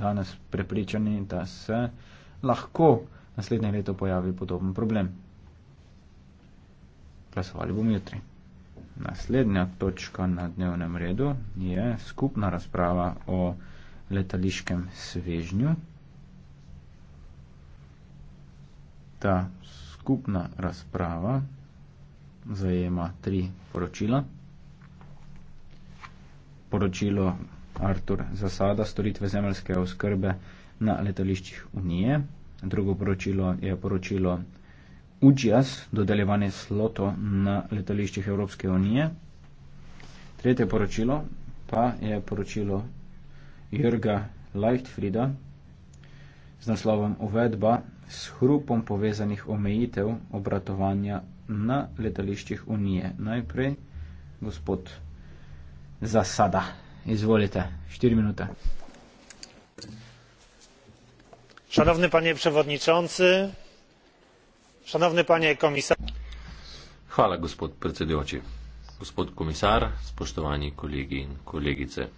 danes prepričani, da se lahko naslednje leto pojavi podoben problem. Glasovali bomo jutri. Naslednja točka na dnevnem redu je skupna razprava o letališkem svežnju. Ta skupna razprava zajema tri poročila. Poročilo Artur Zasada, storitve zemljske oskrbe na letališčih Unije. Drugo poročilo je poročilo UGIAS, dodeljevanje sloto na letališčih Evropske unije. Tretje poročilo pa je poročilo Jurga Leichtfrieda z naslovom Uvedba s hrupom povezanih omejitev obratovanja na letališčih Unije. Najprej gospod Zasada. Izvolite, 4 minuty. Szanowny panie przewodniczący, szanowny panie komisarz. Hvala, gospod predsedujoči. Gospod komisar, spoštovani kolegi in kolegice.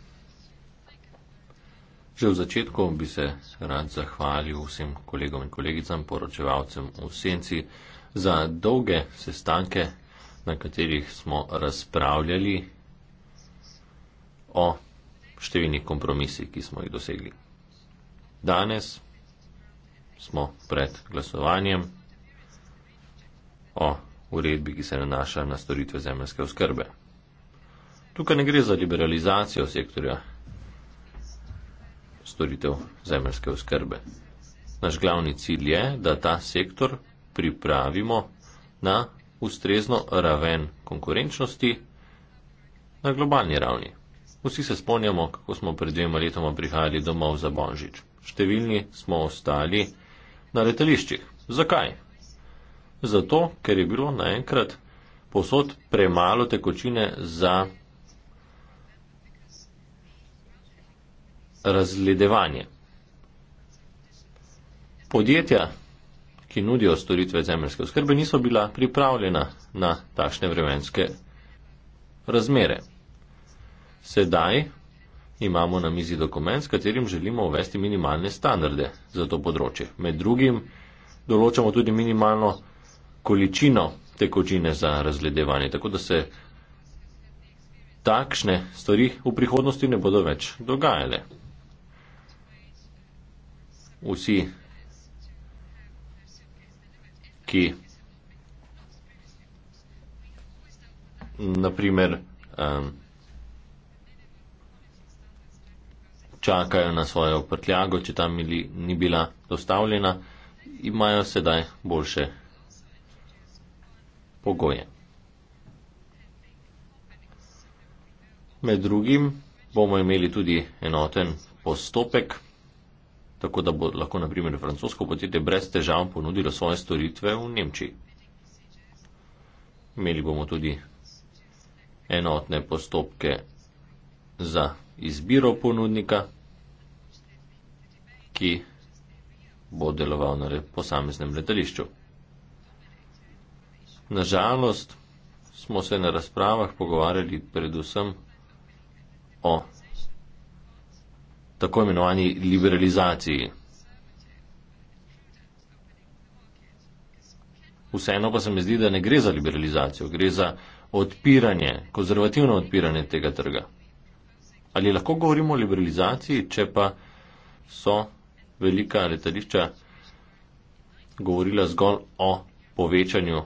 Že v začetku bi se rad zahvalil vsem kolegom in kolegicam, poročevalcem v senci, za dolge sestanke, na katerih smo razpravljali o številnih kompromisih, ki smo jih dosegli. Danes smo pred glasovanjem o uredbi, ki se nanaša na storitve zemljske oskrbe. Tukaj ne gre za liberalizacijo sektorja storitev zemljske oskrbe. Naš glavni cilj je, da ta sektor pripravimo na ustrezno raven konkurenčnosti na globalni ravni. Vsi se spomnimo, kako smo pred dvema letoma prihajali domov za Božič. Številni smo ostali na letališčih. Zakaj? Zato, ker je bilo naenkrat posod premalo tekočine za razledevanje. Podjetja, ki nudijo storitve zemljske oskrbe, niso bila pripravljena na takšne vremenske razmere. Sedaj imamo na mizi dokument, s katerim želimo uvesti minimalne standarde za to področje. Med drugim določamo tudi minimalno količino tekočine za razgledevanje, tako da se takšne stvari v prihodnosti ne bodo več dogajale. Vsi, ki naprimer um, čakajo na svojo prtljago, če tam ili, ni bila dostavljena, imajo sedaj boljše pogoje. Med drugim bomo imeli tudi enoten postopek, tako da bo lahko naprimer francosko podjetje brez težav ponudilo svoje storitve v Nemčiji. Imeli bomo tudi enotne postopke za izbiro ponudnika, ki bo deloval na posameznem letališču. Nažalost smo se na razpravah pogovarjali predvsem o tako imenovani liberalizaciji. Vseeno pa se mi zdi, da ne gre za liberalizacijo, gre za odpiranje, konzervativno odpiranje tega trga. Ali lahko govorimo o liberalizaciji, če pa so velika letališča govorila zgolj o povečanju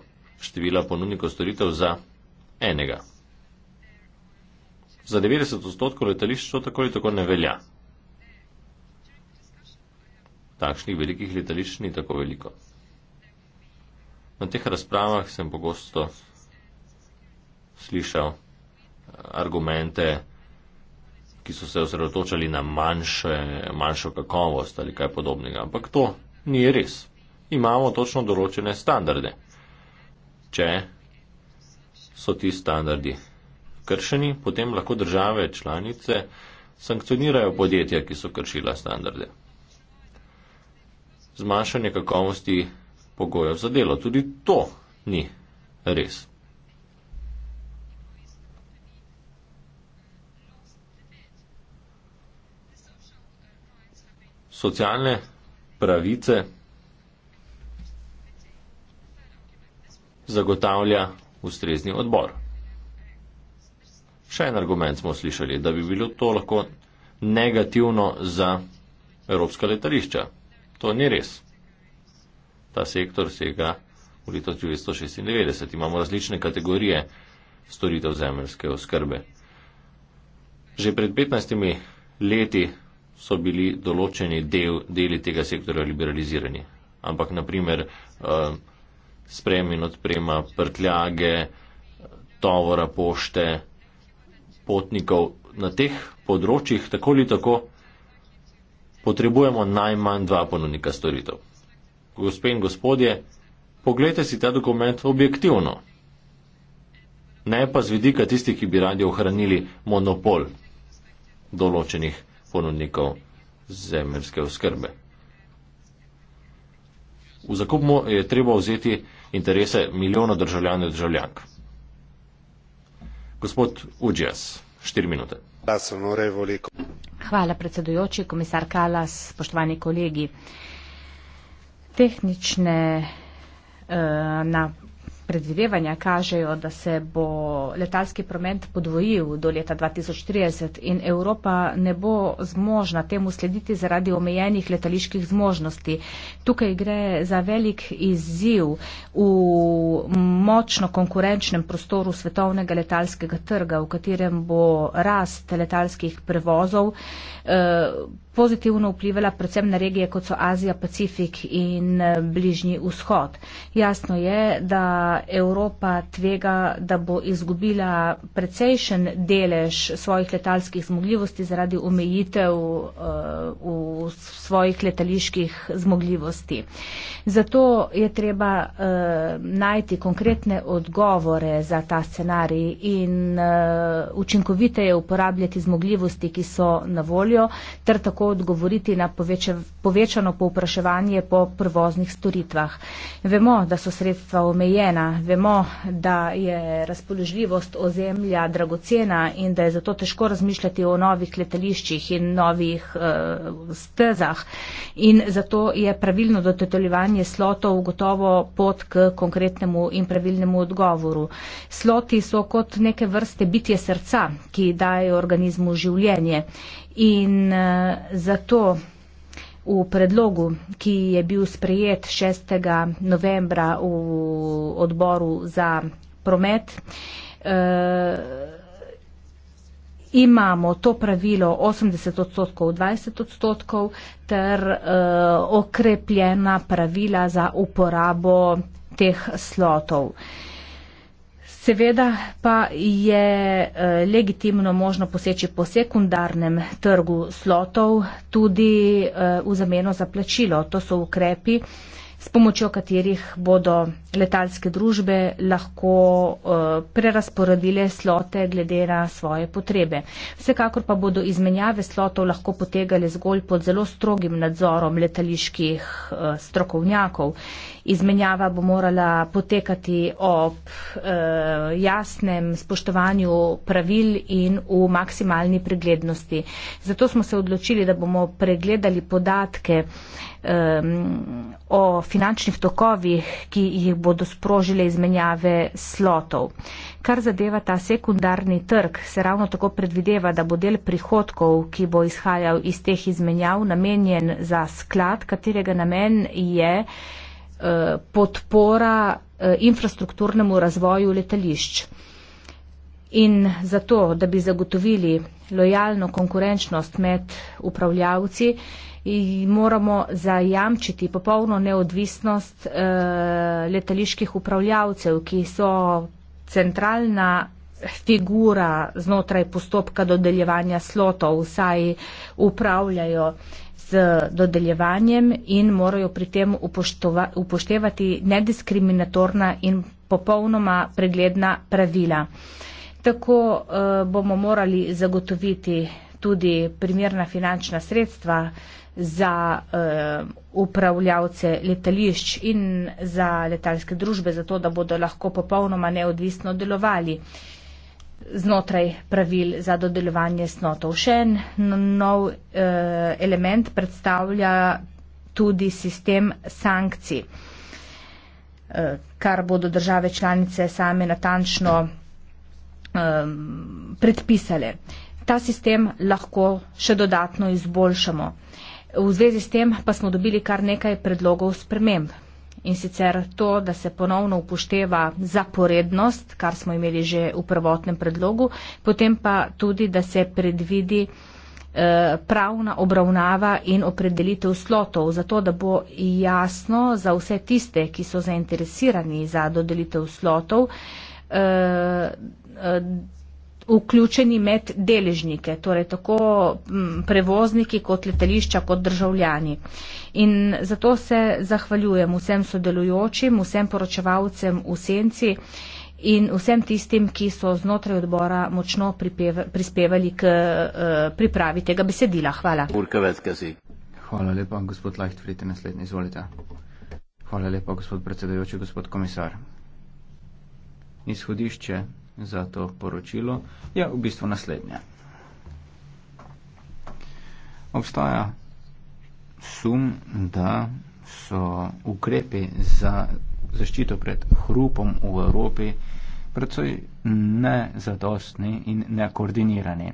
števila ponudnikov storitev za enega? Za 90 odstotkov letališč to tako ali tako ne velja. Takšnih velikih letališč ni tako veliko. Na teh razpravah sem pogosto slišal eh, argumente, ki so se osredotočali na manjše, manjšo kakovost ali kaj podobnega. Ampak to ni res. Imamo točno določene standarde. Če so ti standardi kršeni, potem lahko države članice sankcionirajo podjetja, ki so kršila standarde. Zmanjšanje kakovosti pogojev za delo. Tudi to ni res. socialne pravice zagotavlja ustrezni odbor. Še en argument smo slišali, da bi bilo to lahko negativno za evropska letališča. To ni res. Ta sektor sega v letu 1996. Imamo različne kategorije storitev zemljske oskrbe. Že pred 15 leti so bili določeni del, deli tega sektora liberalizirani. Ampak naprimer eh, sprejem in odprema prtljage, tovora, pošte, potnikov na teh področjih tako ali tako potrebujemo najmanj dva ponudnika storitev. Gospe in gospodje, pogledajte si ta dokument objektivno. Ne pa z vidika tistih, ki bi radi ohranili monopol določenih ponudnikov zemljske oskrbe. V zakup mu je treba vzeti interese milijonov državljanov in državljank. Gospod Udžjas, štiri minute. Hvala, predsedujoči, komisar Kalas, spoštovani kolegi. Tehnične eh, na predvidevanja kažejo, da se bo letalski promet podvojil do leta 2030 in Evropa ne bo zmožna temu slediti zaradi omejenih letaliških zmožnosti. Tukaj gre za velik izziv v močno konkurenčnem prostoru svetovnega letalskega trga, v katerem bo rast letalskih prevozov. Eh, pozitivno vplivala predvsem na regije, kot so Azija, Pacifik in eh, Bližnji vzhod. Jasno je, da Evropa tvega, da bo izgubila precejšen delež svojih letalskih zmogljivosti zaradi omejitev eh, v svojih letaliških zmogljivosti. Zato je treba eh, najti konkretne odgovore za ta scenarij in učinkoviteje uporabljati zmogljivosti, ki so na voljo, ter tako odgovoriti na povečano povpraševanje po prvoznih storitvah. Vemo, da so sredstva omejena, vemo, da je razpoložljivost ozemlja dragocena in da je zato težko razmišljati o novih letališčih in novih uh, stezah. In zato je pravilno dotetoljevanje slotov gotovo pot k konkretnemu in pravilnemu odgovoru. Sloti so kot neke vrste bitje srca, ki dajo organizmu življenje. In uh, zato v predlogu, ki je bil sprejet 6. novembra v odboru za promet, uh, Imamo to pravilo 80 odstotkov, 20 odstotkov ter uh, okrepljena pravila za uporabo teh slotov. Uh, Seveda pa je eh, legitimno možno poseči po sekundarnem trgu slotov tudi eh, v zameno za plačilo. To so ukrepi, s pomočjo katerih bodo letalske družbe lahko uh, eh, prerasporedile slote glede na svoje potrebe. Vsekakor pa bodo izmenjave slotov lahko potegale zgolj pod zelo strogim nadzorom letaliških uh, strokovnjakov. Izmenjava bo morala potekati ob uh, jasnem spoštovanju pravil in v maksimalni preglednosti. Zato smo se odločili, da bomo pregledali podatke uh, um, o finančnih tokovih, ki jih bodo sprožile izmenjave slotov. Kar zadeva ta sekundarni trg, se ravno tako predvideva, da bo del prihodkov, ki bo izhajal iz teh izmenjav, namenjen za sklad, katerega namen je uh, podpora uh, infrastrukturnemu razvoju letališč. In zato, da bi zagotovili lojalno konkurenčnost med upravljavci, moramo zajamčiti popolno neodvisnost eh, letaliških upravljavcev, ki so centralna figura znotraj postopka dodeljevanja slotov, saj upravljajo z dodeljevanjem in morajo pri tem upoštova, upoštevati nediskriminatorna in popolnoma pregledna pravila. Tako uh, bomo morali zagotoviti tudi primerna finančna sredstva za uh, upravljavce letališč in za letalske družbe, zato da bodo lahko popolnoma neodvisno delovali znotraj pravil za dodeljevanje snotov. Še en nov uh, element predstavlja tudi sistem sankcij, uh, kar bodo države članice same natančno um, predpisale. Ta sistem lahko še dodatno izboljšamo. Uh, V zvezi s tem pa smo dobili kar nekaj predlogov sprememb. In sicer to, da se ponovno upošteva zaporednost, kar smo imeli že v prvotnem predlogu, potem pa tudi, da se predvidi eh, pravna obravnava in opredelitev slotov, zato da bo jasno za vse tiste, ki so zainteresirani za dodelitev slotov, eh, eh, vključeni med deležnike, torej tako prevozniki kot letališča kot državljani. In zato se zahvaljujem vsem sodelujočim, vsem poročevalcem v senci in vsem tistim, ki so znotraj odbora močno pripeva, prispevali k uh, pripravi tega besedila. Hvala. Hvala lepa, gospod Lahtfrit, naslednji, izvolite. Hvala lepa, gospod predsedujoči, gospod komisar. Izhodišče za to poročilo je v bistvu naslednje. Obstaja sum, da so ukrepi za zaščito pred hrupom v Evropi predvsej nezadostni in nekoordinirani.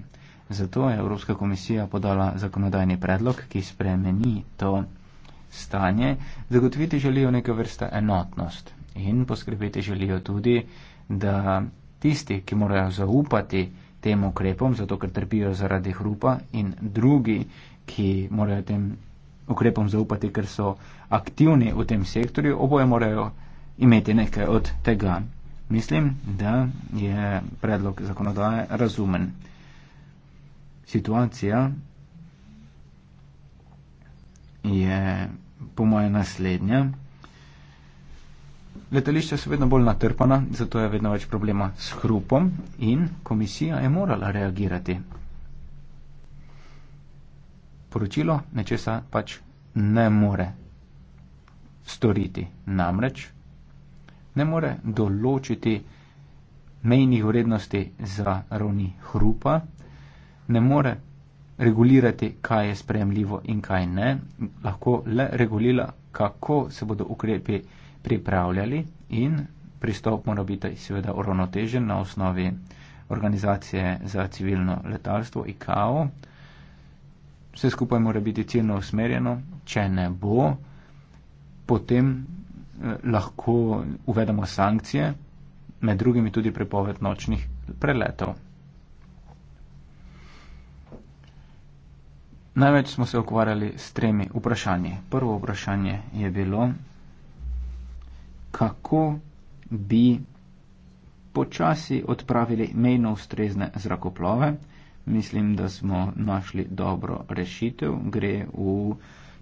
Zato je Evropska komisija podala zakonodajni predlog, ki spremeni to stanje. Zagotoviti želijo neka vrsta enotnost in poskrbeti želijo tudi, da tisti, ki morajo zaupati tem ukrepom, zato ker trpijo zaradi hrupa, in drugi, ki morajo tem ukrepom zaupati, ker so aktivni v tem sektorju, oboje morajo imeti nekaj od tega. Mislim, da je predlog zakonodaje razumen. Situacija je po mojem naslednja. Letališča so vedno bolj natrpana, zato je vedno več problema s hrupom in komisija je morala reagirati. Poročilo nečesa pač ne more storiti. Namreč ne more določiti mejnih vrednosti za ravni hrupa, ne more regulirati, kaj je sprejemljivo in kaj ne, lahko le regulira, kako se bodo ukrepi pripravljali in pristop mora biti seveda uravnotežen na osnovi organizacije za civilno letalstvo ICAO. Vse skupaj mora biti ciljno usmerjeno, če ne bo, potem eh, lahko uvedemo sankcije, med drugimi tudi prepoved nočnih preletov. Največ smo se ukvarjali s tremi vprašanji. Prvo vprašanje je bilo, kako bi počasi odpravili mejno ustrezne zrakoplove. Mislim, da smo našli dobro rešitev, gre v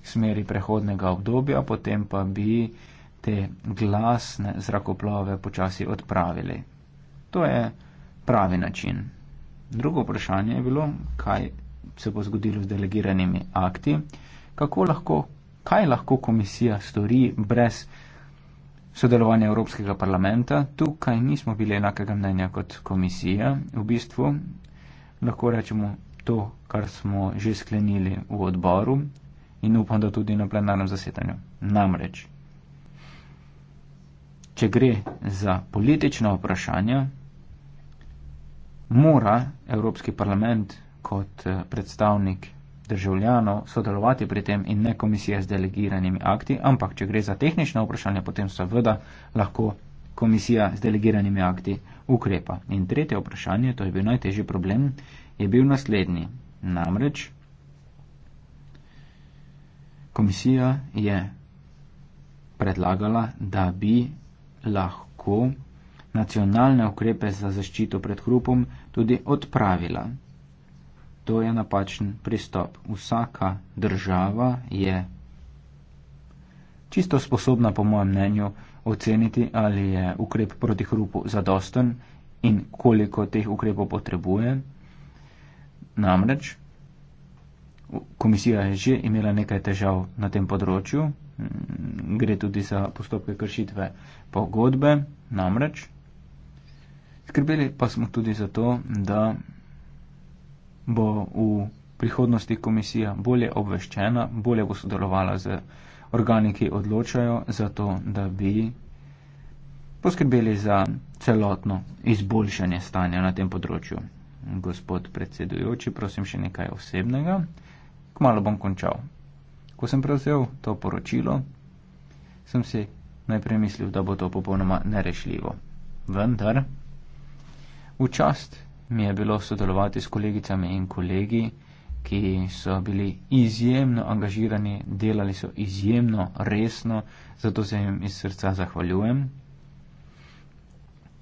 smeri prehodnega obdobja, potem pa bi te glasne zrakoplove počasi odpravili. To je pravi način. Drugo vprašanje je bilo, kaj se bo zgodilo z delegiranimi akti, kako lahko, kaj lahko komisija stori brez sodelovanje Evropskega parlamenta. Tukaj nismo bili enakega mnenja kot komisija. V bistvu lahko rečemo to, kar smo že sklenili v odboru in upam, da tudi na plenarnem zasedanju. Namreč, če gre za politična vprašanja, mora Evropski parlament kot eh, predstavnik državljanov sodelovati pri tem in ne komisija z delegiranimi akti, ampak če gre za tehnične vprašanja, potem seveda lahko komisija z delegiranimi akti ukrepa. In tretje vprašanje, to je bil najtežji problem, je bil naslednji. Namreč komisija je predlagala, da bi lahko nacionalne ukrepe za zaščito pred hrupom tudi odpravila to je napačen pristop. Vsaka država je čisto sposobna, po mojem mnenju, oceniti, ali je ukrep proti hrupu zadosten in koliko teh ukrepov potrebuje. Namreč komisija je že imela nekaj težav na tem področju, mm, gre tudi za postopke kršitve pogodbe, namreč skrbeli pa smo tudi za to, da bo v prihodnosti komisija bolje obveščena, bolje bo sodelovala z organi, ki odločajo, zato da bi poskrbeli za celotno izboljšanje stanja na tem področju. Gospod predsedujoči, prosim še nekaj osebnega. Kmalo bom končal. Ko sem prevzel to poročilo, sem si najprej mislil, da bo to popolnoma nerešljivo. Vendar, v čast mi je bilo sodelovati s kolegicami in kolegi, ki so bili izjemno angažirani, delali so izjemno resno, zato se jim iz srca zahvaljujem.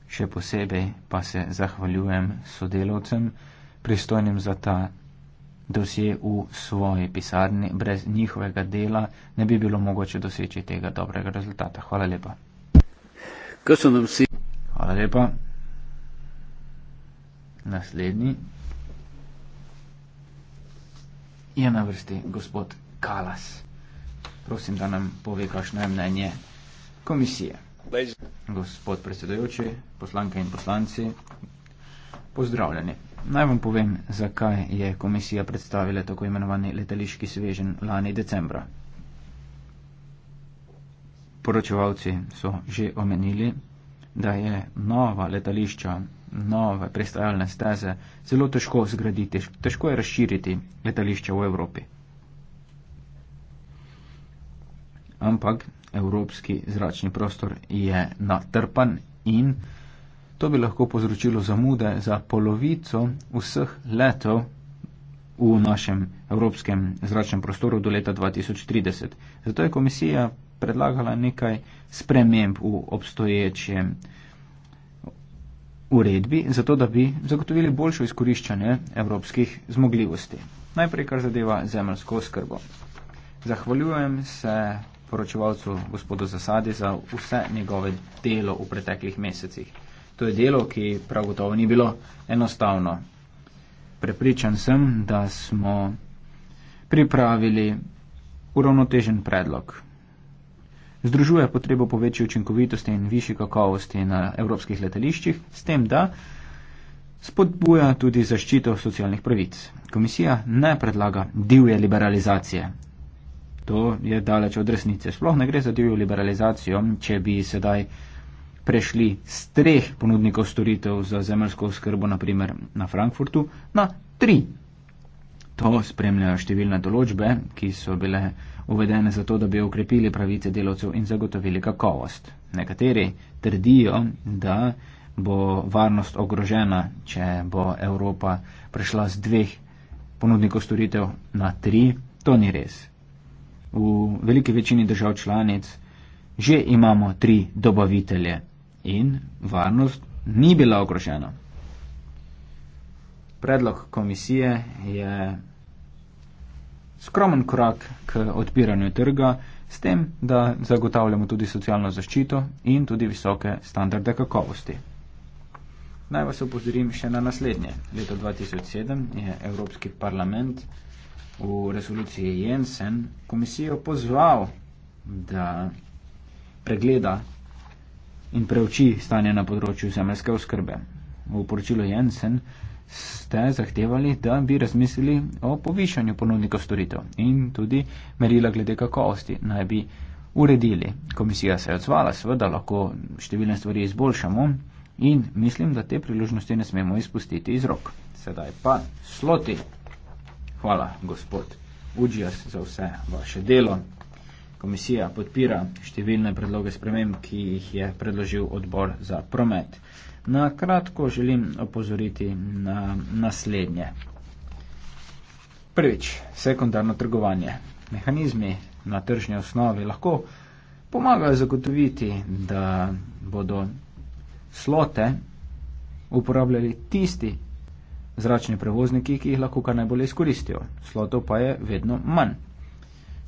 Še posebej pa se zahvaljujem sodelovcem, pristojnim za ta dosje v svoji pisarni. Brez njihovega dela ne bi bilo mogoče doseči tega dobrega rezultata. Hvala lepa. Hvala lepa. Naslednji je na vrsti gospod Kalas. Prosim, da nam pove, kakšno je mnenje komisije. Gospod predsedujoči, poslanke in poslanci, pozdravljeni. Naj vam povem, zakaj je komisija predstavila tako imenovani letališki svežen lani decembra. Poročevalci so že omenili, da je nova letališča nove prestajalne steze, zelo težko zgraditi, težko je razširiti letališče v Evropi. Ampak evropski zračni prostor je natrpan in to bi lahko povzročilo zamude za polovico vseh letov v našem evropskem zračnem prostoru do leta 2030. Zato je komisija predlagala nekaj sprememb v obstoječem uredbi, zato da bi zagotovili boljšo izkoriščanje evropskih zmogljivosti. Najprej, kar zadeva zemljsko skrbo. Zahvaljujem se poročevalcu gospodu Zasadi za vse njegove delo v preteklih mesecih. To je delo, ki prav gotovo ni bilo enostavno. Prepričan sem, da smo pripravili uravnotežen predlog združuje potrebo po večji učinkovitosti in višji kakovosti na evropskih letališčih, s tem, da spodbuja tudi zaščito socialnih pravic. Komisija ne predlaga divje liberalizacije. To je daleč od resnice. Sploh ne gre za divjo liberalizacijo, če bi sedaj prešli z treh ponudnikov storitev za zemljsko skrbo, naprimer na Frankfurtu, na tri To spremljajo številne določbe, ki so bile uvedene zato, da bi okrepili pravice delavcev in zagotovili kakovost. Nekateri trdijo, da bo varnost ogrožena, če bo Evropa prešla z dveh ponudnikov storitev na tri. To ni res. V veliki večini držav članic že imamo tri dobavitelje in varnost ni bila ogrožena. Predlog komisije je skromen korak k odpiranju trga, s tem, da zagotavljamo tudi socialno zaščito in tudi visoke standarde kakovosti. Naj vas opozorim še na naslednje. Leto 2007 je Evropski parlament v resoluciji Jensen komisijo pozval, da pregleda in preuči stanje na področju zemljske oskrbe. V poročilu Jensen ste zahtevali, da bi razmislili o povišanju ponudnikov storitev in tudi merila glede kakovosti naj bi uredili. Komisija se je odzvala, seveda lahko številne stvari izboljšamo in mislim, da te priložnosti ne smemo izpustiti iz rok. Sedaj pa sloti. Hvala, gospod Udžijas, za vse vaše delo. Komisija podpira številne predloge sprememb, ki jih je predložil odbor za promet. Na kratko želim opozoriti na naslednje. Prvič, sekundarno trgovanje. Mehanizmi na tržni osnovi lahko pomagajo zagotoviti, da bodo slote uporabljali tisti zračni prevozniki, ki jih lahko kar najbolje izkoristijo. Slotov pa je vedno manj.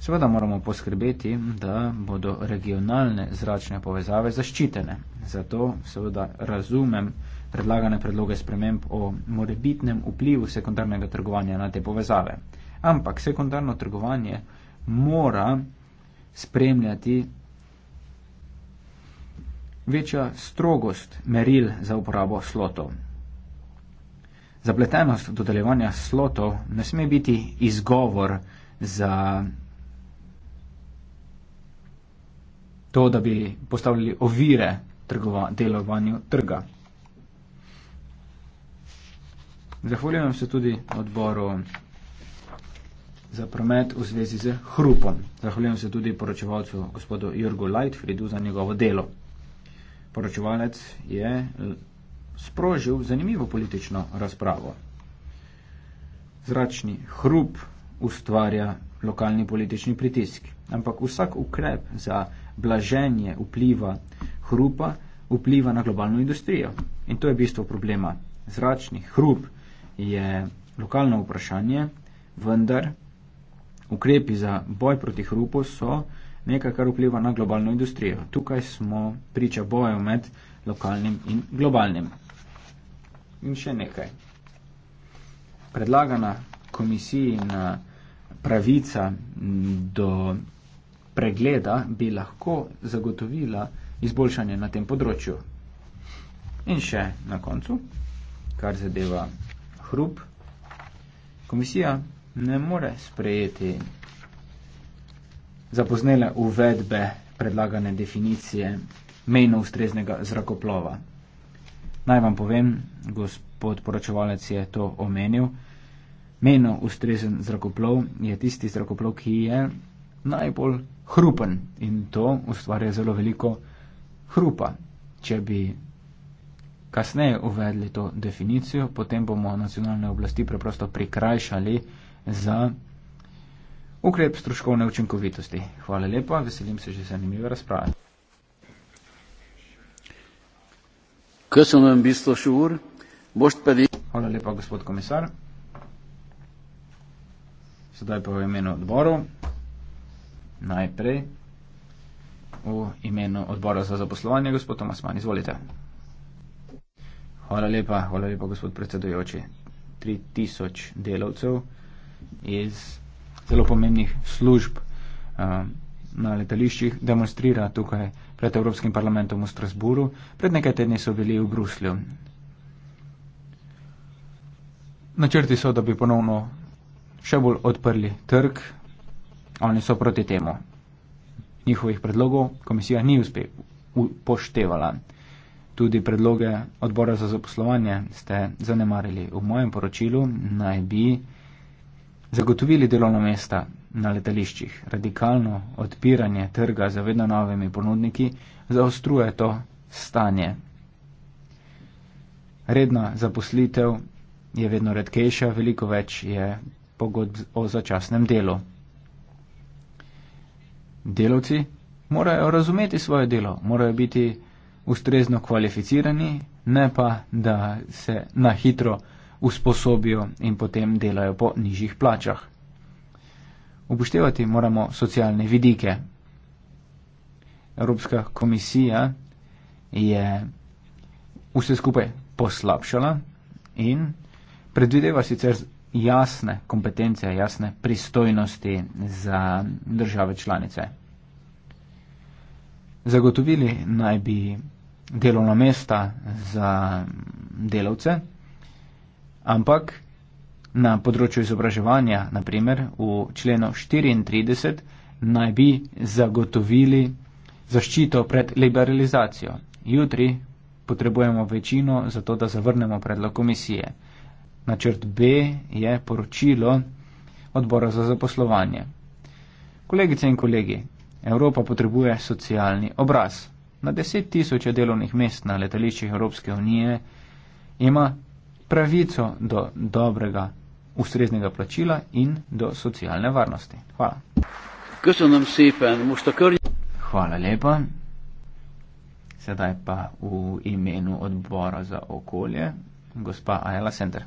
Seveda moramo poskrbeti, da bodo regionalne zračne povezave zaščitene. Zato seveda razumem predlagane predloge sprememb o morebitnem vplivu sekundarnega trgovanja na te povezave. Ampak sekundarno trgovanje mora spremljati večja strogost meril za uporabo slotov. Zapletenost dodeljevanja slotov ne sme biti izgovor za to, da bi postavljali ovire delovanju trga. Zahvaljujem se tudi odboru za promet v zvezi z hrupom. Zahvaljujem se tudi poročevalcu gospodu Jurgu Lightfridu za njegovo delo. Poročevalec je sprožil zanimivo politično razpravo. Zračni hrup ustvarja lokalni politični pritisk, ampak vsak ukrep za blaženje vpliva hrupa vpliva na globalno industrijo. In to je bistvo problema. Zračni hrup je lokalno vprašanje, vendar ukrepi za boj proti hrupu so nekaj, kar vpliva na globalno industrijo. Tukaj smo priča boju med lokalnim in globalnim. In še nekaj. Predlagana komisiji na pravica do pregleda bi lahko zagotovila izboljšanje na tem področju. In še na koncu, kar zadeva hrup, komisija ne more sprejeti zapoznele uvedbe predlagane definicije mejno ustreznega zrakoplova. Naj vam povem, gospod poročevalec je to omenil, mejno ustrezen zrakoplov je tisti zrakoplov, ki je najbolj hrupen in to ustvarja zelo veliko hrupa. Če bi kasneje uvedli to definicijo, potem bomo nacionalne oblasti preprosto prikrajšali za ukrep stroškovne učinkovitosti. Hvala lepa, veselim se že zanimive razprave. Kaj sem vam bistvo šur? Pedi... Hvala lepa, gospod komisar. Sedaj pa v imenu odborov najprej v imenu odbora za zaposlovanje, gospod Tomasman, izvolite. Hvala lepa, hvala lepa, gospod predsedujoči. 3000 delavcev iz zelo pomembnih služb eh, na letališčih demonstrira tukaj pred Evropskim parlamentom v Strasburu. Pred nekaj tedni so bili v Bruslju. Načrti so, da bi ponovno še bolj odprli trg Oni so proti temu. Njihovih predlogov komisija ni upoštevala. Tudi predloge odbora za zaposlovanje ste zanemarili. V mojem poročilu naj bi zagotovili delovna mesta na letališčih. Radikalno odpiranje trga za vedno novimi ponudniki zaostruje to stanje. Redna zaposlitev je vedno redkejša, veliko več je pogodb o začasnem delu. Delavci morajo razumeti svoje delo, morajo biti ustrezno kvalificirani, ne pa, da se na hitro usposobijo in potem delajo po nižjih plačah. Upoštevati moramo socialne vidike. Evropska komisija je vse skupaj poslabšala in predvideva sicer jasne kompetence, jasne pristojnosti za države članice. Zagotovili naj bi delovna mesta za delavce, ampak na področju izobraževanja, naprimer v členu 34, naj bi zagotovili zaščito pred liberalizacijo. Jutri potrebujemo večino za to, da zavrnemo predlog komisije. Načrt B je poročilo odbora za zaposlovanje. Kolegice in kolegi, Evropa potrebuje socialni obraz. Na deset tisoče delovnih mest na letališčih Evropske unije ima pravico do dobrega, ustreznega plačila in do socialne varnosti. Hvala. Hvala lepa. Sedaj pa v imenu odbora za okolje gospa Ajela Center.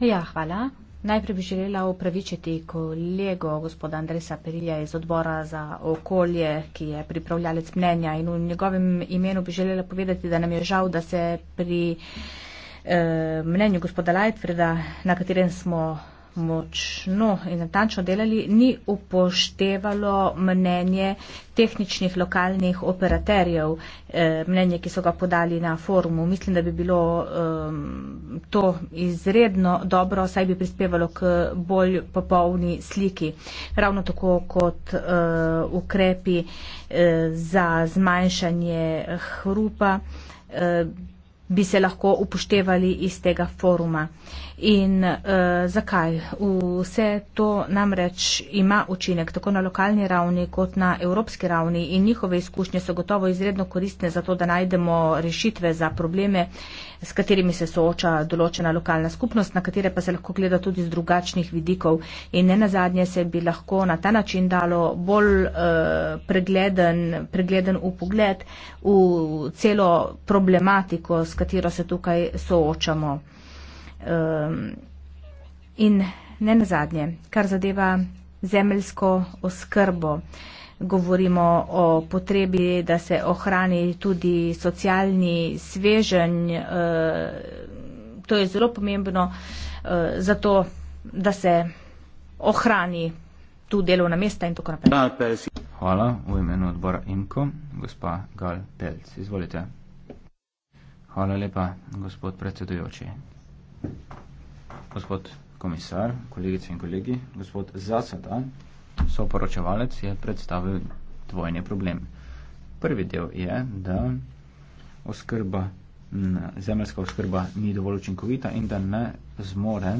Ja, hvala. Najprej bi želela upravičiti kolego gospoda Andresa Perija iz odbora za okolje, ki je pripravljalec mnenja in v njegovem imenu bi želela povedati, da nam je žal, da se pri eh, mnenju gospoda Lajtvreda, na katerem smo močno in natančno delali, ni upoštevalo mnenje tehničnih lokalnih operaterjev, eh, mnenje, ki so ga podali na forumu. Mislim, da bi bilo to izredno dobro, saj bi prispevalo k bolj popolni sliki. Ravno tako kot eh, ukrepi eh, za zmanjšanje hrupa bi se lahko upoštevali iz tega foruma. In uh, zakaj? Vse to namreč ima učinek tako na lokalni ravni kot na evropski ravni in njihove izkušnje so gotovo izredno koristne za to, da najdemo rešitve za probleme, s katerimi se sooča določena lokalna skupnost, na katere pa se lahko gleda tudi z drugačnih vidikov. In ne nazadnje se bi lahko na ta način dalo bolj uh, pregleden, pregleden upogled v celo problematiko, s katero se tukaj soočamo. In ne nazadnje, kar zadeva zemljsko oskrbo, govorimo o potrebi, da se ohrani tudi socialni svežen. Eh, to je zelo pomembno eh, zato, da se ohrani tu delovna mesta in tako naprej. Hvala v imenu odbora IMKO, gospa Gal Pelc. Izvolite. Hvala lepa, gospod predsedujoči. Gospod komisar, kolegice in kolegi, gospod Zasada, soporočevalec, je predstavil dvojni problem. Prvi del je, da oskrba, zemljska oskrba ni dovolj učinkovita in da ne zmore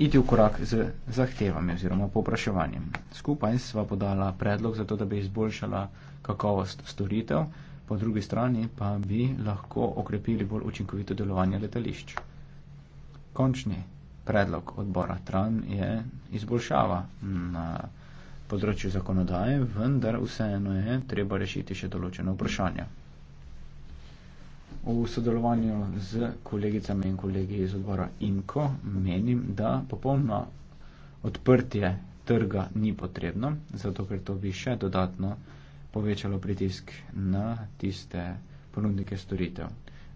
iti v korak z zahtevami oziroma popraševanjem. Skupaj sva podala predlog za to, da bi izboljšala kakovost storitev po drugi strani pa bi lahko okrepili bolj učinkovito delovanje letališč. Končni predlog odbora TRAN je izboljšava na področju zakonodaje, vendar vseeno je treba rešiti še določene vprašanja. V sodelovanju z kolegicami in kolegi iz odbora INKO menim, da popolno odprtje trga ni potrebno, zato ker to bi še dodatno povečalo pritisk na tiste ponudnike storitev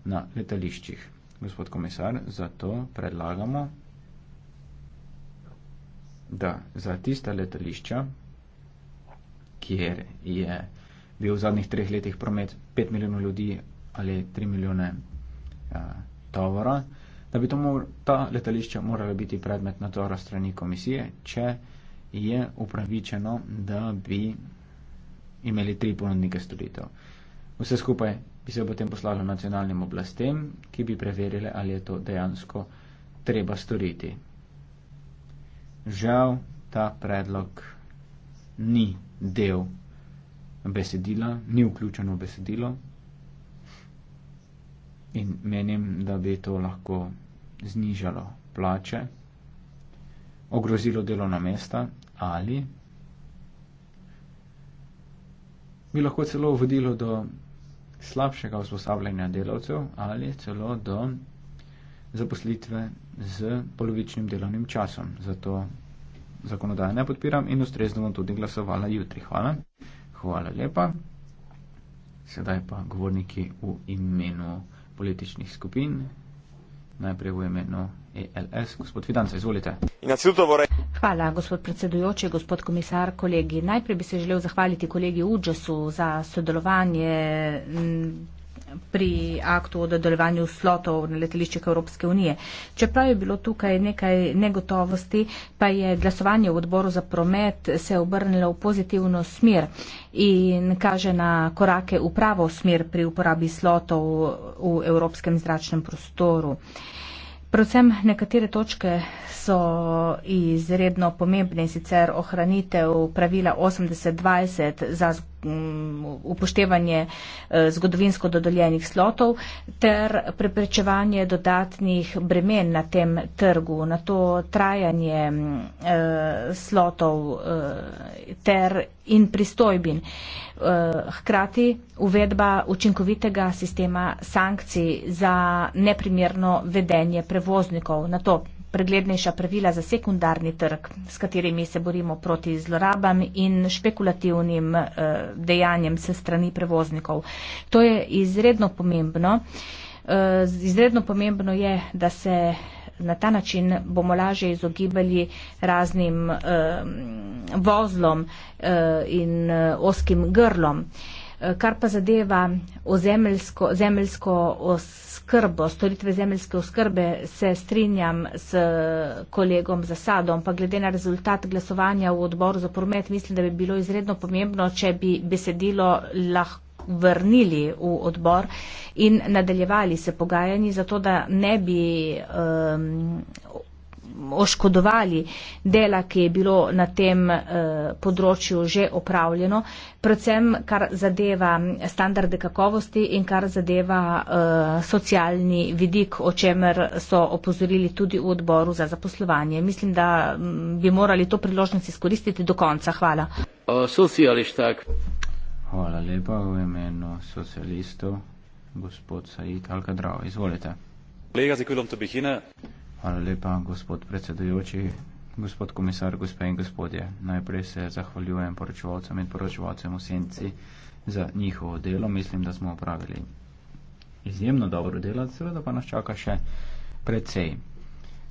na letališčih. Gospod komisar, zato predlagamo, da za tista letališča, kjer je bil v zadnjih treh letih promet 5 milijonov ljudi ali 3 milijone eh, tovora, da bi mor, ta letališča morala biti predmet nadzora strani komisije, če je upravičeno, da bi imeli tri ponudnike storitev. Vse skupaj bi se potem poslalo nacionalnim oblastem, ki bi preverile, ali je to dejansko treba storiti. Žal ta predlog ni del besedila, ni vključeno besedilo in menim, da bi to lahko znižalo plače, ogrozilo delovna mesta ali bi lahko celo vodilo do slabšega usposabljanja delavcev ali celo do zaposlitve z polovičnim delovnim časom. Zato zakonodaje ne podpiram in ustrezno bom tudi glasovala jutri. Hvala. Hvala lepa. Sedaj pa govorniki v imenu političnih skupin. Najprej v imenu ELS. Gospod Fidanca, izvolite. Vorej... Hvala, gospod predsedujoči, gospod komisar, kolegi. Najprej bi se želel zahvaliti kolegi Udžasu za sodelovanje. M, pri aktu o dodeljevanju slotov na letališčih Evropske unije. Čeprav je bilo tukaj nekaj negotovosti, pa je glasovanje v odboru za promet se obrnilo v pozitivno smer in kaže na korake v pravo smer pri uporabi slotov v evropskem zračnem prostoru. Predvsem nekatere točke so izredno pomembne, sicer ohranitev pravila 80-20 za Mm, upoštevanje eh, zgodovinsko dodeljenih slotov ter preprečevanje dodatnih bremen na tem trgu, na to trajanje mm, eh, slotov eh, ter in pristojbin. Hkrati uvedba učinkovitega sistema sankcij za neprimerno vedenje prevoznikov. Na to preglednejša pravila za sekundarni trg, s katerimi se borimo proti zlorabam in špekulativnim eh, dejanjem se strani prevoznikov. To je izredno pomembno. Eh, izredno pomembno je, da se na ta način bomo lažje izogibali raznim eh, vozlom in oskim grlom. Eh, kar pa zadeva ozemelsko, zemelsko oskrbo, storitve zemelske oskrbe, se strinjam s kolegom za sadom, pa glede na rezultat glasovanja v odboru za promet, mislim, da bi bilo izredno pomembno, če bi besedilo lahko vrnili v odbor in nadaljevali se pogajanji, zato da ne bi um, oškodovali dela, ki je bilo na tem eh, področju že opravljeno, predvsem kar zadeva standarde kakovosti in kar zadeva eh, socialni vidik, o čemer so opozorili tudi v odboru za zaposlovanje. Mislim, da mm, bi morali to priložnost izkoristiti do konca. Hvala. Hvala lepa v imenu socialistov. Gospod Said Alkadrao, izvolite. Kolega, zakaj vam to bi hina? Hvala lepa, gospod predsedujoči, gospod komisar, gospe in gospodje. Najprej se zahvaljujem poročevalcem in poročevalcem v senci za njihovo delo. Mislim, da smo opravili izjemno dobro delo, seveda pa nas čaka še predvsej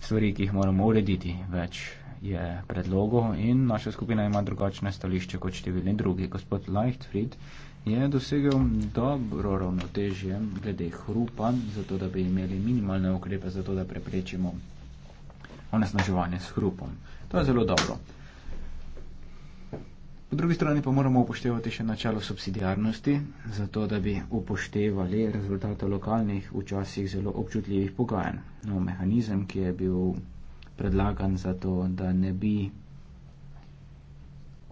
stvari, ki jih moramo urediti. Več je predlogov in naša skupina ima drugačne stališče kot številni drugi. Gospod Leichtfried, je dosegel dobro ravnotežje glede hrupa, zato da bi imeli minimalne ukrepe, zato da preprečimo onesnaževanje s hrupom. To je zelo dobro. Po drugi strani pa moramo upoštevati še načelo subsidijarnosti, zato da bi upoštevali rezultate lokalnih, včasih zelo občutljivih pogajanj. No, mehanizem, ki je bil predlagan za to, da ne bi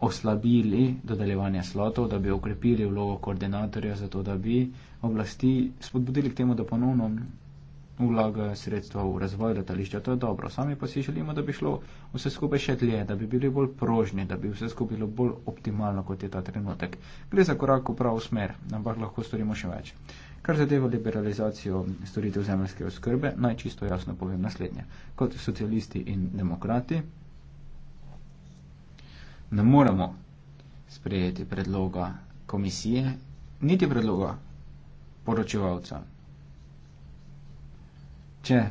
oslabili dodeljevanje slotov, da bi okrepili vlogo koordinatorja, zato da bi oblasti spodbudili k temu, da ponovno vlagajo sredstva v razvoj letališča. To je dobro. Sami pa si želimo, da bi šlo vse skupaj še dlje, da bi bili bolj prožni, da bi vse skupaj bilo bolj optimalno, kot je ta trenutek. Gre za korak v pravo smer, ampak lahko storimo še več. Kar zadeva liberalizacijo storitev zemljske oskrbe, naj čisto jasno povem naslednje. Kot socialisti in demokrati ne moremo sprejeti predloga komisije, niti predloga poročevalca. Če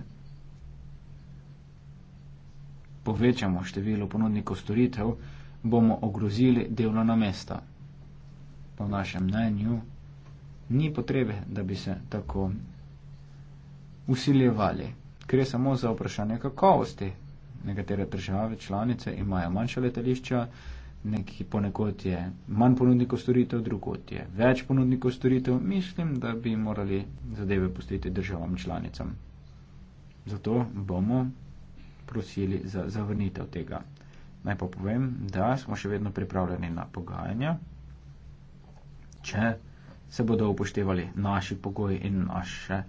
povečamo število ponudnikov storitev, bomo ogrozili delovna mesta. Po našem mnenju ni potrebe, da bi se tako usiljevali. Gre samo za vprašanje kakovosti nekatere države, članice imajo manjša letališča, neki ponekod je manj ponudnikov storitev, drugot je več ponudnikov storitev. Mislim, da bi morali zadeve pustiti državam članicam. Zato bomo prosili za zavrnitev tega. Naj pa povem, da smo še vedno pripravljeni na pogajanja, če se bodo upoštevali naši pogoji in naše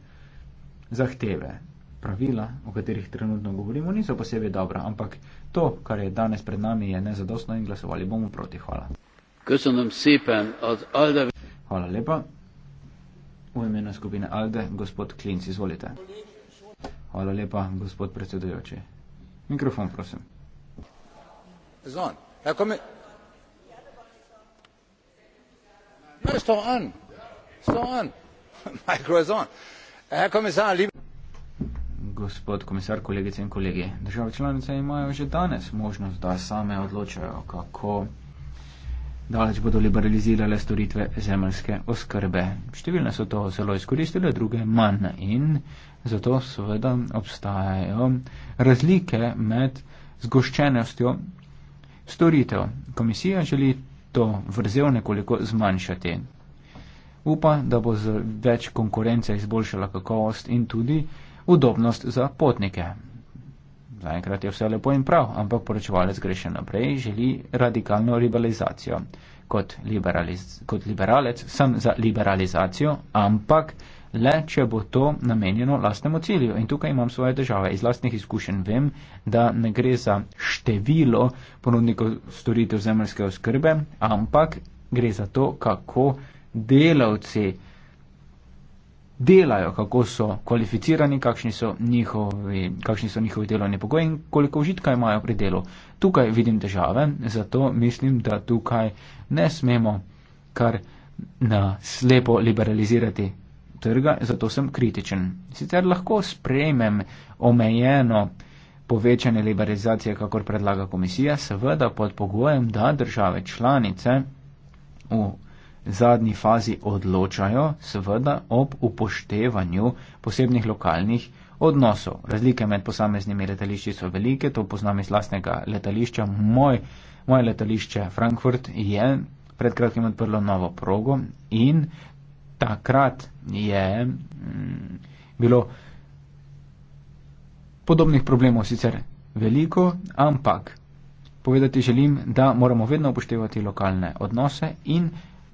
zahteve pravila, o katerih trenutno govorimo, niso posebej dobra, ampak to, kar je danes pred nami, je nezadostno in glasovali bomo proti. Hvala. Hvala lepa. V imenu skupine Alde, gospod Klinc, izvolite. Hvala lepa, gospod predsedujoči. Mikrofon, prosim. Herr Kommissar, liebe gospod komisar, kolegice in kolegi. Države članice imajo že danes možnost, da same odločajo, kako daleč bodo liberalizirale storitve zemljske oskrbe. Številne so to zelo izkoristile, druge manj in zato seveda obstajajo razlike med zgoščenostjo storitev. Komisija želi to vrzel nekoliko zmanjšati. Upa, da bo z več konkurence izboljšala kakovost in tudi udobnost za potnike. Zaenkrat je vse lepo in prav, ampak poročevalec gre še naprej, želi radikalno liberalizacijo. Kot, liberaliz, kot liberalec sem za liberalizacijo, ampak le, če bo to namenjeno lastnemu cilju. In tukaj imam svoje težave. Iz lastnih izkušenj vem, da ne gre za število ponudnikov storitev zemljske oskrbe, ampak gre za to, kako delavci delajo, kako so kvalificirani, kakšni so njihovi, kakšni so njihovi delovni pogoji in koliko užitka imajo pri delu. Tukaj vidim težave, zato mislim, da tukaj ne smemo kar na slepo liberalizirati trga, zato sem kritičen. Sicer lahko sprejmem omejeno povečanje liberalizacije, kakor predlaga komisija, seveda pod pogojem, da države članice v. Uh, zadnji fazi odločajo, seveda ob upoštevanju posebnih lokalnih odnosov. Razlike med posameznimi letališči so velike, to poznam iz lastnega letališča. Moj, moje letališče Frankfurt je pred kratkim odprlo novo progo in takrat je mm, bilo podobnih problemov sicer veliko, ampak povedati želim, da moramo vedno upoštevati lokalne odnose in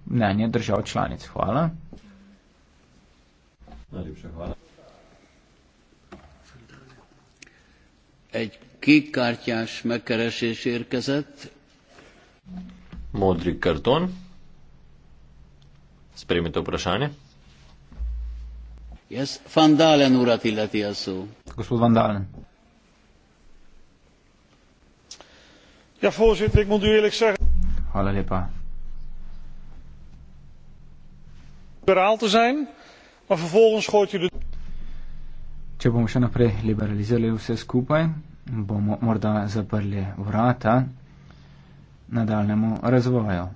mnenje držav članic. Hvala. Najlepša hvala. Egy kikártyás megkeresés érkezett. Modri karton. Sprémi a prasányi. Yes, Van Dalen urat illeti a szó. Köszönöm, Van Dalen. Ja, voorzitter, ik moet u eerlijk zeggen. Hallo, lepa. liberaal te zijn, maar vervolgens gooit u de. Če bomo še naprej liberalizirali vse skupaj, bomo morda zaprli vrata nadaljnemu razvoju.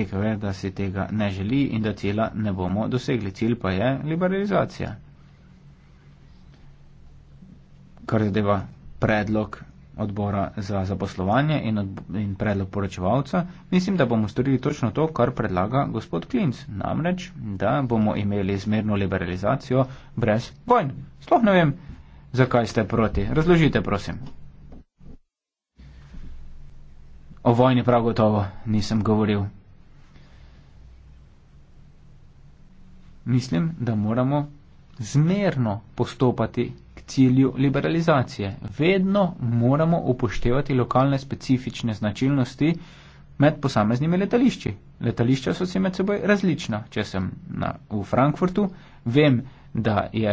Rekel je, da si tega ne želi in da cela ne bomo dosegli. Cilj pa je liberalizacija. Kar zadeva predlog odbora za zaposlovanje in, od, in predlog poročevalca, mislim, da bomo storili točno to, kar predlaga gospod Klinc. Namreč, da bomo imeli zmerno liberalizacijo brez vojn. Sploh ne vem, zakaj ste proti. Razložite, prosim. O vojni prav gotovo nisem govoril. Mislim, da moramo zmerno postopati k cilju liberalizacije. Vedno moramo upoštevati lokalne specifične značilnosti med posameznimi letališči. Letališča so si med seboj različna. Če sem na, v Frankfurtu, vem, da je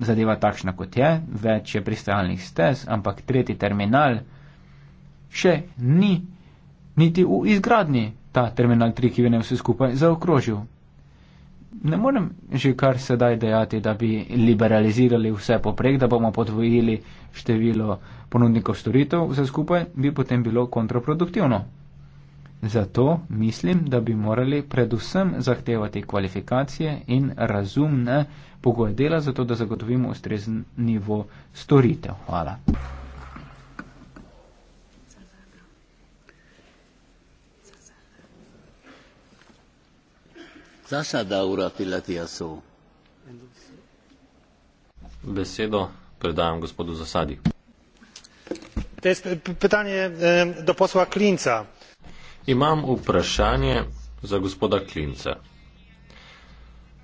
zadeva takšna, kot je, več je pristajalnih stez, ampak tretji terminal še ni niti v izgradnji. Ta terminal 3, ki bi ne vse skupaj zaokrožil, Ne morem že kar sedaj dejati, da bi liberalizirali vse poprek, da bomo podvojili število ponudnikov storitev, vse skupaj bi potem bilo kontraproduktivno. Zato mislim, da bi morali predvsem zahtevati kvalifikacije in razumne pogoje dela, zato da zagotovimo ustrezen nivo storitev. Hvala. Zasada urat illeti a szó. Beszédo, predám gospodu Zasadi. To jest pytanie do posła Klinca. I mam upraszanie za gospoda Klinca.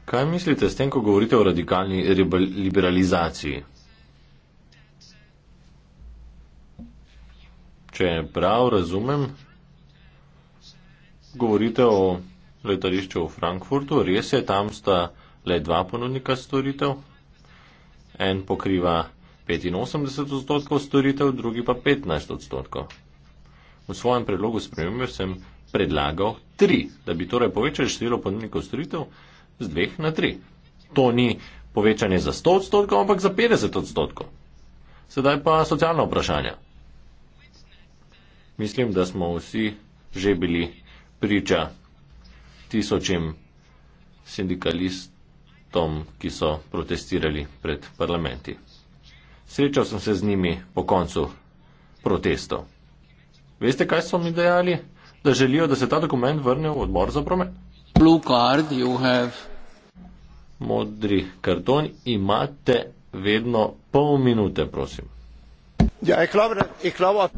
Kaj myślite z tym, ko mówicie o radikalnej liberalizacji? Czy prawo rozumiem, mówicie o letališče v Frankfurtu. Res je, tam sta le dva ponudnika storitev. En pokriva 85 odstotkov storitev, drugi pa 15 odstotkov. V svojem predlogu spremembe sem predlagal tri, da bi torej povečali število ponudnikov storitev z dveh na tri. To ni povečanje za 100 odstotkov, ampak za 50 odstotkov. Sedaj pa socialna vprašanja. Mislim, da smo vsi že bili priča tisočim sindikalistom, ki so protestirali pred parlamenti. Srečal sem se z njimi po koncu protestov. Veste, kaj so mi dejali? Da želijo, da se ta dokument vrne v odbor za promet. Blue card you have. Modri karton imate vedno pol minute, prosim. Ja, ich glaube, ich glaube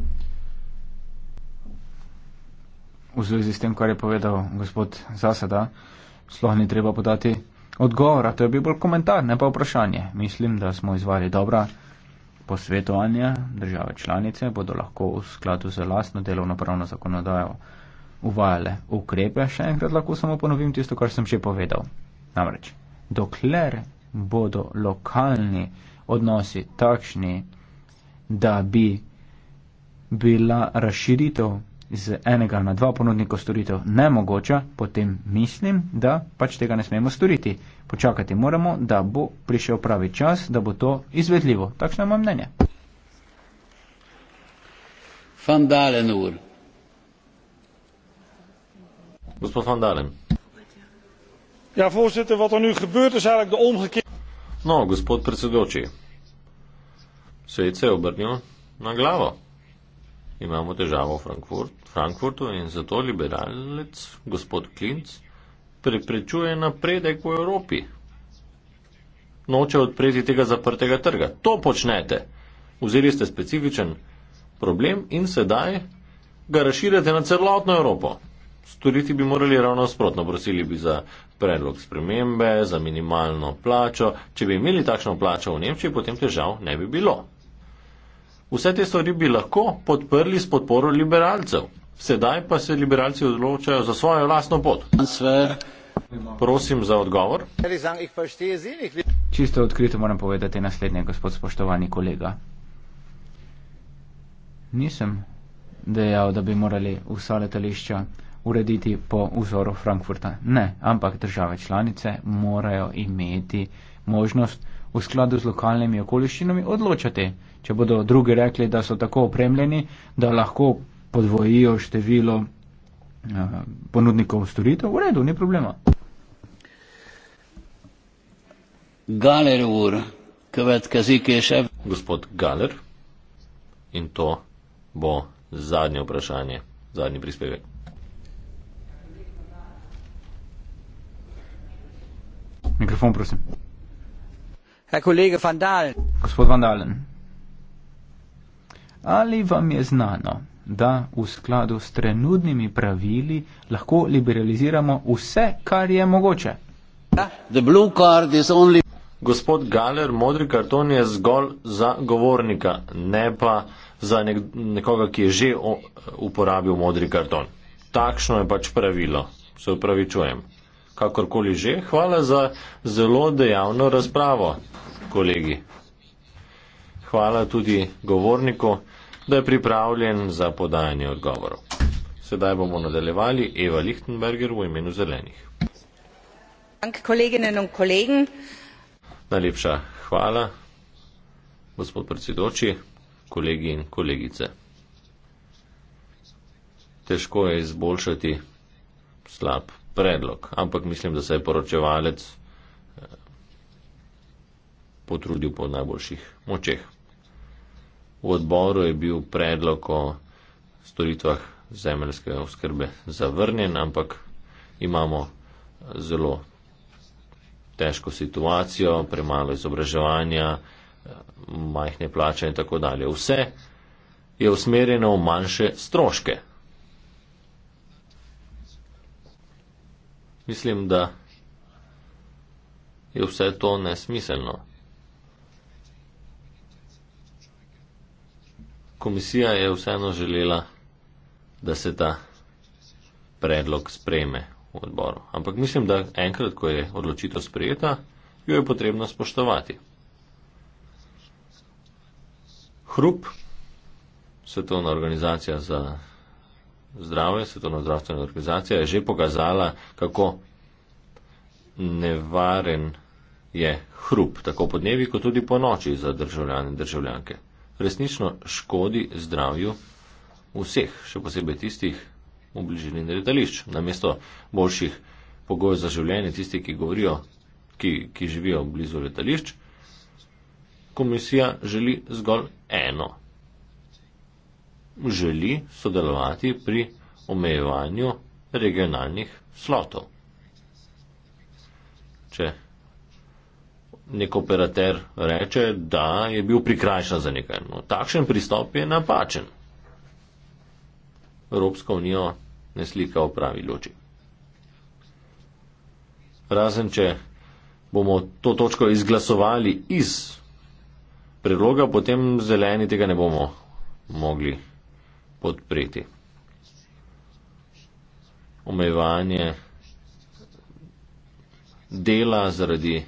v zvezi s tem, kar je povedal gospod Zaseda, sloh ni treba podati odgovora, to je bil bolj komentar, ne pa vprašanje. Mislim, da smo izvali dobra posvetovanja, države članice bodo lahko v skladu z lastno delovno pravno zakonodajo uvajale ukrepe. Še enkrat lahko samo ponovim tisto, kar sem že povedal. Namreč, dokler bodo lokalni odnosi takšni, da bi bila razširitev z enega na dva ponudnika storitev nemogoča, potem mislim, da pač tega ne smemo storiti. Počakati moramo, da bo prišel pravi čas, da bo to izvedljivo. Takšno je moje mnenje. Fandalenur. Gospod Fandalen. Ja, voorzitter, wat er nu gebeurt is eigenlijk de omgekeerde. No, gospod predsedoči. Se je vse obrnilo na glavo imamo težavo v Frankfurt, Frankfurtu in zato liberalec gospod Klinc preprečuje napredek v Evropi. Noče odpreti tega zaprtega trga. To počnete. Vzeli ste specifičen problem in sedaj ga razširjate na celotno Evropo. Storiti bi morali ravno sprotno. Prosili bi za predlog spremembe, za minimalno plačo. Če bi imeli takšno plačo v Nemčiji, potem težav ne bi bilo. Vse te stvari bi lahko podprli s podporo liberalcev. Sedaj pa se liberalci odločajo za svojo lastno pot. Prosim za odgovor. Čisto odkrito moram povedati naslednje, gospod spoštovani kolega. Nisem dejal, da bi morali vsa letališča urediti po vzoru Frankfurta. Ne, ampak države članice morajo imeti možnost v skladu z lokalnimi okoliščinami odločati če bodo drugi rekli, da so tako opremljeni, da lahko podvojijo število eh, ponudnikov storitev, v redu, ni problema. Galer ur, kvet kazike še. Gospod Galer, in to bo zadnje vprašanje, zadnji prispevek. Mikrofon, prosim. Herr Kollege van Dalen. Gospod van Dalen. Ali vam je znano, da v skladu s trenutnimi pravili lahko liberaliziramo vse, kar je mogoče? Only... Gospod Galer, modri karton je zgolj za govornika, ne pa za nek nekoga, ki je že uporabil modri karton. Takšno je pač pravilo, se upravičujem. Kakorkoli že, hvala za zelo dejavno razpravo, kolegi. Hvala tudi govorniku da je pripravljen za podajanje odgovorov. Sedaj bomo nadaljevali Eva Lichtenberger v imenu zelenih. Najlepša hvala, gospod predsedoči, kolegi in kolegice. Težko je izboljšati slab predlog, ampak mislim, da se je poročevalec eh, potrudil po najboljših močeh. V odboru je bil predlog o storitvah zemljske oskrbe zavrnjen, ampak imamo zelo težko situacijo, premalo izobraževanja, majhne plače in tako dalje. Vse je usmerjeno v manjše stroške. Mislim, da je vse to nesmiselno. komisija je vseeno želela, da se ta predlog spreme v odboru. Ampak mislim, da enkrat, ko je odločitev sprejeta, jo je potrebno spoštovati. Hrup, svetovna organizacija za zdravje, svetovna zdravstvena organizacija, je že pokazala, kako nevaren je hrup, tako po dnevi, kot tudi po noči za državljane in državljanke resnično škodi zdravju vseh, še posebej tistih v bližini letališč. Namesto boljših pogojev za življenje, tisti, ki govorijo, ki, ki živijo blizu letališč, komisija želi zgolj eno. Želi sodelovati pri omejevanju regionalnih slotov. Če nek operater reče, da je bil prikrajšan za nekaj. No, takšen pristop je napačen. Evropska unija ne slika v pravi loči. Razen, če bomo to točko izglasovali iz predloga, potem zeleni tega ne bomo mogli podpreti. Omejevanje dela zaradi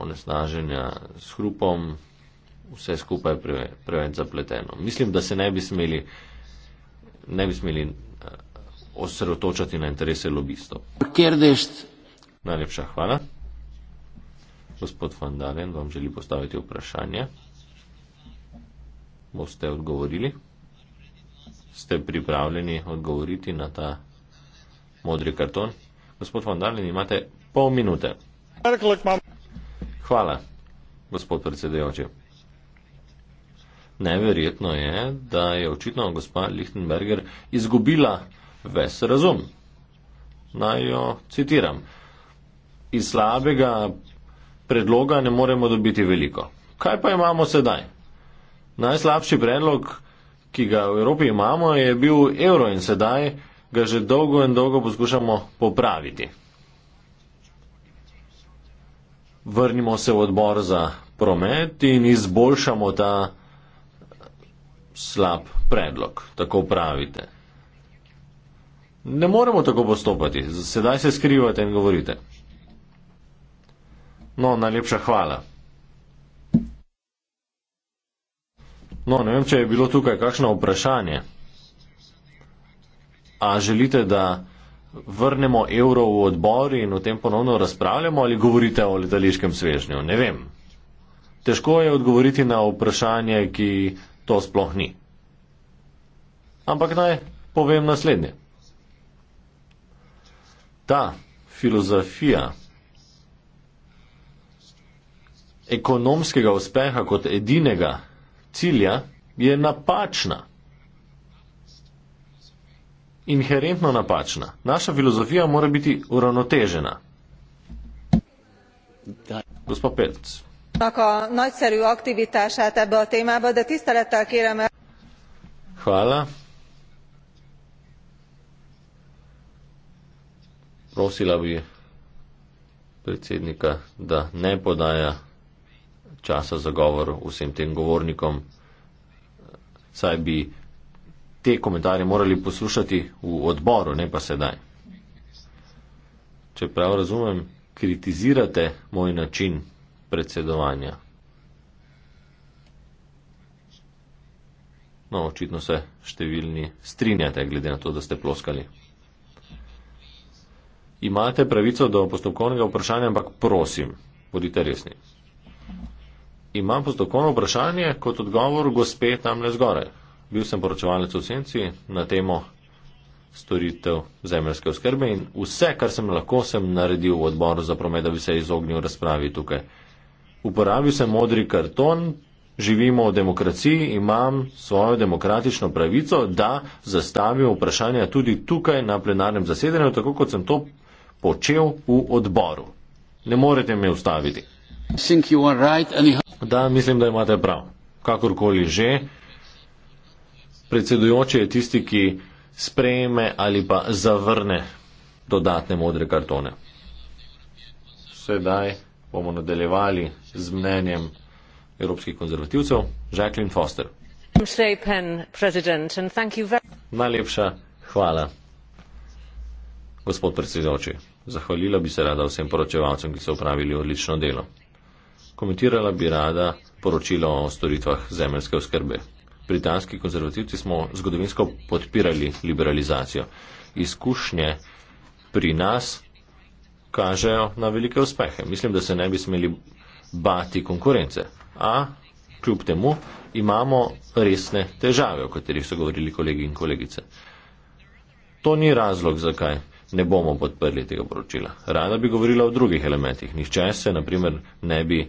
onesnaženja s hrupom, vse skupaj preveč zapleteno. Mislim, da se ne bi smeli, ne bi smeli eh, osredotočati na interese lobistov. Najlepša hvala. Gospod van Dalen, vam želi postaviti vprašanje. Boste odgovorili? Ste pripravljeni odgovoriti na ta modri karton? Gospod van Dalen, imate pol minute. Kar klik imam. Hvala, gospod predsedujoči. Neverjetno je, da je očitno gospa Lichtenberger izgubila ves razum. Naj jo citiram. Iz slabega predloga ne moremo dobiti veliko. Kaj pa imamo sedaj? Najslabši predlog, ki ga v Evropi imamo, je bil evro in sedaj ga že dolgo in dolgo poskušamo popraviti vrnimo se v odbor za promet in izboljšamo ta slab predlog, tako pravite. Ne moremo tako postopati, sedaj se skrivate in govorite. No, najlepša hvala. No, ne vem, če je bilo tukaj kakšno vprašanje. A želite, da vrnemo evro v odbor in o tem ponovno razpravljamo ali govorite o letališkem svežnju? Ne vem. Težko je odgovoriti na vprašanje, ki to sploh ni. Ampak naj povem naslednje. Ta filozofija ekonomskega uspeha kot edinega cilja je napačna inherentno napačna. Naša filozofija mora biti uravnotežena. Gospod Pelc. A nagyszerű aktivitását ebbe a témába, de tisztelettel kérem el. Hála. Prosila bi predsednika, da ne podaja časa za govor vsem tem govornikom, saj bi te komentarje morali poslušati v odboru, ne pa sedaj. Če prav razumem, kritizirate moj način predsedovanja. No, očitno se številni strinjate, glede na to, da ste ploskali. Imate pravico do postopkovnega vprašanja, ampak prosim, bodite resni. Imam postopkovno vprašanje kot odgovor gospe tam le zgoraj. Bil sem poročevalec v Senci na temo storitev zemljske oskrbe in vse, kar sem lahko, sem naredil v odboru za promet, da bi se izognil razpravi tukaj. Uporabil sem modri karton, živimo v demokraciji, imam svojo demokratično pravico, da zastavim vprašanja tudi tukaj na plenarnem zasedanju, tako kot sem to počel v odboru. Ne morete me ustaviti. Right, da, mislim, da imate prav. Kakorkoli že predsedujoči je tisti, ki sprejme ali pa zavrne dodatne modre kartone. Sedaj bomo nadaljevali z mnenjem evropskih konzervativcev. Jacqueline Foster. Najlepša hvala, gospod predsedujoči. Zahvalila bi se rada vsem poročevalcem, ki so upravili odlično delo. Komentirala bi rada poročilo o storitvah zemljske oskrbe britanski konzervativci smo zgodovinsko podpirali liberalizacijo. Izkušnje pri nas kažejo na velike uspehe. Mislim, da se ne bi smeli bati konkurence. A kljub temu imamo resne težave, o katerih so govorili kolegi in kolegice. To ni razlog, zakaj ne bomo podprli tega poročila. Rada bi govorila o drugih elementih. Nihče se, na primer, ne bi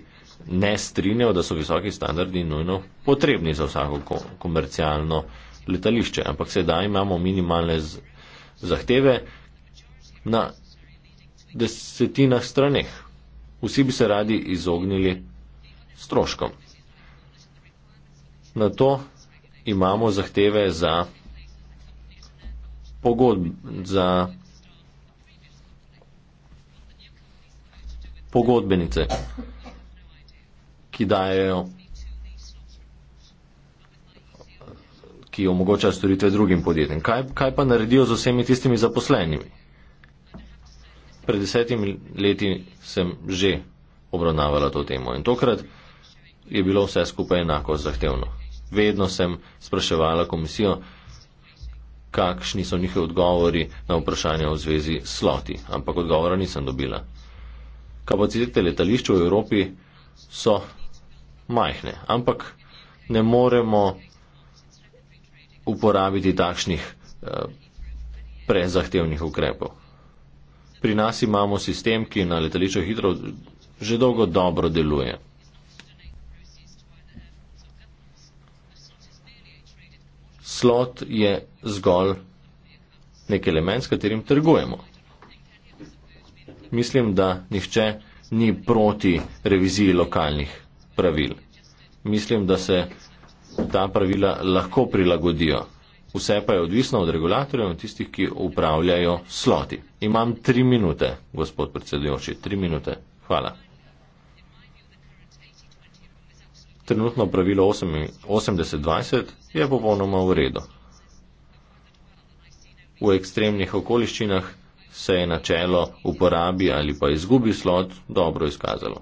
ne strinjal, da so visoki standardi nujno potrebni za vsako komercialno letališče, ampak sedaj imamo minimalne zahteve na desetinah straneh. Vsi bi se radi izognili stroškom. Na to imamo zahteve za pogodb, za pogodbenice ki dajejo, ki omogočajo storitve drugim podjetjem. Kaj, kaj pa naredijo z vsemi tistimi zaposlenimi? Pred desetimi leti sem že obravnavala to temo in tokrat je bilo vse skupaj enako zahtevno. Vedno sem spraševala komisijo, kakšni so njihovi odgovori na vprašanje v zvezi s sloti, ampak odgovora nisem dobila. Kapacitete letališča v Evropi so majhne. Ampak ne moremo uporabiti takšnih eh, prezahtevnih ukrepov. Pri nas imamo sistem, ki na letališču hitro že dolgo dobro deluje. Slot je zgolj nek element, s katerim trgujemo. Mislim, da nihče ni proti reviziji lokalnih pravil. Mislim, da se ta pravila lahko prilagodijo. Vse pa je odvisno od regulatorjev in tistih, ki upravljajo sloti. Imam tri minute, gospod predsedujoči, tri minute. Hvala. Trenutno pravilo 80-20 je popolnoma v redu. V ekstremnih okoliščinah se je načelo uporabi ali pa izgubi slot dobro izkazalo.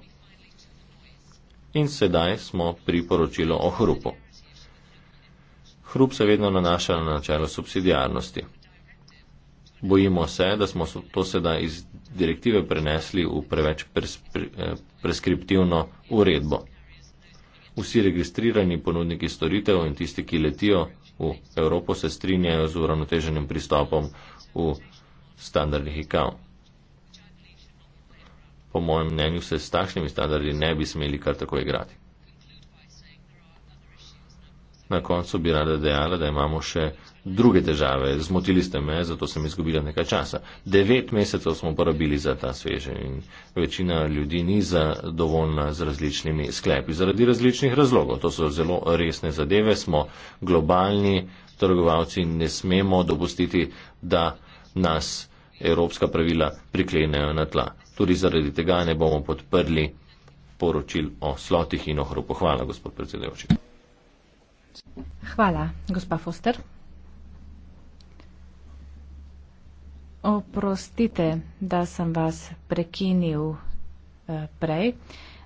In sedaj smo pri poročilu o hrupu. Hrup se vedno nanaša na načelo subsidijarnosti. Bojimo se, da smo to sedaj iz direktive prenesli v preveč eh, preskriptivno uredbo. Vsi registrirani ponudniki storitev in tisti, ki letijo v Evropo, se strinjajo z uravnoteženim pristopom v standardih ICAO po mojem mnenju se s takšnimi standardi ne bi smeli kar tako igrati. Na koncu bi rada dejala, da imamo še druge težave. Zmotili ste me, zato sem izgubila nekaj časa. Devet mesecev smo porabili za ta sveže in večina ljudi ni zadovoljna z različnimi sklepi zaradi različnih razlogov. To so zelo resne zadeve, smo globalni trgovalci in ne smemo dopustiti, da nas evropska pravila priklenejo na tla. Tudi zaradi tega ne bomo podprli poročil o slotih in o hrupu. Hvala, gospod predsedujoči. Hvala, gospa Foster. Oprostite, da sem vas prekinil eh, prej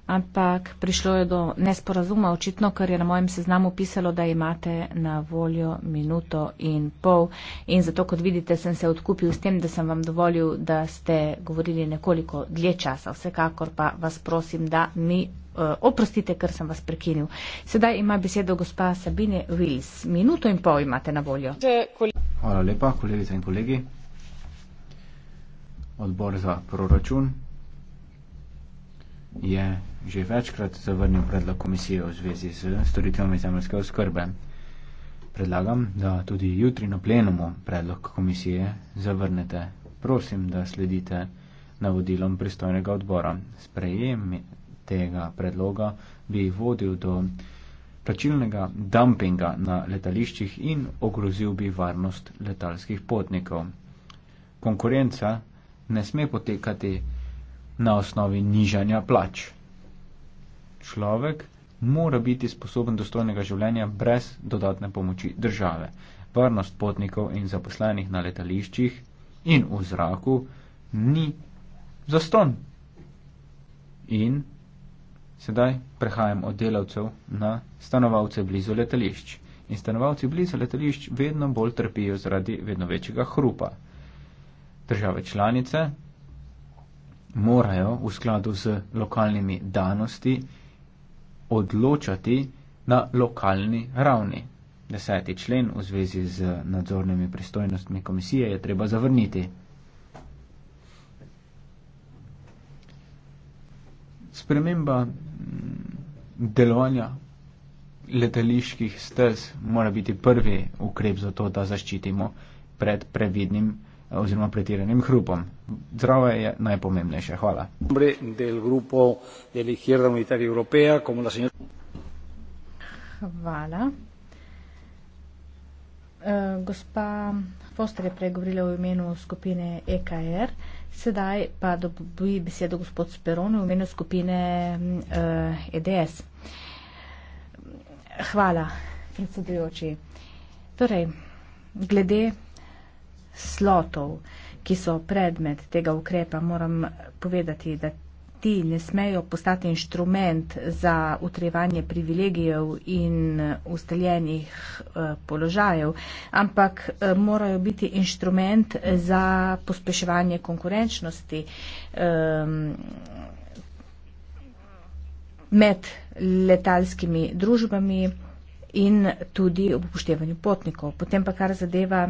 ampak prišlo je do nesporazuma, očitno, ker je na mojem seznamu pisalo, da imate na voljo minuto in pol. In zato, kot vidite, sem se odkupil s tem, da sem vam dovolil, da ste govorili nekoliko dlje časa. Vsekakor pa vas prosim, da mi uh, oprostite, ker sem vas prekinil. Sedaj ima besedo gospa Sabine Wills. Minuto in pol imate na voljo. Hvala lepa, kolegice in kolegi. Odbor za proračun je že večkrat zavrnil predlog komisije v zvezi z storitvami zemljske oskrbe. Predlagam, da tudi jutri na plenumu predlog komisije zavrnete. Prosim, da sledite navodilom pristojnega odbora. Sprejem tega predloga bi vodil do plačilnega dumpinga na letališčih in ogrozil bi varnost letalskih potnikov. Konkurenca ne sme potekati na osnovi nižanja plač. Človek mora biti sposoben dostojnega življenja brez dodatne pomoči države. Varnost potnikov in zaposlenih na letališčih in v zraku ni zaston. In sedaj prehajam od delavcev na stanovalce blizu letališč. In stanovalci blizu letališč vedno bolj trpijo zaradi vedno večjega hrupa. Države članice morajo v skladu z lokalnimi danosti odločati na lokalni ravni. Deseti člen v zvezi z nadzornimi pristojnostmi komisije je treba zavrniti. Sprememba mm, delovanja letaliških stez mora biti prvi ukrep za to, da zaščitimo pred previdnim oziroma pretiranim hrupom. Zdravje je najpomembnejše. Hvala. Hvala. Eh, gospa Foster je pregovorila v imenu skupine EKR, sedaj pa dobi besedo gospod Speron v imenu skupine uh, eh, EDS. Hvala, predsedujoči. Torej, glede slotov, ki so predmet tega ukrepa, moram povedati, da ti ne smejo postati inštrument za utrevanje privilegijev in eh, ustaljenih eh, položajev, ampak eh, morajo biti inštrument za pospeševanje konkurenčnosti ehm, med letalskimi družbami in tudi ob upoštevanju potnikov. Potem pa kar zadeva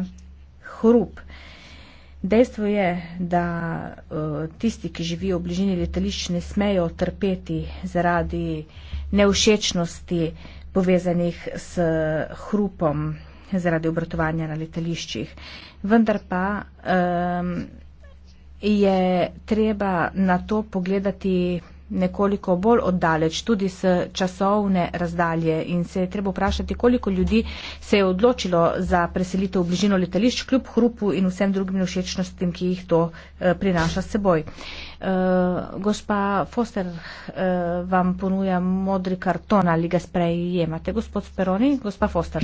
hrup. Dejstvo je, da eh, tisti, ki živijo v bližini letališč, ne smejo trpeti zaradi neušečnosti povezanih s hrupom zaradi obratovanja na letališčih. Vendar pa um, je treba na to pogledati nekoliko bolj oddaleč, tudi s časovne razdalje in se je treba vprašati, koliko ljudi se je odločilo za preselitev v bližino letališč, kljub hrupu in vsem drugim všečnostim, ki jih to eh, prinaša s seboj. Eh, gospa Foster, eh, vam ponuja modri karton ali ga sprejemate. Gospod Speroni, gospa Foster.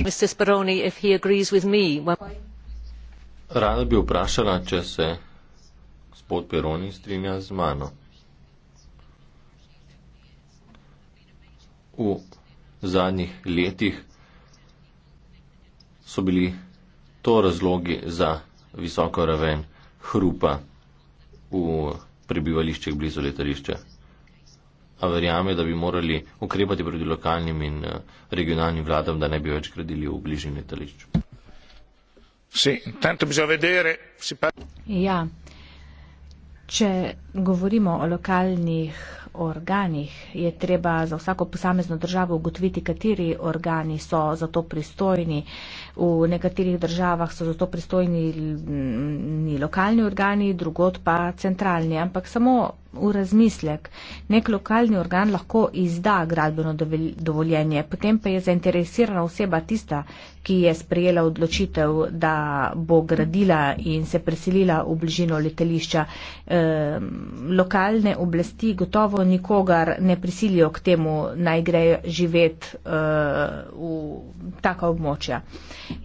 Rada bi vprašala, če se gospod Peroni strinja z mano. v zadnjih letih so bili to razlogi za visoko raven hrupa v prebivališčih blizu letališča. A verjame, da bi morali ukrepati proti lokalnim in eh, regionalnim vladam, da ne bi več gradili v bližnjem letališču. Ja. Če govorimo o lokalnih organih. Je treba za vsako posamezno državo ugotoviti, kateri organi so za to pristojni. V nekaterih državah so za to pristojni mm, lokalni organi, drugot pa centralni. Ampak samo v razmislek. Nek lokalni organ lahko izda gradbeno dovoljenje, potem pa je zainteresirana oseba tista, ki je sprejela odločitev, da bo gradila in se preselila v bližino letališča. E, lokalne oblasti gotovo nikogar ne prisilijo k temu, naj gre živeti e, eh, v taka območja.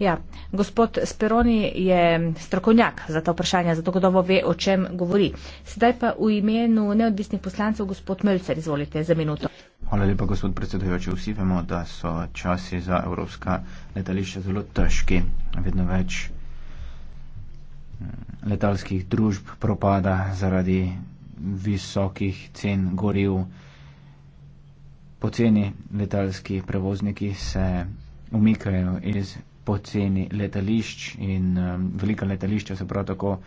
Ja, gospod Speroni je strokovnjak za ta vprašanja, zato gotovo ve, o čem govori. Sedaj pa v imenu imenu neodvisnih poslancev, gospod Mölcer, izvolite za minuto. Hvala lepa, gospod predsedujoči. Vsi vemo, da so časi za evropska letališča zelo težki. Vedno več mm, letalskih družb propada zaradi visokih cen goriv. Poceni letalski prevozniki se umikajo iz poceni letališč in um, velika letališča se prav tako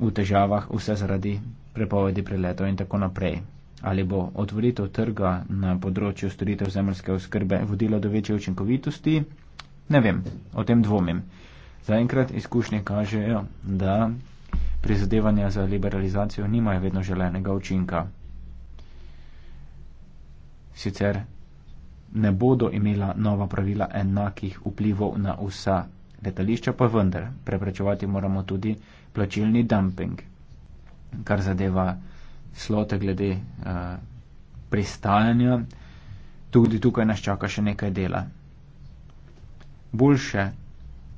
v težavah vse zaradi prepovedi preletov in tako naprej. Ali bo otvoritev trga na področju storitev zemljske oskrbe vodila do večje učinkovitosti? Ne vem, o tem dvomim. Zaenkrat izkušnje kažejo, da prizadevanja za liberalizacijo nimajo vedno želenega učinka. Sicer ne bodo imela nova pravila enakih vplivov na vsa letališča, pa vendar preprečevati moramo tudi plačilni dumping. Kar zadeva slote glede uh, eh, pristajanja, tudi tukaj nas čaka še nekaj dela. Boljše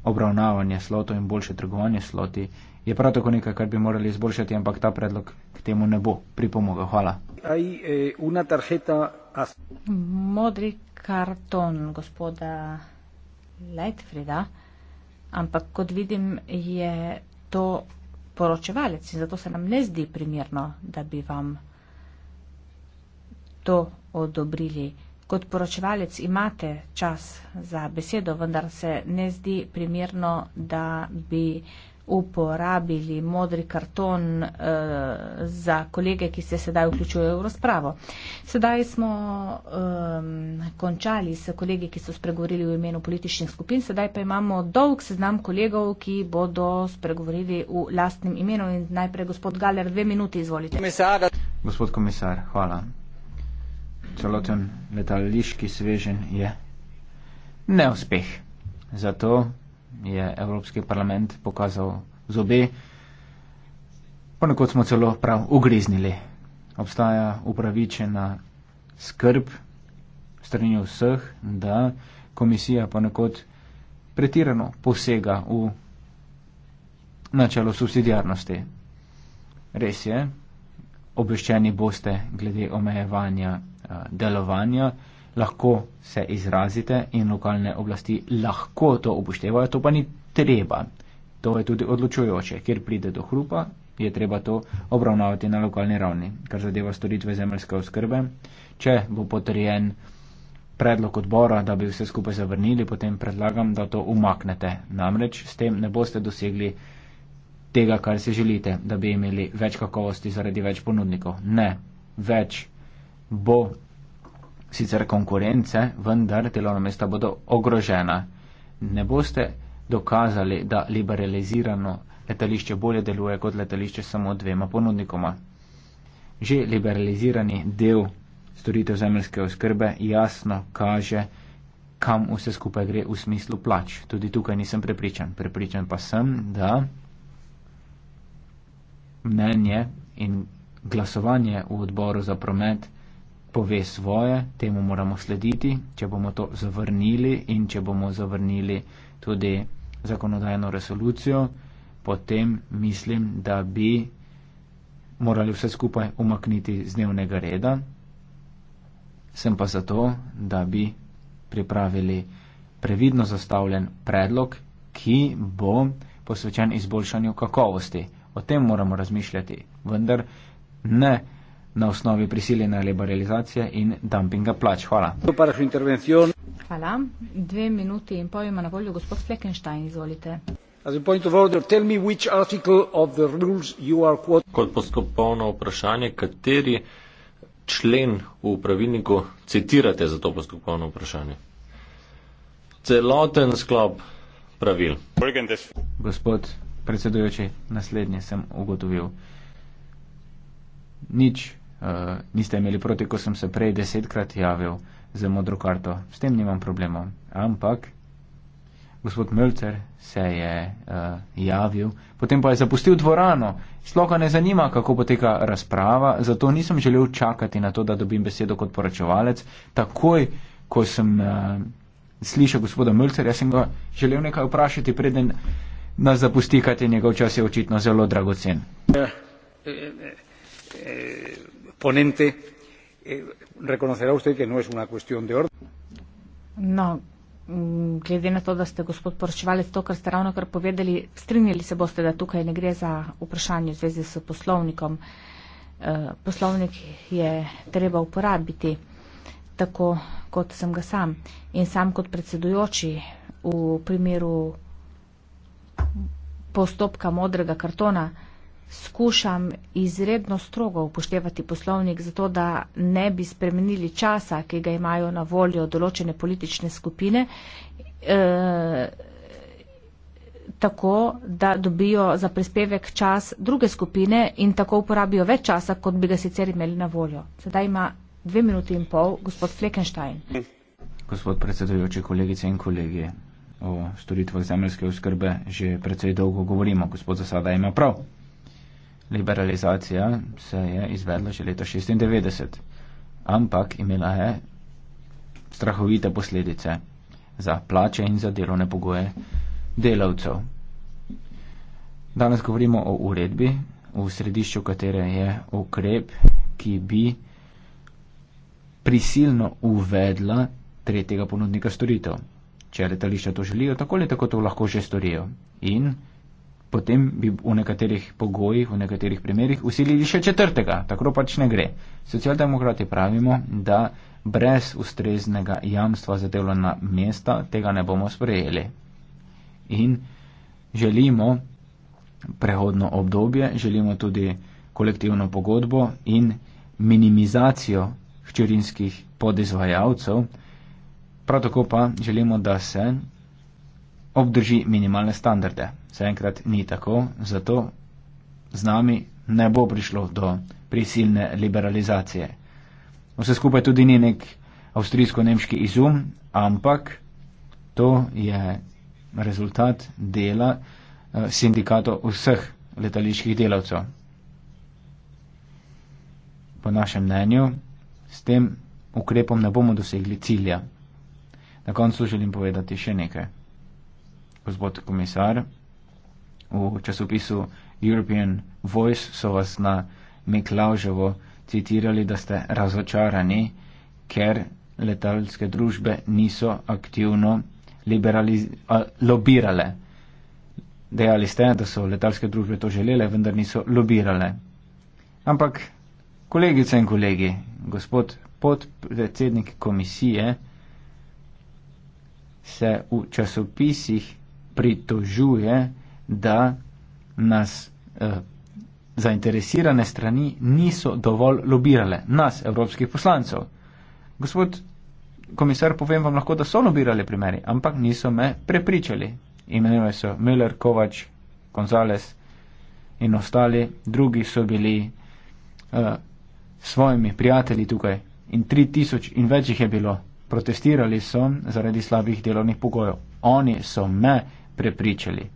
obravnavanje slotov in boljše trgovanje sloti je prav tako nekaj, kar bi morali izboljšati, ampak ta predlog k temu ne bo pripomogel. Hvala. Eh, Modri karton gospoda Leitfrida, ampak kot vidim, je to poročevalec in zato se nam ne zdi primerno, da bi vam to odobrili. Kot poročevalec imate čas za besedo, vendar se ne zdi primerno, da bi uporabili modri karton uh, za kolege, ki se sedaj vključujejo v razpravo. Sedaj smo um, končali s kolegi, ki so spregovorili v imenu političnih skupin, sedaj pa imamo dolg seznam kolegov, ki bodo spregovorili v lastnem imenu. In najprej gospod Galer, dve minuti, izvolite. Komisar. Gospod komisar, hvala. Celoten letališki svežen je neuspeh. Zato je Evropski parlament pokazal zobe, ponekod smo celo prav ugriznili. Obstaja upravičena skrb strani vseh, da komisija ponekod pretirano posega v načelo subsidijarnosti. Res je, obveščeni boste glede omejevanja eh, delovanja lahko se izrazite in lokalne oblasti lahko to upoštevajo, to pa ni treba. To je tudi odločujoče, kjer pride do hrupa, je treba to obravnavati na lokalni ravni, kar zadeva storitve zemljske oskrbe. Če bo potrjen predlog odbora, da bi vse skupaj zavrnili, potem predlagam, da to umaknete. Namreč s tem ne boste dosegli tega, kar si želite, da bi imeli več kakovosti zaradi več ponudnikov. Ne, več bo sicer konkurence, vendar delovna mesta bodo ogrožena. Ne boste dokazali, da liberalizirano letališče bolje deluje kot letališče samo dvema ponudnikoma. Že liberalizirani del storitev zemljske oskrbe jasno kaže, kam vse skupaj gre v smislu plač. Tudi tukaj nisem prepričan. Prepričan pa sem, da mnenje in glasovanje v odboru za promet pove svoje, temu moramo slediti. Če bomo to zavrnili in če bomo zavrnili tudi zakonodajno resolucijo, potem mislim, da bi morali vse skupaj umakniti z dnevnega reda. Sem pa zato, da bi pripravili previdno zastavljen predlog, ki bo posvečen izboljšanju kakovosti. O tem moramo razmišljati, vendar ne na osnovi prisiljene liberalizacije in dumpinga plač. Hvala. Hvala. Dve minuti in pol ima na voljo gospod Fleckenstein. Izvolite. Order, Kot postopovno vprašanje, kateri člen v pravilniku citirate za to postopovno vprašanje? Celoten sklop pravil. Gospod predsedujoči, naslednje sem ugotovil. Nič Eh, niste imeli proti, ko sem se prej desetkrat javil za modro karto. S tem nimam problema. Ampak gospod Mölcer se je uh, javil, potem pa je zapustil dvorano. Sloka ne zanima, kako poteka razprava, zato nisem želel čakati na to, da dobim besedo kot poročevalec. Takoj, ko sem uh, slišal gospoda Mölcerja, sem ga želel nekaj vprašati, preden nas zapusti, kajti njegov čas je očitno zelo dragocen. Uh, uh, uh ponente eh, reconocerá usted que no es una cuestión de orden. No. Mm, glede na to, da ste gospod poročevalec to, kar ste ravno kar povedali, strinjali se boste, da tukaj ne gre za vprašanje v zvezi s poslovnikom. Eh, poslovnik je treba uporabiti tako, kot sem ga sam. In sam kot predsedujoči v primeru postopka modrega kartona skušam izredno strogo upoštevati poslovnik, zato da ne bi spremenili časa, ki ga imajo na voljo določene politične skupine, eh, tako da dobijo za prispevek čas druge skupine in tako uporabijo več časa, kot bi ga sicer imeli na voljo. Sedaj ima dve minuti in pol gospod Flekenstein. Gospod predsedujoči, kolegice in kolegi. O storitvah zemljske oskrbe že precej dolgo govorimo, gospod za sada ima prav. Liberalizacija se je izvedla že leta 96, ampak imela je strahovite posledice za plače in za delovne pogoje delavcev. Danes govorimo o uredbi, v središču katere je ukrep, ki bi prisilno uvedla tretjega ponudnika storitev. Če letališča to želijo, tako ali tako to lahko že storijo. In potem bi v nekaterih pogojih, v nekaterih primerjih usilili še četrtega. Tako pač ne gre. Socialdemokrati pravimo, da brez ustreznega jamstva za delovna mesta tega ne bomo sprejeli. In želimo prehodno obdobje, želimo tudi kolektivno pogodbo in minimizacijo hčerinskih podizvajalcev, prav tako pa želimo, da se obdrži minimalne standarde zaenkrat ni tako, zato z nami ne bo prišlo do prisilne liberalizacije. Vse skupaj tudi ni nek avstrijsko-nemški izum, ampak to je rezultat dela eh, sindikatov vseh letaliških delavcev. Po našem mnenju, s tem ukrepom ne bomo dosegli cilja. Na koncu želim povedati še nekaj. Gospod komisar, v časopisu European Voice so vas na Miklauževo citirali, da ste razočarani, ker letalske družbe niso aktivno lobirale. Dejali ste, da so letalske družbe to želele, vendar niso lobirale. Ampak, kolegice in kolegi, gospod podpredsednik komisije se v časopisih pritožuje, da nas eh, zainteresirane strani niso dovolj lobirale, nas, evropskih poslancev. Gospod komisar, povem vam lahko, da so lobirali primeri, ampak niso me prepričali. Imenuje so Miller, Kovač, Gonzales in ostali, drugi so bili eh, svojimi prijatelji tukaj in 3000 in več jih je bilo. Protestirali so zaradi slabih delovnih pogojev. Oni so me prepričali.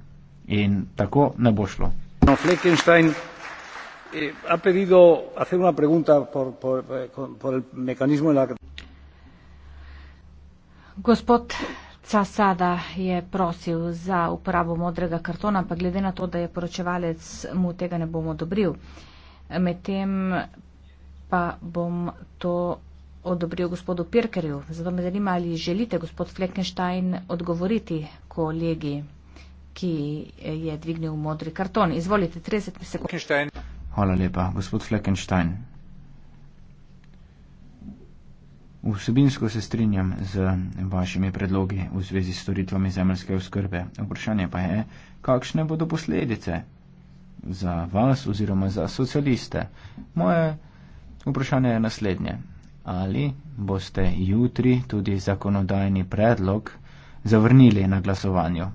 In tako ne bo šlo. Eh, eh, gospod Casada je prosil za uporabo modrega kartona, pa glede na to, da je poročevalec, mu tega ne bom odobril. Medtem pa bom to odobril gospodu Pirkerju. Zato me zanima, ali želite, gospod Fleckenstein, odgovoriti kolegi ki je dvignil modri karton. Izvolite, 30 sekund. Hvala lepa, gospod Fleckenstein. Vsebinsko se strinjam z vašimi predlogi v zvezi s storitvami zemljske oskrbe. Vprašanje pa je, kakšne bodo posledice za vas oziroma za socialiste. Moje vprašanje je naslednje. Ali boste jutri tudi zakonodajni predlog zavrnili na glasovanju?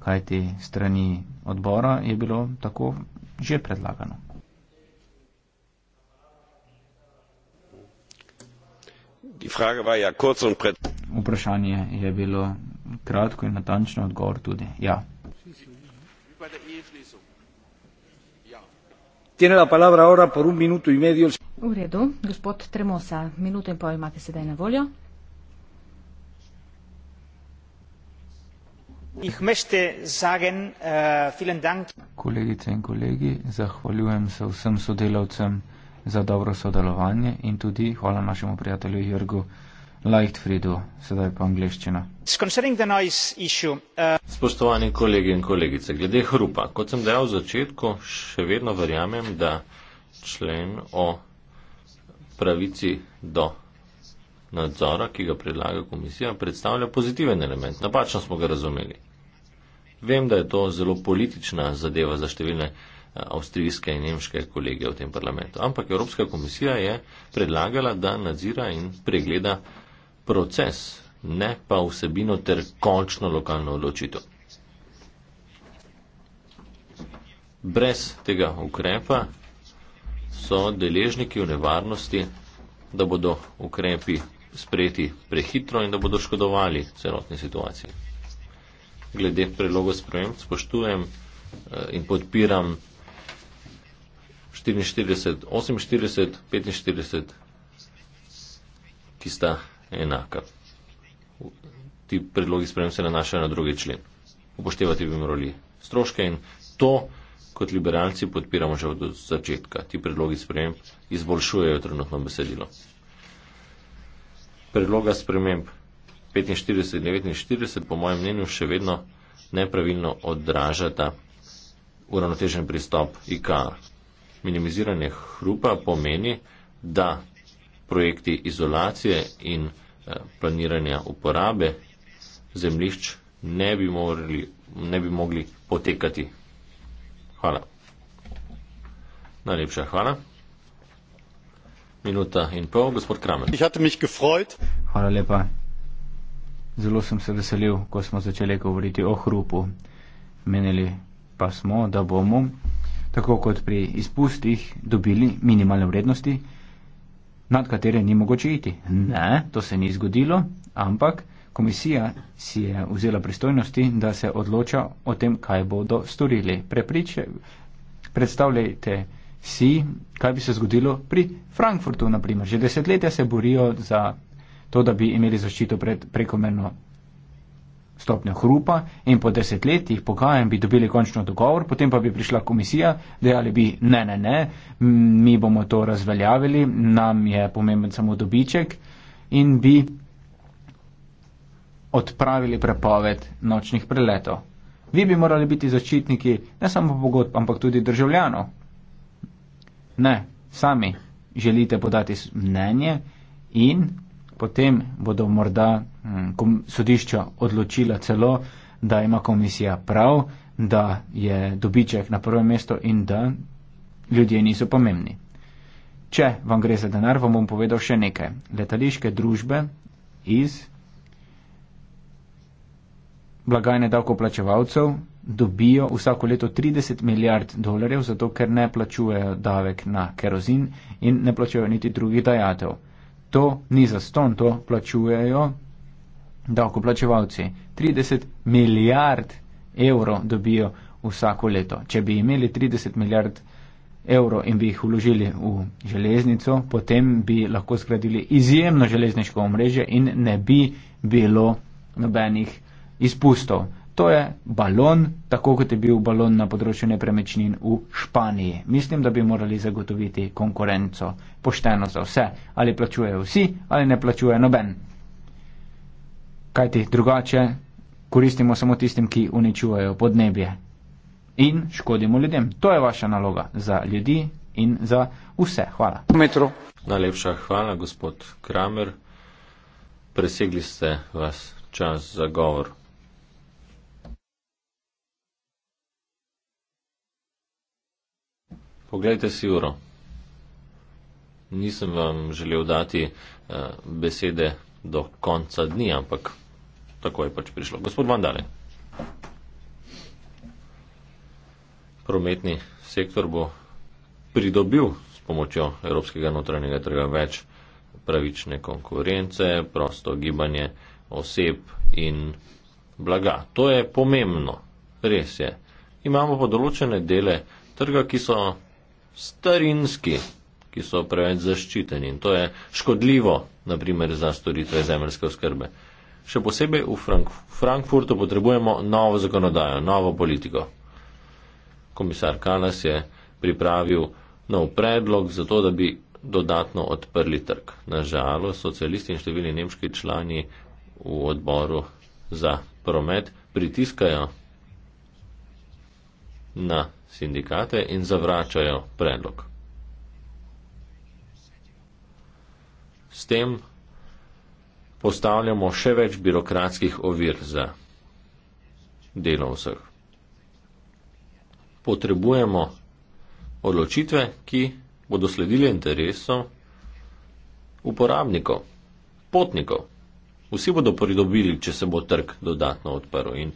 kajti strani odbora je bilo tako že predlagano. Ja Vprašanje je bilo kratko in natančno odgovor tudi. Ja. V redu, gospod Tremosa, minuto in pol imate sedaj na voljo. Ich möchte sagen, uh, vielen Dank. Kolegice in kolegi, zahvaljujem se vsem sodelavcem za dobro sodelovanje in tudi hvala našemu prijatelju Jurgu Lightfriedu, sedaj pa angliščina. Uh, Spoštovani kolegi in kolegice, glede hrupa, kot sem dejal v začetku, še vedno verjamem, da člen o pravici do nadzora, ki ga predlaga komisija, predstavlja pozitiven element. Napačno smo ga razumeli. Vem, da je to zelo politična zadeva za številne eh, avstrijske in nemške kolege v tem parlamentu. Ampak Evropska komisija je predlagala, da nadzira in pregleda proces, ne pa vsebino ter končno lokalno odločitev. Brez tega ukrepa so deležniki v nevarnosti, da bodo ukrepi sprejeti prehitro in da bodo škodovali celotni situaciji. Glede predlogov sprememb spoštujem eh, in podpiram 44, 48, 45, ki sta enaka. Ti predlogi sprememb se nanašajo na drugi člen. Upoštevati bi morali stroške in to kot liberalci podpiramo že od začetka. Ti predlogi sprememb izboljšujejo trenutno besedilo predloga sprememb 45 in 49 po mojem mnenju še vedno nepravilno odražata uravnotežen pristop IKA. Minimiziranje hrupa pomeni, da projekti izolacije in eh, planiranja uporabe zemljišč ne bi, morali, ne bi mogli potekati. Hvala. Najlepša hvala minuta in pol, gospod Kramer. Hvala lepa. Zelo sem se veselil, ko smo začeli govoriti o hrupu. Menili pa smo, da bomo, tako kot pri izpustih, dobili minimalne vrednosti, nad katere ni mogoče iti. Ne, to se ni zgodilo, ampak komisija si je vzela pristojnosti, da se odloča o tem, kaj bodo storili. Prepriče, predstavljajte, si, kaj bi se zgodilo pri Frankfurtu, naprimer. Že desetletja se borijo za to, da bi imeli zaščito pred prekomerno stopnjo hrupa in po desetletjih pogajem bi dobili končno dogovor, potem pa bi prišla komisija, dejali bi ne, ne, ne, mi bomo to razveljavili, nam je pomemben samo dobiček in bi odpravili prepoved nočnih preletov. Vi bi morali biti zaščitniki ne samo pogodb, ampak tudi državljanov ne, sami želite podati mnenje in potem bodo morda hm, sodišča odločila celo, da ima komisija prav, da je dobiček na prvem mestu in da ljudje niso pomembni. Če vam gre za denar, vam bom povedal še nekaj. Letališke družbe iz blagajne davkoplačevalcev dobijo vsako leto 30 milijard dolarjev, zato ker ne plačujejo davek na kerozin in ne plačujejo niti drugih dajatev. To ni zaston, to plačujejo davkoplačevalci. 30 milijard evrov dobijo vsako leto. Če bi imeli 30 milijard evrov in bi jih vložili v železnico, potem bi lahko zgradili izjemno železniško omrežje in ne bi bilo nobenih izpustov to je balon, tako kot je bil balon na področju nepremičnin v Španiji. Mislim, da bi morali zagotoviti konkurenco pošteno za vse, ali plačujejo vsi, ali ne plačuje noben. Kajti drugače koristimo samo tistim, ki uničujejo podnebje in škodimo ljudem. To je vaša naloga za ljudi in za vse. Hvala. Metru. Najlepša hvala, gospod Kramer. Presegli ste vas čas za govor. Poglejte si uro. Nisem vam želel dati eh, besede do konca dni, ampak tako je pač prišlo. Gospod Vandale. Prometni sektor bo pridobil s pomočjo evropskega notranjega trga več pravične konkurence, prosto gibanje oseb in blaga. To je pomembno, res je. Imamo pa določene dele trga, ki so starinski, ki so preveč zaščiteni in to je škodljivo, naprimer, za storitve zemljske oskrbe. Še posebej v Frank Frankfurtu potrebujemo novo zakonodajo, novo politiko. Komisar Kanas je pripravil nov predlog za to, da bi dodatno odprli trg. Nažalost, socialisti in številni nemški člani v odboru za promet pritiskajo na sindikate in zavračajo predlog. S tem postavljamo še več birokratskih ovir za delo vseh. Potrebujemo odločitve, ki bodo sledile interesom uporabnikov, potnikov. Vsi bodo pridobili, če se bo trg dodatno odprl in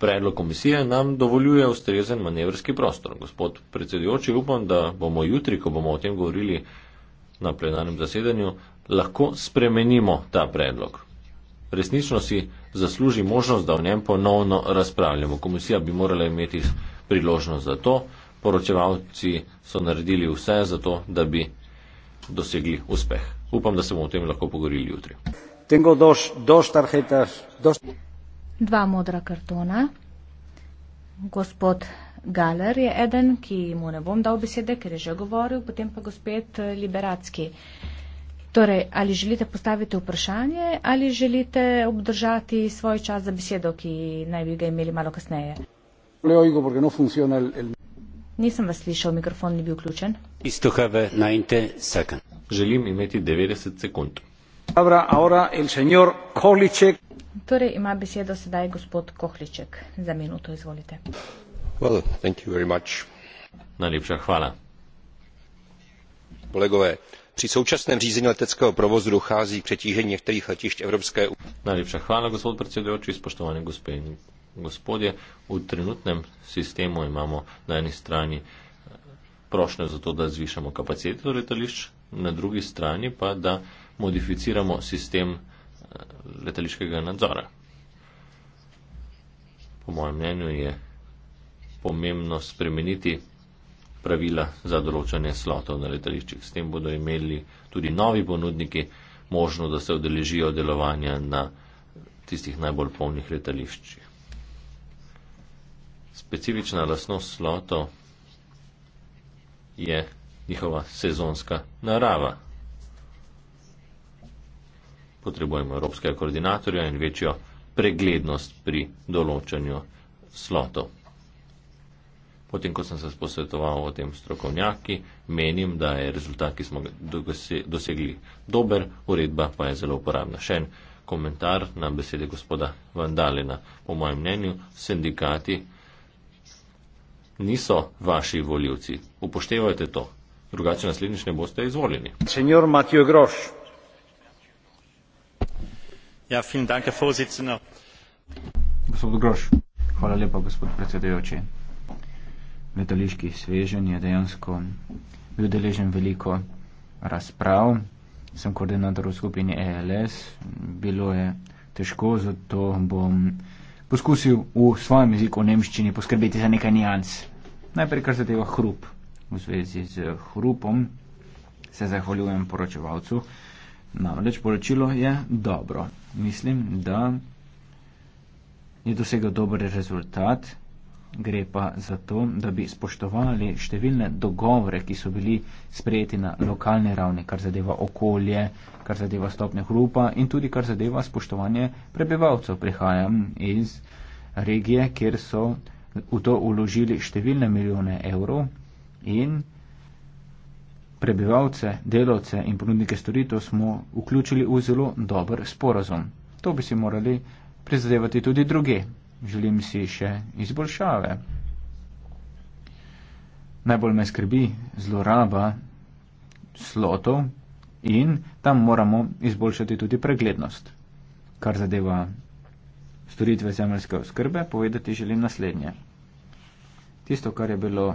Predlog komisije nam dovoljuje ustrezen manevrski prostor. Gospod predsedujoči, upam, da bomo jutri, ko bomo o tem govorili na plenarnem zasedanju, lahko spremenimo ta predlog. Resnično si zasluži možnost, da o njem ponovno razpravljamo. Komisija bi morala imeti priložnost za to. Poročevalci so naredili vse za to, da bi dosegli uspeh. Upam, da se bomo o tem lahko pogovorili jutri. Tengo dos, dos tarjetas, dos dva modra kartona. Gospod Galer je eden, ki mu ne bom dal besede, ker je že govoril, potem pa gospod eh, Liberacki. Torej, ali želite postaviti vprašanje ali želite obdržati svoj čas za besedo, ki naj bi ga imeli malo kasneje? No Nisem vas slišal, mikrofon ni bil vključen. Želim imeti 90 sekund. Torej ima besedo sedaj gospod Kohliček. Za minuto izvolite. Well, Najlepša hvala. Kolegové, pri současném řízení leteckého provozu dochází k přetížení některých letišť Evropské unie. Najlepša hvala, gospod predsedujoči, spoštovane gospe in gospodje. V trenutnem sistemu imamo na eni strani eh, prošnje za to, da zvišamo kapacitete letališč, na drugi strani pa, da modificiramo sistem letališkega nadzora. Po mojem mnenju je pomembno spremeniti pravila za določanje slotov na letališčih. S tem bodo imeli tudi novi ponudniki možno, da se odeležijo delovanja na tistih najbolj polnih letališčih. Specifična lasnost slotov je njihova sezonska narava potrebujemo evropskega koordinatorja in večjo preglednost pri določanju slotov. Potem, ko sem se posvetoval o tem strokovnjaki, menim, da je rezultat, ki smo ga dosegli, dober, uredba pa je zelo uporabna. Še en komentar na besede gospoda Vandalena. Po mojem mnenju, sindikati niso vaši voljivci. Upoštevajte to. Drugače naslednjič ne boste izvoljeni. Senor Matijo Groš. Ja, gospod grosch hvala lepa gospod predsedujoči letališki sveženj je dejansko bil deležen veliko razprav sem koordinator v skupini ALS e bilo je težko zato bom poskusil v svojem jeziku v nemščini poskrbeti za nekaj nijans najprej kar zadeva hrup v zvezi z hrupom se zahvaljujem poročevalcu namreč poročilo je dobro mislim, da je dosegel dober rezultat. Gre pa za to, da bi spoštovali številne dogovore, ki so bili sprejeti na lokalni ravni, kar zadeva okolje, kar zadeva stopnje hrupa in tudi kar zadeva spoštovanje prebivalcev. Prihajam iz regije, kjer so v to uložili številne milijone evrov in prebivalce, delavce in ponudnike storitev smo vključili v zelo dober sporazum. To bi si morali prizadevati tudi druge. Želim si še izboljšave. Najbolj me skrbi zloraba slotov in tam moramo izboljšati tudi preglednost. Kar zadeva storitve zemljske oskrbe, povedati želim naslednje. Tisto, kar je bilo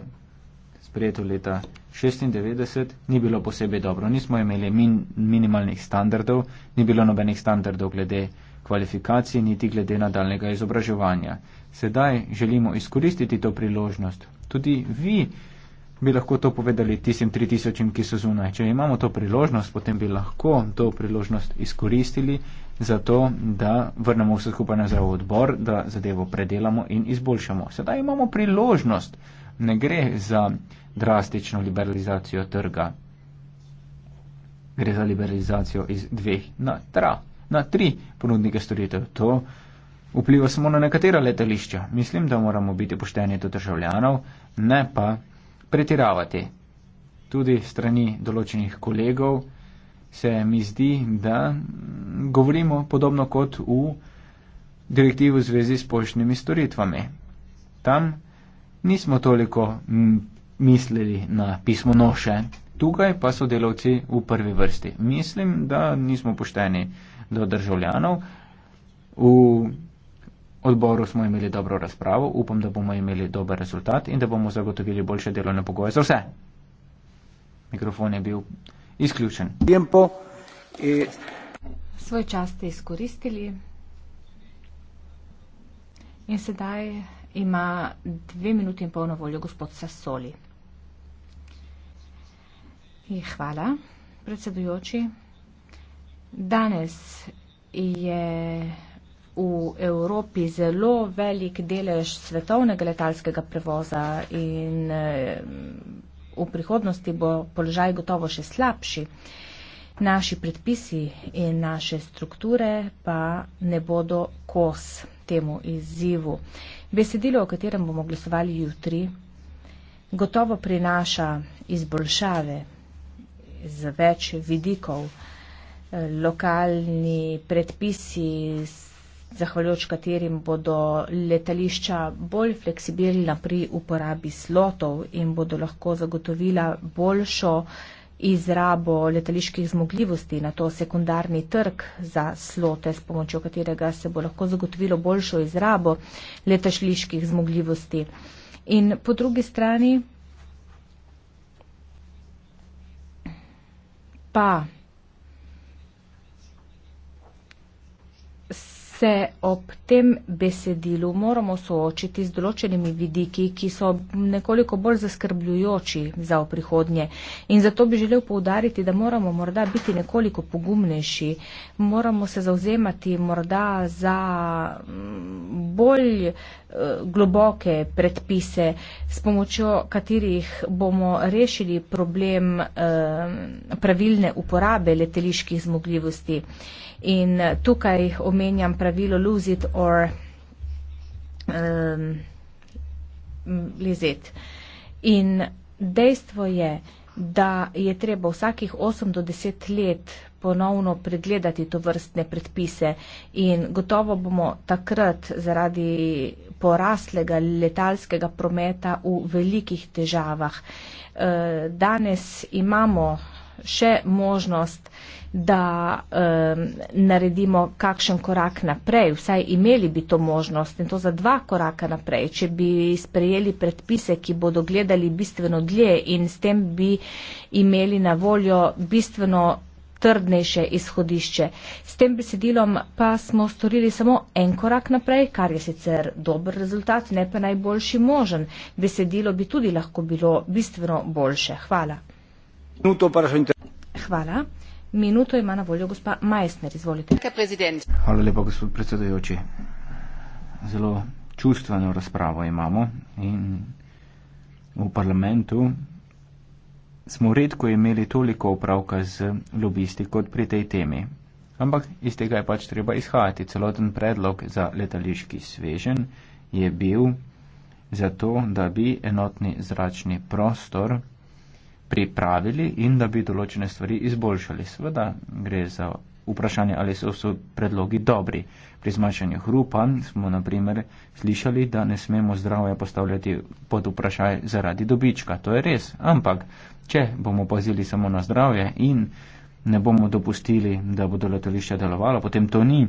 sprejeto leta 1996, ni bilo posebej dobro. Nismo imeli min, minimalnih standardov, ni bilo nobenih standardov glede kvalifikacij, niti glede nadaljnega izobraževanja. Sedaj želimo izkoristiti to priložnost. Tudi vi bi lahko to povedali tistim 3000, ki so zunaj. Če imamo to priložnost, potem bi lahko to priložnost izkoristili za to, da vrnemo vse skupaj nazaj v odbor, da zadevo predelamo in izboljšamo. Sedaj imamo priložnost. Ne gre za drastično liberalizacijo trga. Gre za liberalizacijo iz dveh na, tra, na tri ponudnike storitev. To vpliva samo na nekatera letališča. Mislim, da moramo biti pošteni do državljanov, ne pa pretiravati. Tudi strani določenih kolegov se mi zdi, da govorimo podobno kot v direktivu v zvezi s poštnimi storitvami. Tam nismo toliko mislili na pismo noše, tukaj pa so delavci v prvi vrsti. Mislim, da nismo pošteni do državljanov. V odboru smo imeli dobro razpravo, upam, da bomo imeli dober rezultat in da bomo zagotovili boljše delovne pogoje za vse. Mikrofon je bil izključen. Tempo, eh. Svoj čas ste izkoristili. In sedaj ima dve minuti in pol na voljo gospod Sasoli. Hvala, predsedujoči. Danes je v Evropi zelo velik delež svetovnega letalskega prevoza in eh, v prihodnosti bo položaj gotovo še slabši. Naši predpisi in naše strukture pa ne bodo kos temu izzivu. Besedilo, o katerem bomo glasovali jutri, gotovo prinaša izboljšave z več vidikov. Eh, lokalni predpisi, zahvaljujoč katerim bodo letališča bolj fleksibilna pri uporabi slotov in bodo lahko zagotovila boljšo izrabo letaliških zmogljivosti na to sekundarni trg za slote, s pomočjo katerega se bo lahko zagotovilo boljšo izrabo letaliških zmogljivosti. In po drugi strani pa se ob tem besedilu moramo soočiti z določenimi vidiki, ki so nekoliko bolj zaskrbljujoči za prihodnje. In zato bi želel poudariti, da moramo morda biti nekoliko pogumnejši, moramo se zauzemati morda za mm, bolj eh, globoke predpise, s pomočjo katerih bomo rešili problem eh, pravilne uporabe letaliških zmogljivosti. In tukaj omenjam pravilo lose it or um, lose it. In dejstvo je, da je treba vsakih 8 do 10 let ponovno pregledati to vrstne predpise in gotovo bomo takrat zaradi poraslega letalskega prometa v velikih težavah. Uh, danes imamo še možnost, da um, naredimo kakšen korak naprej, vsaj imeli bi to možnost in to za dva koraka naprej, če bi sprejeli predpise, ki bodo gledali bistveno dlje in s tem bi imeli na voljo bistveno trdnejše izhodišče. S tem besedilom pa smo storili samo en korak naprej, kar je sicer dober rezultat, ne pa najboljši možen. Besedilo bi tudi lahko bilo bistveno boljše. Hvala. Hvala. Minuto ima na voljo gospa Majsner, izvolite. Hvala lepa, gospod predsedajoči. Zelo čustveno razpravo imamo in v parlamentu smo redko imeli toliko opravka z lobisti kot pri tej temi. Ampak iz tega je pač treba izhajati. Celoten predlog za letališki svežen je bil zato, da bi enotni zračni prostor pripravili in da bi določene stvari izboljšali. Sveda gre za vprašanje, ali so, so predlogi dobri. Pri zmanjšanju hrupa smo naprimer slišali, da ne smemo zdravje postavljati pod vprašaj zaradi dobička. To je res, ampak če bomo pazili samo na zdravje in ne bomo dopustili, da bodo letališča delovala, potem to ni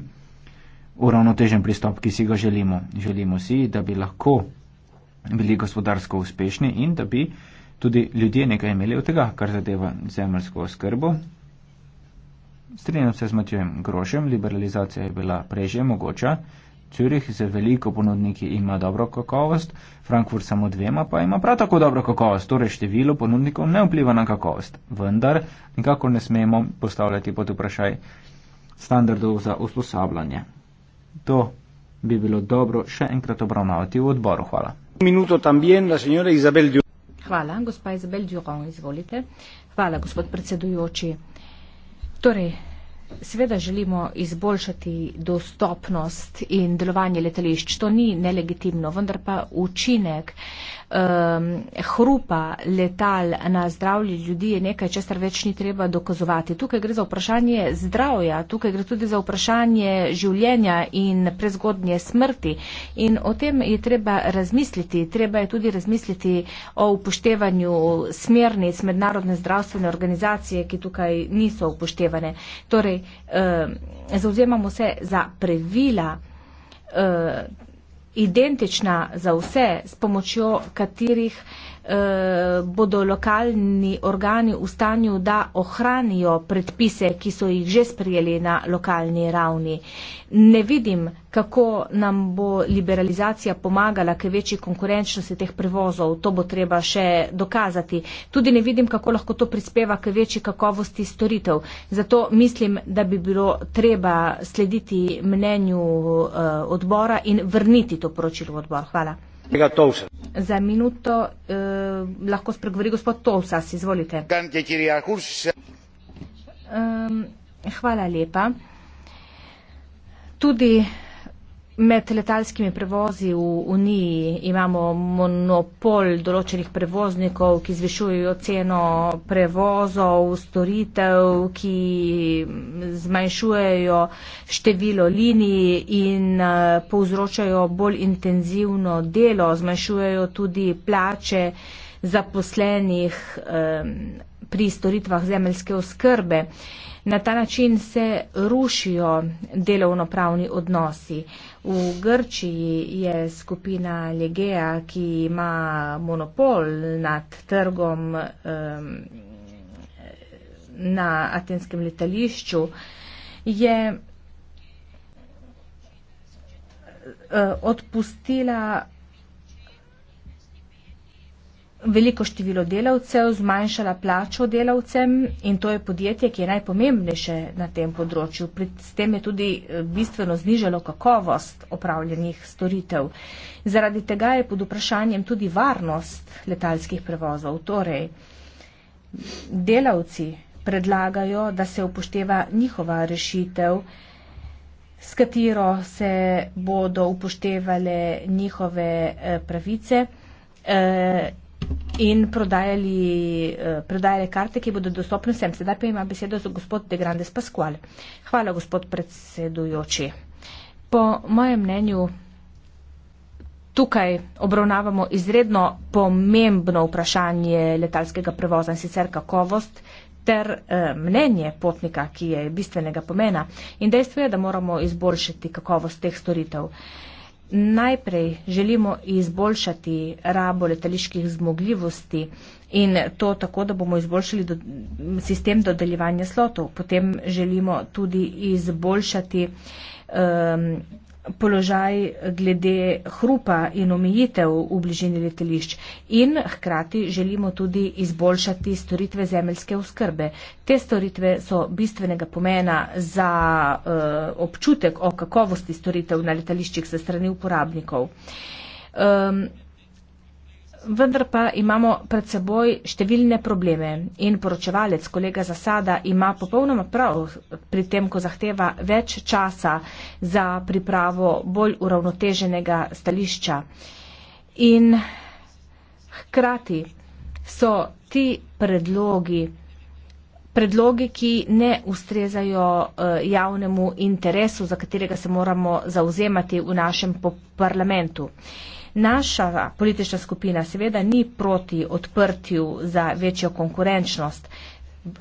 uravnotežen pristop, ki si ga želimo. Želimo si, da bi lahko bili gospodarsko uspešni in da bi Tudi ljudje nekaj imeli od tega, kar zadeva zemljsko oskrbo. Strinjam se z Matjojem Grošem, liberalizacija je bila prej že mogoča. Curih z veliko ponudniki ima dobro kakovost, Frankfurt samo dvema pa ima prav tako dobro kakovost, torej število ponudnikov ne vpliva na kakovost. Vendar nikakor ne smemo postavljati pod vprašaj standardov za usposabljanje. To bi bilo dobro še enkrat obravnavati v odboru. Hvala. Minuto tam bien, la señora Isabel Dio. Hvala. Gospa Izabel Djugon, izvolite. Hvala, gospod predsedujoči. Torej, sveda želimo izboljšati dostopnost in delovanje letališč. To ni nelegitimno, vendar pa učinek uh, um, hrupa letal na zdravlje ljudi je nekaj, česar več ni treba dokazovati. Tukaj gre za vprašanje zdravja, tukaj gre tudi za vprašanje življenja in prezgodnje smrti. In o tem je treba razmisliti. Treba je tudi razmisliti o upoštevanju smernic mednarodne zdravstvene organizacije, ki tukaj niso upoštevane. Torej, um, zauzemamo se za previla. Uh, identična za vse, s pomočjo katerih Eh, bodo lokalni organi v stanju, da ohranijo predpise, ki so jih že sprijeli na lokalni ravni. Ne vidim, kako nam bo liberalizacija pomagala k večji konkurenčnosti teh prevozov. To bo treba še dokazati. Tudi ne vidim, kako lahko to prispeva k večji kakovosti storitev. Zato mislim, da bi bilo treba slediti mnenju eh, odbora in vrniti to poročilo v odbor. Hvala. Za minuto eh, lahko spregovori gospod Tolsas, izvolite. Ehm, hvala lepa. Tudi Med letalskimi prevozi v Uniji imamo monopol določenih prevoznikov, ki zvišujejo ceno prevozov, storitev, ki zmanjšujejo število linij in eh, povzročajo bolj intenzivno delo, zmanjšujejo tudi plače zaposlenih pri storitvah zemeljske oskrbe. Na ta način se rušijo delovnopravni odnosi. V Grčiji je skupina Legea, ki ima monopol nad trgom um, na atenskem letališču, je uh, odpustila veliko število delavcev, zmanjšala plačo delavcem in to je podjetje, ki je najpomembnejše na tem področju. Pri tem je tudi eh, bistveno znižalo kakovost opravljenih storitev. Zaradi tega je pod vprašanjem tudi varnost letalskih prevozov. Torej, delavci predlagajo, da se upošteva njihova rešitev, s katero se bodo upoštevale njihove eh, pravice. Eh, in prodajali, uh, prodajali karte, ki bodo dostopne vsem. Sedaj pa ima besedo za gospod De Grandes Pascual. Hvala, gospod predsedujoči. Po mojem mnenju tukaj obravnavamo izredno pomembno vprašanje letalskega prevoza in sicer kakovost ter eh, mnenje potnika, ki je bistvenega pomena. In dejstvo je, da moramo izboljšati kakovost teh storitev. Uh, Najprej želimo izboljšati rabo letaliških zmogljivosti in to tako, da bomo izboljšali do, sistem dodeljevanja slotov. Potem želimo tudi izboljšati um, položaj glede hrupa in omejitev v bližini letališč in hkrati želimo tudi izboljšati storitve zemeljske oskrbe. Te storitve so bistvenega pomena za uh, občutek o kakovosti storitev na letališčih se strani uporabnikov. Um, vendar pa imamo pred seboj številne probleme in poročevalec, kolega Zasada, ima popolnoma prav pri tem, ko zahteva več časa za pripravo bolj uravnoteženega stališča. In hkrati so ti predlogi, predlogi, ki ne ustrezajo eh, javnemu interesu, za katerega se moramo zauzemati v našem parlamentu. Naša politična skupina seveda ni proti odprtju za večjo konkurenčnost,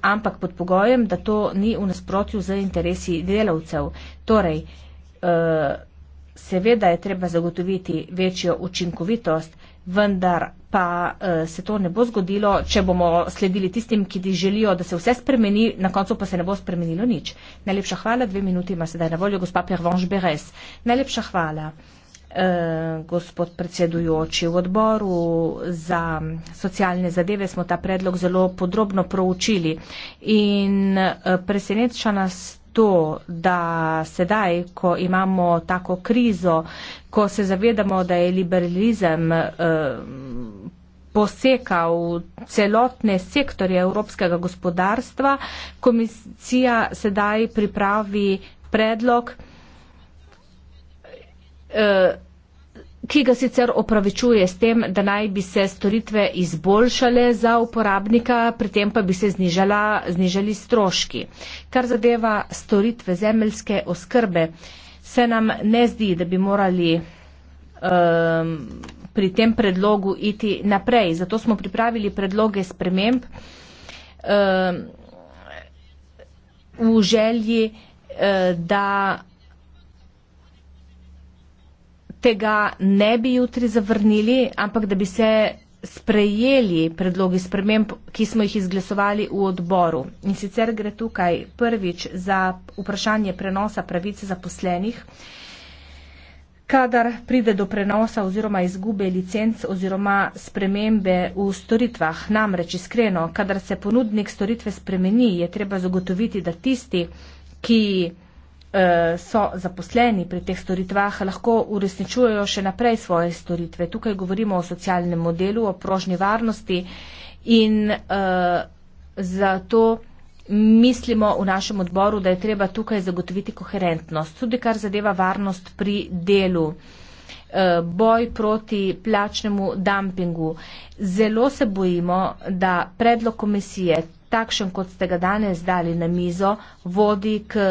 ampak pod pogojem, da to ni v nasprotju z interesi delavcev. Torej, eh, seveda je treba zagotoviti večjo učinkovitost, vendar pa eh, se to ne bo zgodilo, če bomo sledili tistim, ki ti želijo, da se vse spremeni, na koncu pa se ne bo spremenilo nič. Najlepša hvala, dve minuti ima sedaj na voljo gospa Pervonš Beres. Najlepša hvala. Eh, gospod predsedujoči. V odboru za socialne zadeve smo ta predlog zelo podrobno proučili in eh, preseneča nas to, da sedaj, ko imamo tako krizo, ko se zavedamo, da je liberalizem eh, posekal celotne sektorje evropskega gospodarstva, komisija sedaj pripravi predlog, Eh, ki ga sicer opravičuje s tem, da naj bi se storitve izboljšale za uporabnika, pri tem pa bi se znižala, znižali stroški. Kar zadeva storitve zemeljske oskrbe, se nam ne zdi, da bi morali um, pri tem predlogu iti naprej. Zato smo pripravili predloge sprememb um, v želji, um, da tega ne bi jutri zavrnili, ampak da bi se sprejeli predlogi sprememb, ki smo jih izglasovali v odboru. In sicer gre tukaj prvič za vprašanje prenosa pravice zaposlenih, kadar pride do prenosa oziroma izgube licenc oziroma spremembe v storitvah. Namreč iskreno, kadar se ponudnik storitve spremeni, je treba zagotoviti, da tisti, ki Eh, so zaposleni pri teh storitvah, lahko uresničujejo še naprej svoje storitve. Tukaj govorimo o socialnem modelu, o prožni varnosti in uh, zato mislimo v našem odboru, da je treba tukaj zagotoviti koherentnost, tudi kar zadeva varnost pri delu eh, boj proti plačnemu dampingu. Zelo se bojimo, da predlog komisije, takšen kot ste ga danes dali na mizo, vodi k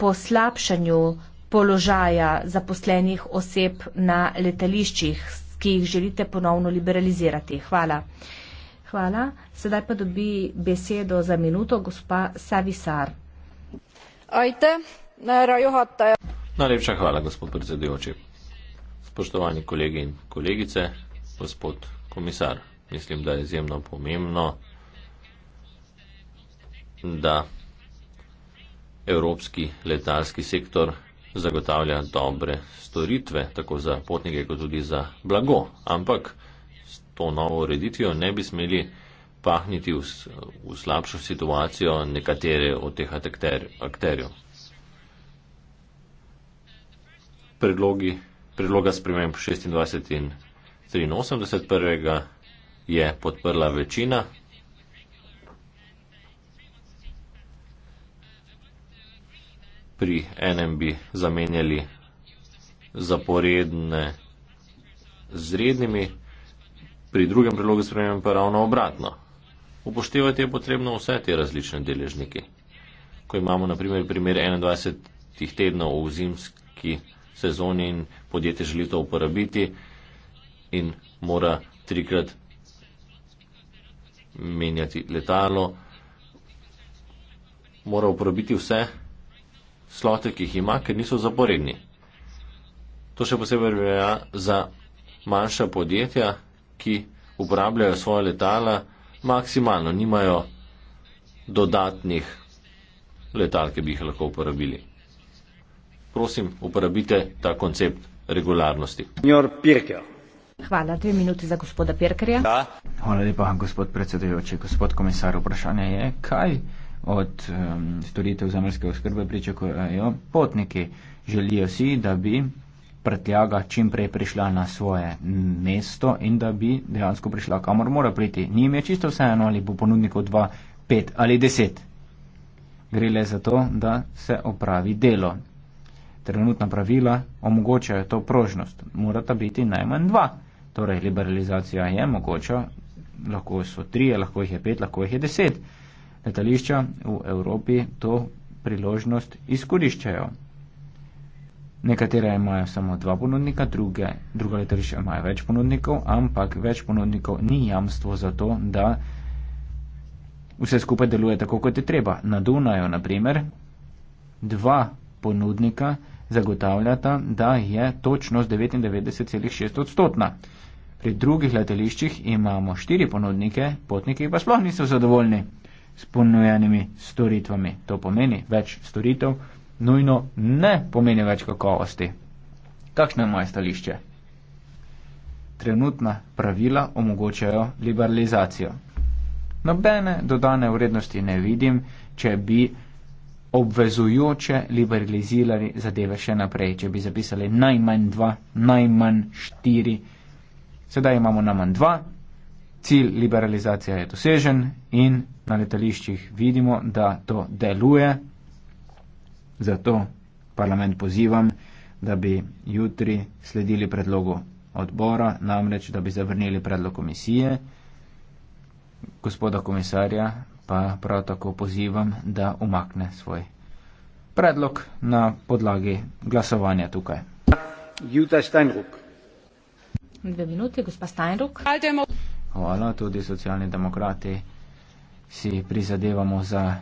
poslabšanju položaja zaposlenih oseb na letališčih, ki jih želite ponovno liberalizirati. Hvala. Hvala. Sedaj pa dobi besedo za minuto gospa Savisar. Ajte, Najlepša hvala, gospod predsedujoči. Spoštovani kolegi in kolegice, gospod komisar, mislim, da je izjemno pomembno, da evropski letalski sektor zagotavlja dobre storitve, tako za potnike, kot tudi za blago. Ampak s to novo ureditvijo ne bi smeli pahniti v, v slabšo situacijo nekatere od teh akter, akterjev. Predlogi, predloga sprememb 26 in 83 je podprla večina pri enem bi zamenjali zaporedne z rednimi, pri drugem predlogu spremem pa ravno obratno. Upoštevati je potrebno vse te različne deležniki. Ko imamo na primer primer 21 tednov v zimski sezoni in podjetje želi to uporabiti in mora trikrat menjati letalo, mora uporabiti vse slote, ki jih ima, ker niso zaporedni. To še posebej velja za manjša podjetja, ki uporabljajo svoje letala maksimalno, nimajo dodatnih letal, ki bi jih lahko uporabili. Prosim, uporabite ta koncept regularnosti. Hvala, dve minuti za gospoda Pirkerja. Hvala lepa, gospod predsedujoči. Gospod komisar, vprašanje je, kaj od um, storitev zemljske oskrbe pričakujejo potniki. Želijo si, da bi prtljaga čim prej prišla na svoje mesto in da bi dejansko prišla, kamor mora priti. Njim je čisto vseeno, ali bo ponudnikov 2, 5 ali 10. Gre le za to, da se opravi delo. Trenutna pravila omogočajo to prožnost. Morata biti najmanj dva. Torej, liberalizacija je mogoča, lahko so tri, lahko jih je pet, lahko jih je deset letališča v Evropi to priložnost izkoriščajo. Nekatere imajo samo dva ponudnika, druge, druga letališča imajo več ponudnikov, ampak več ponudnikov ni jamstvo za to, da vse skupaj deluje tako, kot je treba. Na Dunaju, na primer, dva ponudnika zagotavljata, da je točnost 99,6 odstotna. Pri drugih letališčih imamo štiri ponudnike, potniki pa sploh niso zadovoljni s ponujenimi storitvami. To pomeni več storitev, nujno ne pomeni več kakovosti. Kakšno je moje stališče? Trenutna pravila omogočajo liberalizacijo. Nobene dodane vrednosti ne vidim, če bi obvezujoče liberalizirali zadeve še naprej, če bi zapisali najmanj dva, najmanj štiri. Sedaj imamo najmanj dva, cilj liberalizacije je dosežen in na letališčih vidimo, da to deluje. Zato parlament pozivam, da bi jutri sledili predlogu odbora, namreč da bi zavrnili predlog komisije. Gospoda komisarja pa prav tako pozivam, da umakne svoj predlog na podlagi glasovanja tukaj. Jutaj Steinruck. Dve minute, gospa Steinruck. Hvala, tudi socialni demokrati si prizadevamo za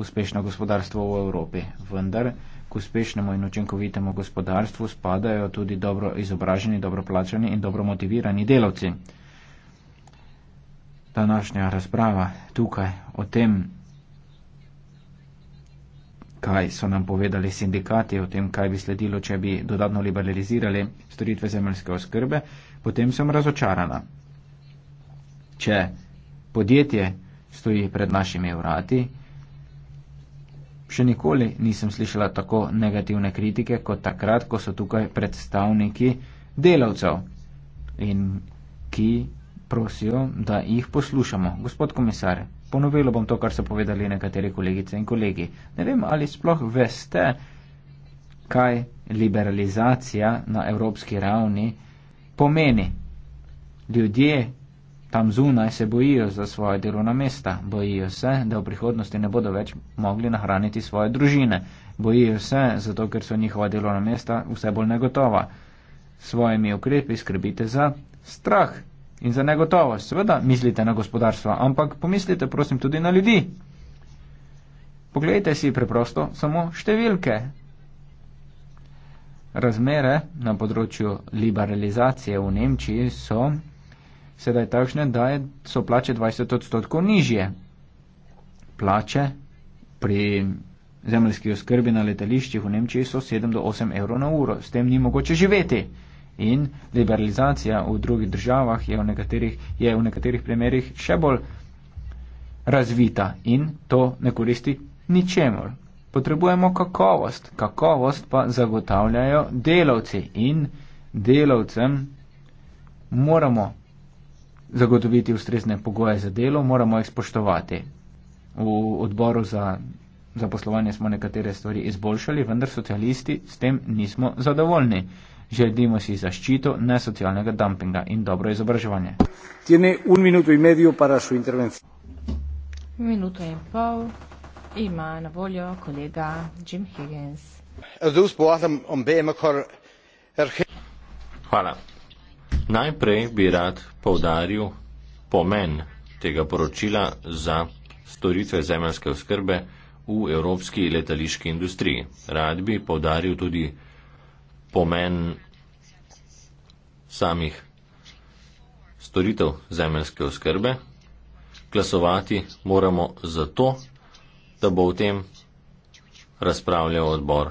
uspešno gospodarstvo v Evropi. Vendar k uspešnemu in učinkovitemu gospodarstvu spadajo tudi dobro izobraženi, dobro plačani in dobro motivirani delavci. Današnja razprava tukaj o tem, kaj so nam povedali sindikati, o tem, kaj bi sledilo, če bi dodatno liberalizirali storitve zemljske oskrbe, potem sem razočarana če podjetje stoji pred našimi vrati. Še nikoli nisem slišala tako negativne kritike kot takrat, ko so tukaj predstavniki delavcev in ki prosijo, da jih poslušamo. Gospod komisar, ponovilo bom to, kar so povedali nekateri kolegice in kolegi. Ne vem, ali sploh veste, kaj liberalizacija na evropski ravni pomeni. Ljudje tam zunaj se bojijo za svoje delovna mesta, bojijo se, da v prihodnosti ne bodo več mogli nahraniti svoje družine, bojijo se, zato ker so njihova delovna mesta vse bolj negotova. S svojimi ukrepi skrbite za strah in za negotovost. Seveda mislite na gospodarstvo, ampak pomislite prosim tudi na ljudi. Poglejte si preprosto samo številke. Razmere na področju liberalizacije v Nemčiji so sedaj takšne, da so plače 20 odstotkov nižje. Plače pri zemljski oskrbi na letališčih v Nemčiji so 7 do 8 evrov na uro, s tem ni mogoče živeti. In liberalizacija v drugih državah je v nekaterih, je v nekaterih primerjih še bolj razvita in to ne koristi ničemor. Potrebujemo kakovost, kakovost pa zagotavljajo delavci in delavcem moramo zagotoviti ustrezne pogoje za delo, moramo jih spoštovati. V odboru za zaposlovanje smo nekatere stvari izboljšali, vendar socialisti s tem nismo zadovoljni. Želimo si zaščito nesocialnega dumpinga in dobro izobraževanje. Tiene un minuto in medio para su intervencijo. Minuto in pol ima na voljo kolega Jim Higgins. Hvala. Najprej bi rad povdaril pomen tega poročila za storitve zemljske oskrbe v evropski letališki industriji. Rad bi povdaril tudi pomen samih storitev zemljske oskrbe. Glasovati moramo zato, da bo v tem razpravljal odbor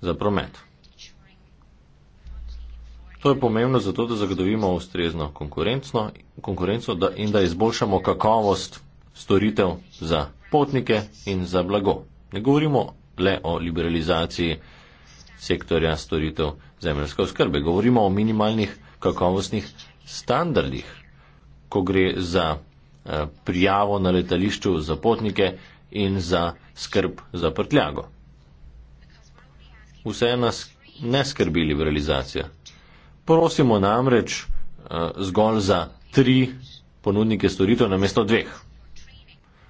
za promet. To je pomembno zato, da zagotovimo ustrezno konkurenco da in da izboljšamo kakovost storitev za potnike in za blago. Ne govorimo le o liberalizaciji sektorja storitev zemljske oskrbe, govorimo o minimalnih kakovostnih standardih, ko gre za eh, prijavo na letališču za potnike in za skrb za prtljago. Vse nas ne skrbi liberalizacija prosimo namreč eh, zgolj za tri ponudnike storitev namesto dveh.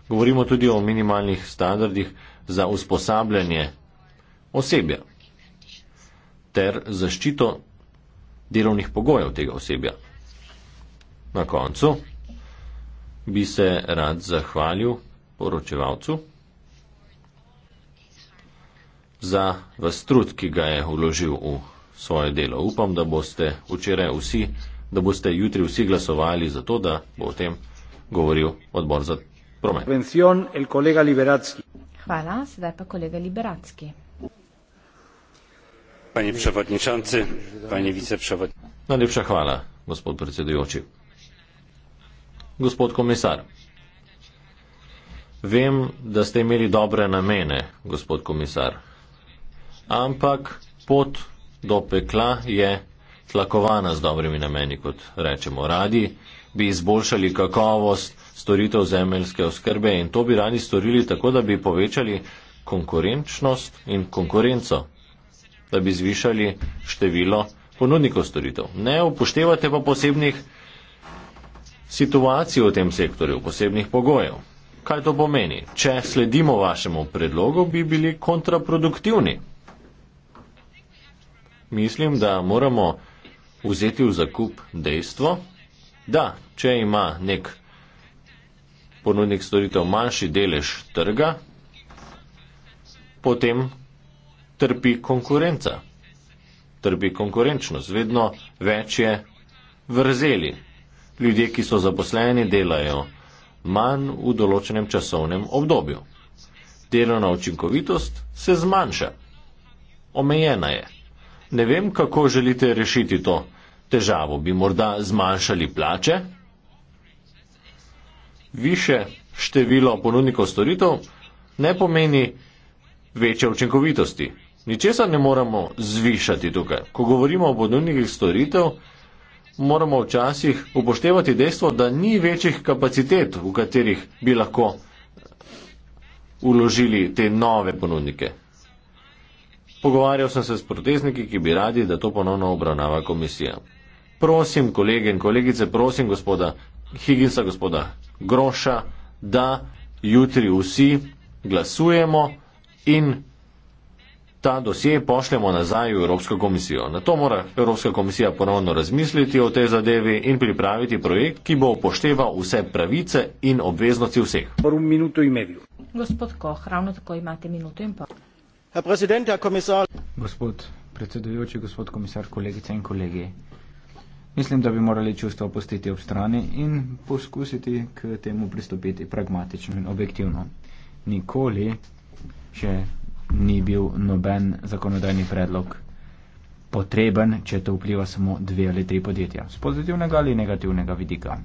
Govorimo tudi o minimalnih standardih za usposabljanje osebja ter zaščito delovnih pogojev tega osebja. Na koncu bi se rad zahvalil poročevalcu za vstrud, ki ga je vložil v svoje delo. Upam, da boste včeraj vsi, da boste jutri vsi glasovali za to, da bo o tem govoril odbor za promet. Hvala, sedaj pa kolega Liberacki. Pani predsedujoči, pani viceprezidentka. Najlepša hvala, gospod predsedujoči. Gospod komisar, vem, da ste imeli dobre namene, gospod komisar, ampak pot do pekla je tlakovana z dobrimi nameni, kot rečemo radi, bi izboljšali kakovost storitev zemeljske oskrbe in to bi radi storili tako, da bi povečali konkurenčnost in konkurenco, da bi zvišali število ponudnikov storitev. Ne upoštevate pa posebnih situacij v tem sektorju, posebnih pogojev. Kaj to pomeni? Če sledimo vašemu predlogu, bi bili kontraproduktivni. Mislim, da moramo vzeti v zakup dejstvo, da če ima nek ponudnik storitev manjši delež trga, potem trpi konkurenca, trpi konkurenčnost, vedno več je vrzeli. Ljudje, ki so zaposleni, delajo manj v določenem časovnem obdobju. Delovna učinkovitost se zmanjša, omejena je. Ne vem, kako želite rešiti to težavo. Bi morda zmanjšali plače? Više število ponudnikov storitev ne pomeni večje učinkovitosti. Ničesar ne moramo zvišati tukaj. Ko govorimo o ponudnikih storitev, moramo včasih upoštevati dejstvo, da ni večjih kapacitet, v katerih bi lahko uložili te nove ponudnike. Pogovarjal sem se s protestniki, ki bi radi, da to ponovno obravnava komisija. Prosim, kolege in kolegice, prosim gospoda Higginsa, gospoda Groša, da jutri vsi glasujemo in ta dosje pošljemo nazaj v Evropsko komisijo. Na to mora Evropska komisija ponovno razmisliti o tej zadevi in pripraviti projekt, ki bo upošteval vse pravice in obveznosti vseh. Gospod Koh, ravno tako imate minuto in pol herr präsident herr kommissar! gospod predsedujoči gospod komisar kolegice in kolegi mislim da bi morali čustva pustiti ob strani in poskusiti k temu pristopiti pragmatično in objektivno nikoli še ni bil noben zakonodajni predlog potreben, če to vpliva samo dve ali tri podjetja, z pozitivnega ali negativnega vidika.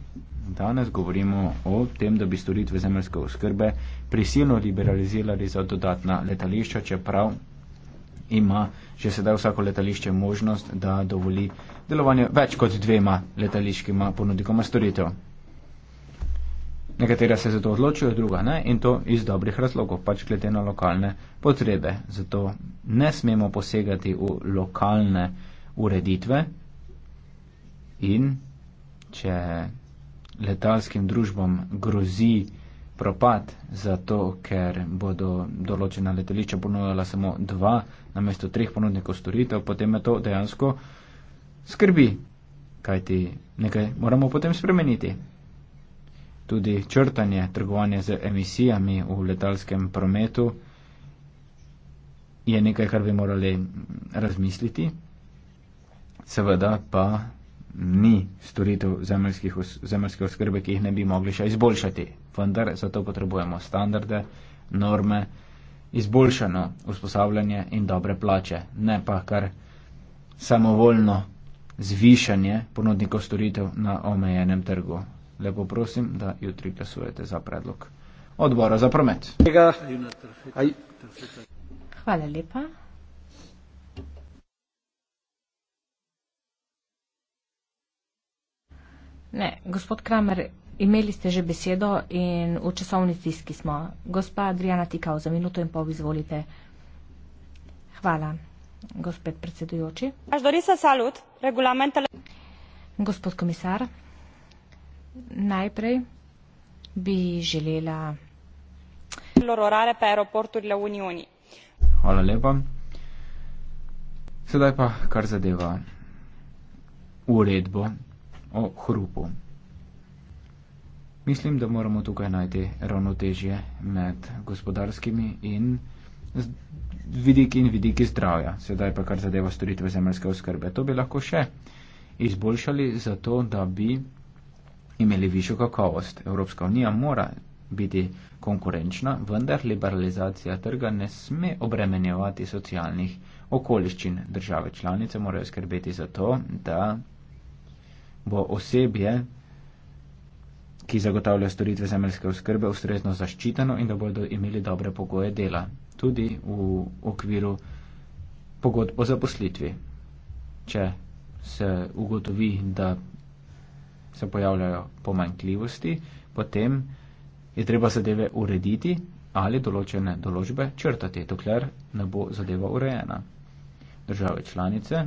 Danes govorimo o tem, da bi storitve zemljske oskrbe prisilno liberalizirali za dodatna letališča, čeprav ima že sedaj vsako letališče možnost, da dovoli delovanje več kot dvema letališkima ponudikoma storitev. Nekatera se zato odločijo, druga ne in to iz dobrih razlogov, pač glede na lokalne potrebe. Zato ne smemo posegati v lokalne ureditve in če letalskim družbam grozi propad, zato ker bodo določena letališča ponujala samo dva namesto treh ponudnikov storitev, potem me to dejansko skrbi, kajti nekaj moramo potem spremeniti tudi črtanje trgovanja z emisijami v letalskem prometu je nekaj, kar bi morali razmisliti. Seveda pa ni storitev zemljske oskrbe, ki jih ne bi mogli še izboljšati. Vendar zato potrebujemo standarde, norme, izboljšano usposabljanje in dobre plače, ne pa kar samovoljno zvišanje ponudnikov storitev na omejenem trgu lepo prosim, da jutri glasujete za predlog odbora za promet. Hvala lepa. Ne, gospod Kramer, imeli ste že besedo in v časovni stiski smo. Gospa Adriana Tikao, za minuto in pol izvolite. Hvala, gospod predsedujoči. Gospod komisar. Najprej bi želela. Hvala lepa. Sedaj pa kar zadeva uredbo o hrupu. Mislim, da moramo tukaj najti ravnotežje med gospodarskimi in vidiki in vidiki zdravja. Sedaj pa kar zadeva storitve zemljske oskrbe. To bi lahko še izboljšali zato, da bi imeli višjo kakovost. Evropska unija mora biti konkurenčna, vendar liberalizacija trga ne sme obremenjevati socialnih okoliščin. Države članice morajo skrbeti za to, da bo osebje, ki zagotavlja storitve zemljske oskrbe, ustrezno zaščiteno in da bodo imeli dobre pogoje dela, tudi v okviru pogodb o zaposlitvi. Če se ugotovi, da se pojavljajo pomanjkljivosti, potem je treba zadeve urediti ali določene določbe črtati, dokler ne bo zadeva urejena. Države članice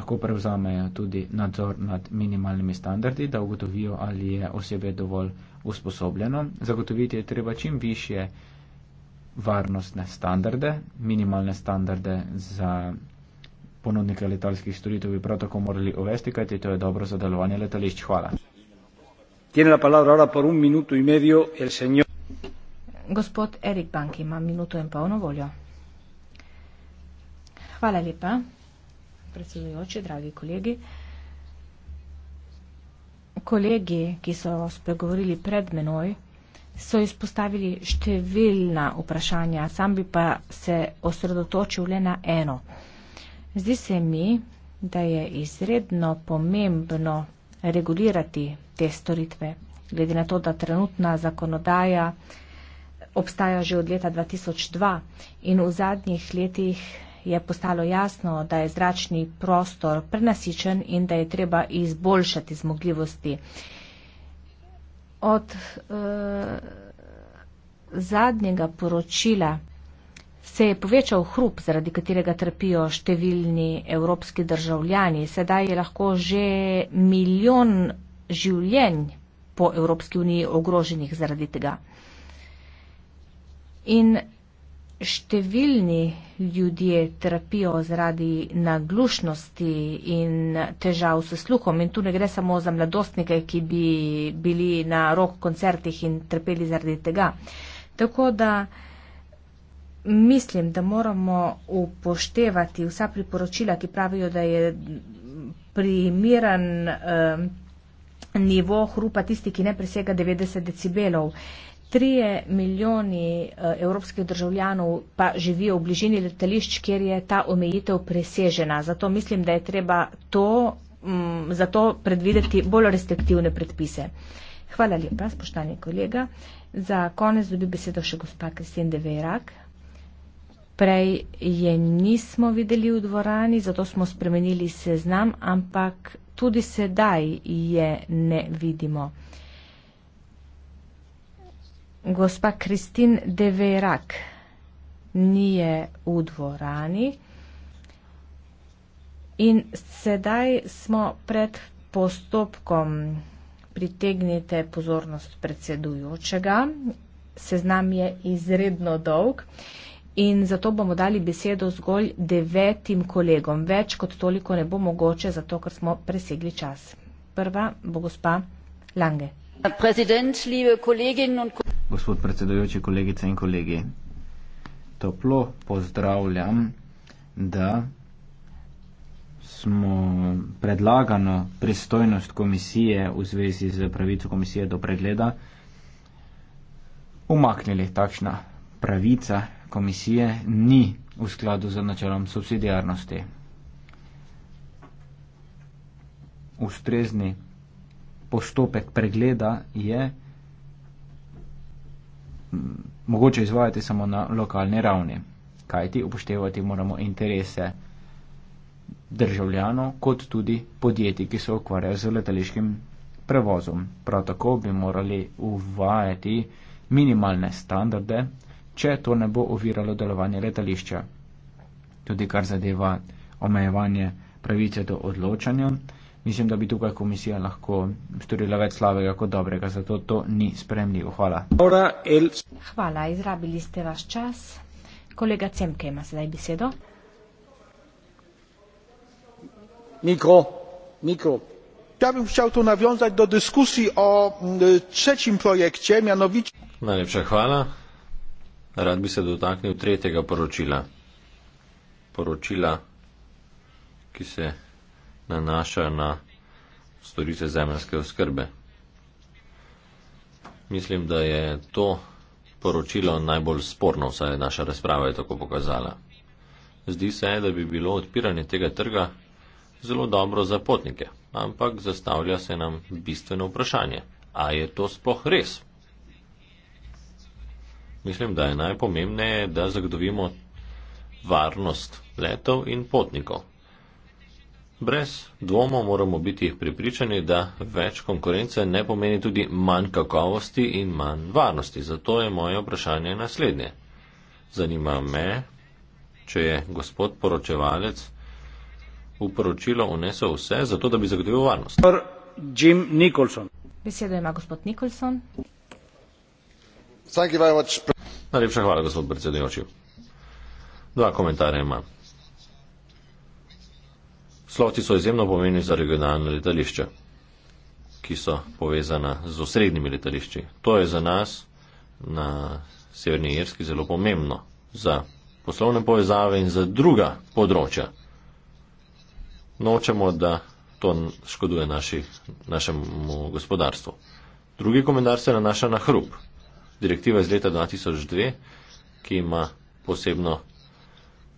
lahko prevzamejo tudi nadzor nad minimalnimi standardi, da ugotovijo, ali je osebe dovolj usposobljeno. Zagotoviti je treba čim više varnostne standarde, minimalne standarde za ponudnike letalskih storitev bi prav tako morali uvesti, kajti to je dobro za delovanje letališč. Hvala. Gospod Erik Bank ima minuto in pol na voljo. Hvala lepa, predsedujoči, dragi kolegi. Kolegi, ki so spregovorili pred menoj, so izpostavili številna vprašanja, sam bi pa se osredotočil le na eno. Zdi se mi, da je izredno pomembno regulirati te storitve, glede na to, da trenutna zakonodaja obstaja že od leta 2002 in v zadnjih letih je postalo jasno, da je zračni prostor prenasičen in da je treba izboljšati zmogljivosti. Od uh, zadnjega poročila se je povečal hrup, zaradi katerega trpijo številni evropski državljani. Sedaj je lahko že milijon življenj po Evropski uniji ogroženih zaradi tega. In številni ljudje trpijo zaradi naglušnosti in težav s sluhom. In tu ne gre samo za mladostnike, ki bi bili na rok koncertih in trpeli zaradi tega. Tako da mislim, da moramo upoštevati vsa priporočila, ki pravijo, da je primiran eh, nivo hrupa tisti, ki ne presega 90 decibelov. Trije milijoni eh, evropskih državljanov pa živijo v bližini letališč, kjer je ta omejitev presežena. Zato mislim, da je treba to, um, mm, zato predvideti bolj restriktivne predpise. Hvala lepa, spoštovani kolega. Za konec dobi besedo še gospa Kristin Deverak. Prej je nismo videli v dvorani, zato smo spremenili seznam, ampak tudi sedaj je ne vidimo. Gospa Kristin Deverak nije v dvorani in sedaj smo pred postopkom pritegnite pozornost predsedujočega. Seznam je izredno dolg in zato bomo dali besedo zgolj devetim kolegom. Več kot toliko ne bo mogoče, zato ker smo presegli čas. Prva bo gospa Lange. Gospod predsedujoči, kolegice in kolegi, toplo pozdravljam, da smo predlagano pristojnost komisije v zvezi z pravico komisije do pregleda umaknili. Takšna pravica komisije ni v skladu z načelom subsidijarnosti. Ustrezni postopek pregleda je mm, mogoče izvajati samo na lokalni ravni, kajti upoštevati moramo interese državljanov, kot tudi podjetij, ki se ukvarjajo z letališkim prevozom. Prav tako bi morali uvajati minimalne standarde, če to ne bo oviralo delovanje letališča. Tudi kar zadeva omejevanje pravice do odločanja, mislim, da bi tukaj komisija lahko storila več slabega kot dobrega, zato to ni spremljivo. Hvala. Hvala, izrabili ste vaš čas. Kolega Cemke ima sedaj besedo. Mikro, mikro. Ja bi šel to navjonzati do diskusi o mm, trečjem projekcije, mjanovič. Najlepša hvala. Rad bi se dotaknil tretjega poročila. Poročila, ki se nanaša na storitve zemljske oskrbe. Mislim, da je to poročilo najbolj sporno, saj naša razprava je tako pokazala. Zdi se, da bi bilo odpiranje tega trga zelo dobro za potnike, ampak zastavlja se nam bistveno vprašanje, a je to sploh res? Mislim, da je najpomembnejše, da zagotovimo varnost letov in potnikov. Brez dvoma moramo biti pripričani, da več konkurence ne pomeni tudi manj kakovosti in manj varnosti. Zato je moje vprašanje naslednje. Zanima me, če je gospod poročevalec v poročilo unesel vse, zato da bi zagotovil varnost. Jim Nicholson. Beseda ima gospod Nicholson. Najlepša hvala, gospod predsedujoči. Dva komentarja imam. Sloti so izjemno pomeni za regionalne letališče, ki so povezana z osrednjimi letališči. To je za nas na Severni Irski zelo pomembno za poslovne povezave in za druga področja. Nočemo, da to škoduje naši, našemu gospodarstvu. Drugi komentar se nanaša na hrup direktiva iz leta 2002, ki ima posebno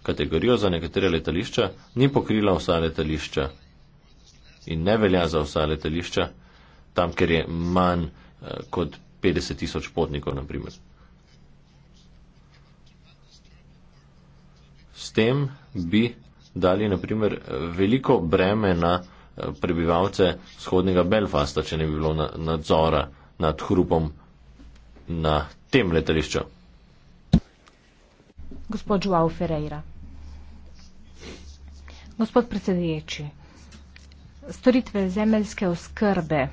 kategorijo za nekatere letališča, ni pokrila vsa letališča in ne velja za vsa letališča tam, ker je manj eh, kot 50 tisoč potnikov, naprimer. S tem bi dali, naprimer, veliko breme na eh, prebivalce vzhodnega Belfasta, če ne bi bilo nadzora nad hrupom na tem letališču. Gospod Joao Ferreira. Gospod predsedujoči, storitve zemeljske oskrbe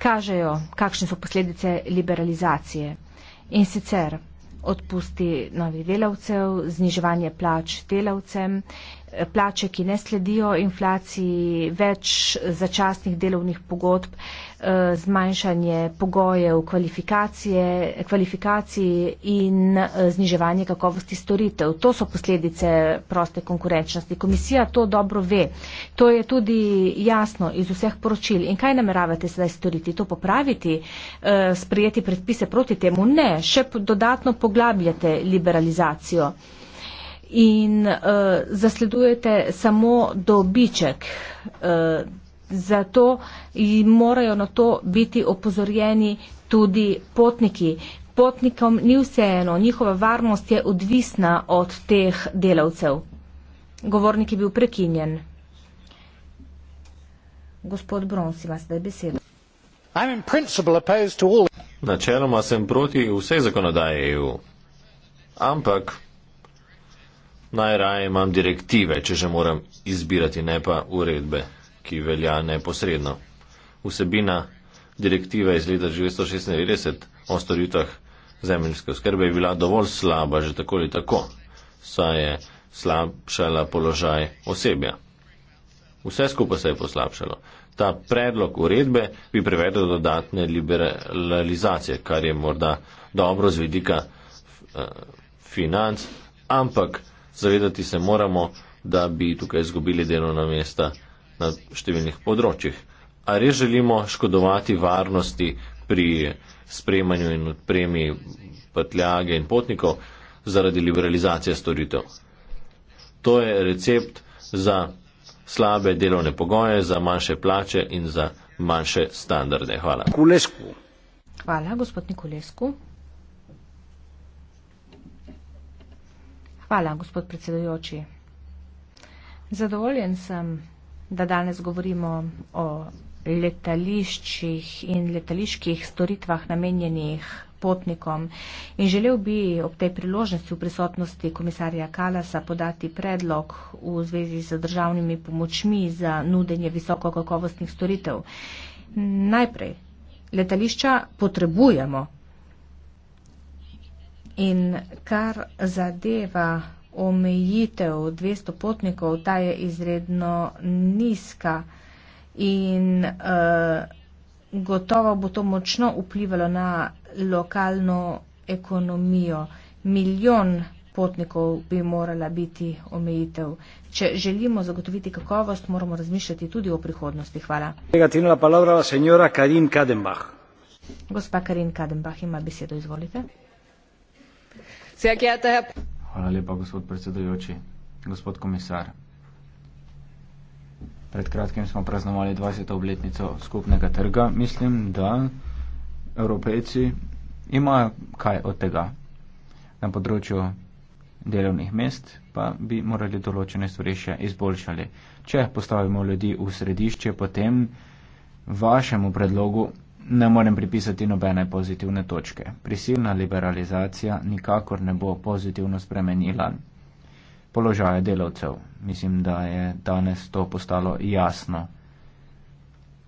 kažejo, kakšne so posledice liberalizacije in sicer odpusti novih delavcev, zniževanje plač delavcem plače, ki ne sledijo inflaciji, več začasnih delovnih pogodb, eh, zmanjšanje pogojev kvalifikacije in eh, zniževanje kakovosti storitev. To so posledice proste konkurenčnosti. Komisija to dobro ve. To je tudi jasno iz vseh poročil. In kaj nameravate sedaj storiti? To popraviti, eh, sprejeti predpise proti temu? Ne, še dodatno poglabljate liberalizacijo in uh, zasledujete samo dobiček. Uh, zato morajo na to biti opozorjeni tudi potniki. Potnikom ni vseeno, njihova varnost je odvisna od teh delavcev. Govornik je bil prekinjen. Gospod Brons ima zdaj besedo. Načeloma sem proti vsej zakonodaji EU, ampak najraje imam direktive, če že moram izbirati, ne pa uredbe, ki velja neposredno. Vsebina direktive iz leta 1996 o storitvah zemljske oskrbe je bila dovolj slaba že tako ali tako, saj je slabšala položaj osebja. Vse skupaj se je poslabšalo. Ta predlog uredbe bi prevedel dodatne liberalizacije, kar je morda dobro z vidika eh, financ, ampak Zavedati se moramo, da bi tukaj izgubili delovna mesta na številnih področjih. A res želimo škodovati varnosti pri spremanju in odpremi prtljage in potnikov zaradi liberalizacije storitev? To je recept za slabe delovne pogoje, za manjše plače in za manjše standarde. Hvala. Kulesku. Hvala, gospod Nikolesku. Hvala, gospod predsedujoči. Zadovoljen sem, da danes govorimo o letališčih in letaliških storitvah namenjenih potnikom in želel bi ob tej priložnosti v prisotnosti komisarja Kalasa podati predlog v zvezi z državnimi pomočmi za nudenje visokokakovostnih storitev. Najprej, letališča potrebujemo, In kar zadeva omejitev 200 potnikov, ta je izredno nizka in uh, gotovo bo to močno vplivalo na lokalno ekonomijo. Milijon potnikov bi morala biti omejitev. Če želimo zagotoviti kakovost, moramo razmišljati tudi o prihodnosti. Hvala. Gospa Karin Kadenbach ima besedo, izvolite. Sehr geehrter Herr Hvala lepa, gospod predsedujoči. Gospod komisar. Pred kratkim smo praznovali 20. obletnico skupnega trga. Mislim, da evropejci imajo kaj od tega. Na področju delovnih mest pa bi morali določene stvari še izboljšali. Če postavimo ljudi v središče, potem vašemu predlogu ne morem pripisati nobene pozitivne točke. Prisilna liberalizacija nikakor ne bo pozitivno spremenila položaja delavcev. Mislim, da je danes to postalo jasno.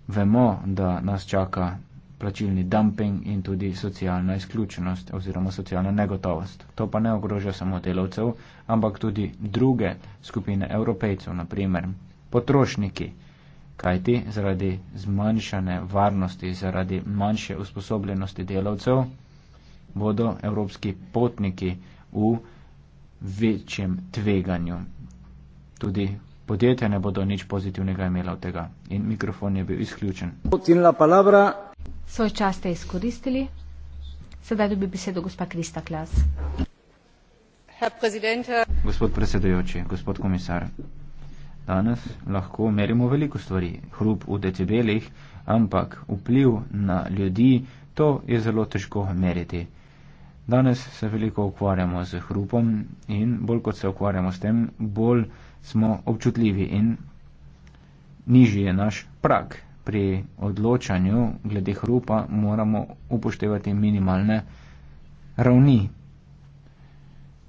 Vemo, da nas čaka plačilni dumping in tudi socialna izključenost oziroma socialna negotovost. To pa ne ogroža samo delavcev, ampak tudi druge skupine evropejcev, naprimer potrošniki kajti zaradi zmanjšane varnosti, zaradi manjše usposobljenosti delavcev bodo evropski potniki v večjem tveganju. Tudi podjetja ne bodo nič pozitivnega imela od tega in mikrofon je bil izključen. Svoj čas ste izkoristili. Sedaj dobi besedo gospa Krista Klas. Gospod predsedujoči, gospod komisar. Danes lahko merimo veliko stvari, hrup v decibelih, ampak vpliv na ljudi, to je zelo težko meriti. Danes se veliko ukvarjamo z hrupom in bolj kot se ukvarjamo s tem, bolj smo občutljivi in nižji je naš prag. Pri odločanju glede hrupa moramo upoštevati minimalne ravni.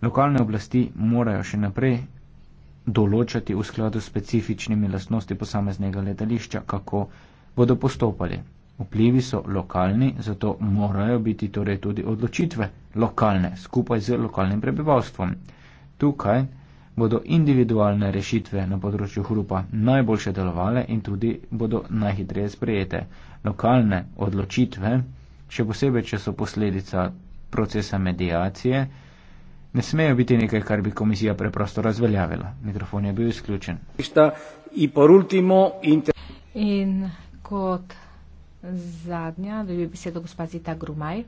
Lokalne oblasti morajo še naprej določati v skladu s specifičnimi lastnosti posameznega letališča, kako bodo postopali. Vplivi so lokalni, zato morajo biti torej tudi odločitve lokalne, skupaj z lokalnim prebivalstvom. Tukaj bodo individualne rešitve na področju hrupa najboljše delovale in tudi bodo najhitreje sprejete. Lokalne odločitve, še posebej, če so posledica procesa medijacije, ne smejo biti nekaj, kar bi komisija preprosto razveljavila. Mikrofon je bil izključen. In kot zadnja, da bi besedo gospa Zita Grumaj.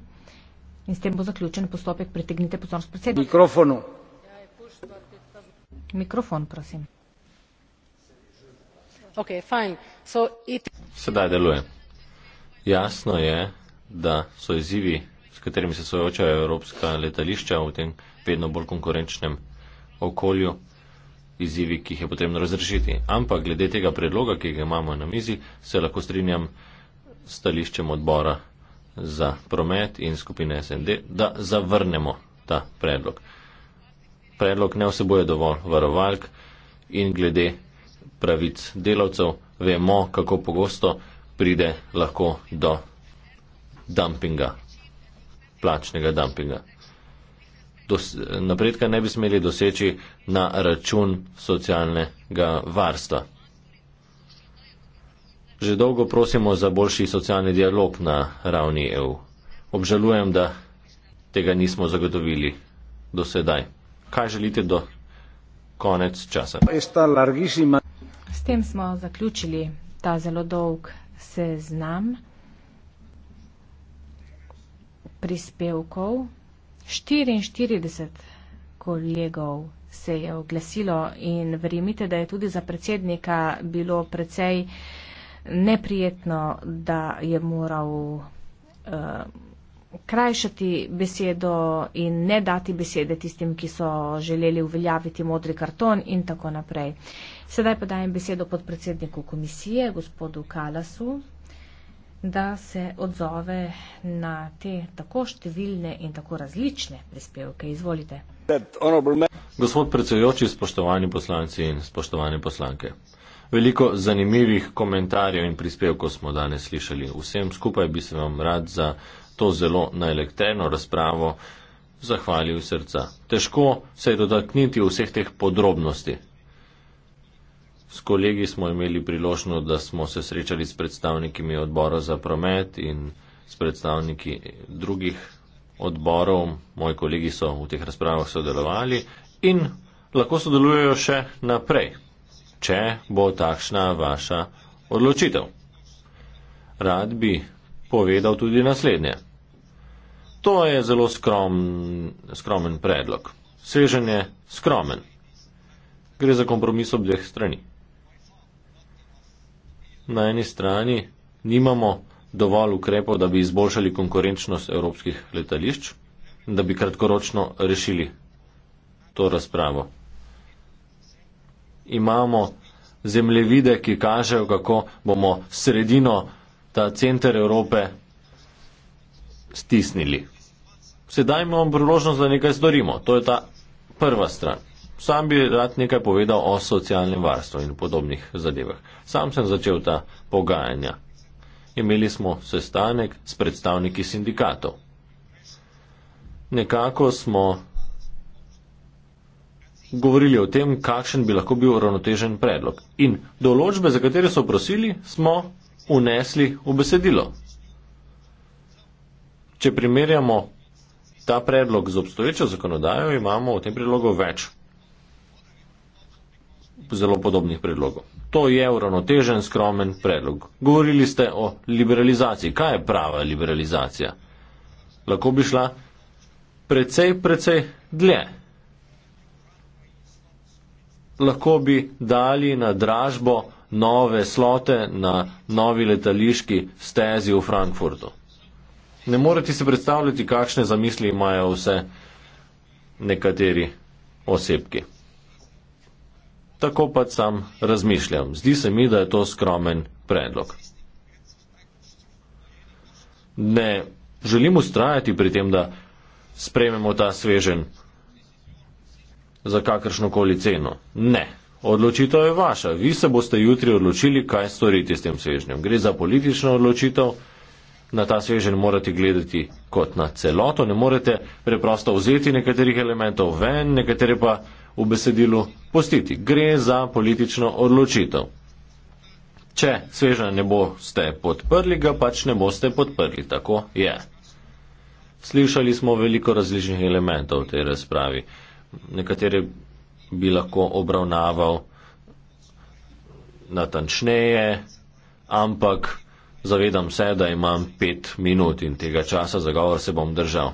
In s tem bo zaključen postopek. Pritegnite pozornost predsednika. Mikrofonu. Mikrofon, prosim. Okay, so, it... Sedaj deluje. Jasno je, da so izzivi, s katerimi se soočajo evropska letališča v tem vedno bolj konkurenčnem okolju izzivi, ki jih je potrebno razrešiti. Ampak glede tega predloga, ki ga imamo na mizi, se lahko strinjam s stališčem odbora za promet in skupine SND, da zavrnemo ta predlog. Predlog ne vseboje dovolj varovalk in glede pravic delavcev vemo, kako pogosto pride lahko do dumpinga, plačnega dumpinga dos, napredka ne bi smeli doseči na račun socialnega varstva. Že dolgo prosimo za boljši socialni dialog na ravni EU. Obžalujem, da tega nismo zagotovili do sedaj. Kaj želite do konec časa? S tem smo zaključili ta zelo dolg seznam prispevkov. 44 kolegov se je oglasilo in verjemite, da je tudi za predsednika bilo precej neprijetno, da je moral uh, krajšati besedo in ne dati besede tistim, ki so želeli uveljaviti modri karton in tako naprej. Sedaj pa dajem besedo podpredsedniku komisije, gospodu Kalasu da se odzove na te tako številne in tako različne prispevke. Izvolite. Gospod predsedujoči, spoštovani poslanci in spoštovane poslanke. Veliko zanimivih komentarjev in prispevkov smo danes slišali. Vsem skupaj bi se vam rad za to zelo najlekterno razpravo zahvalil srca. Težko se je dotakniti vseh teh podrobnosti, S kolegi smo imeli priložno, da smo se srečali s predstavniki odbora za promet in s predstavniki drugih odborov. Moji kolegi so v teh razpravah sodelovali in lahko sodelujejo še naprej, če bo takšna vaša odločitev. Rad bi povedal tudi naslednje. To je zelo skromn, skromen predlog. Sveženje skromen. Gre za kompromis ob dveh straneh na eni strani nimamo dovolj ukrepov, da bi izboljšali konkurenčnost evropskih letališč, da bi kratkoročno rešili to razpravo. Imamo zemljevide, ki kažejo, kako bomo sredino, ta center Evrope, stisnili. Sedaj imamo priložnost, da nekaj storimo. To je ta prva stran. Sam bi rad nekaj povedal o socialnem varstvu in podobnih zadevah. Sam sem začel ta pogajanja. Imeli smo sestanek s predstavniki sindikatov. Nekako smo govorili o tem, kakšen bi lahko bil uravnotežen predlog. In določbe, za katere so prosili, smo unesli v besedilo. Če primerjamo ta predlog z obstoječo zakonodajo, imamo v tem predlogu več zelo podobnih predlogov. To je uravnotežen, skromen predlog. Govorili ste o liberalizaciji. Kaj je prava liberalizacija? Lahko bi šla precej, precej dlje. Lahko bi dali na dražbo nove slote na novi letališki stezi v Frankfurtu. Ne morete si predstavljati, kakšne zamisli imajo vse nekateri osebki tako pa sam razmišljam. Zdi se mi, da je to skromen predlog. Ne želim ustrajati pri tem, da sprememo ta svežen za kakršnokoli ceno. Ne. Odločitev je vaša. Vi se boste jutri odločili, kaj storiti s tem svežnjem. Gre za politično odločitev. Na ta svežen morate gledati kot na celoto. Ne morete preprosto vzeti nekaterih elementov ven, nekatere pa v besedilu postiti. Gre za politično odločitev. Če sveža ne boste podprli, ga pač ne boste podprli. Tako je. Slišali smo veliko različnih elementov v tej razpravi. Nekatere bi lahko obravnaval natančneje, ampak zavedam se, da imam pet minut in tega časa za govor se bom držal.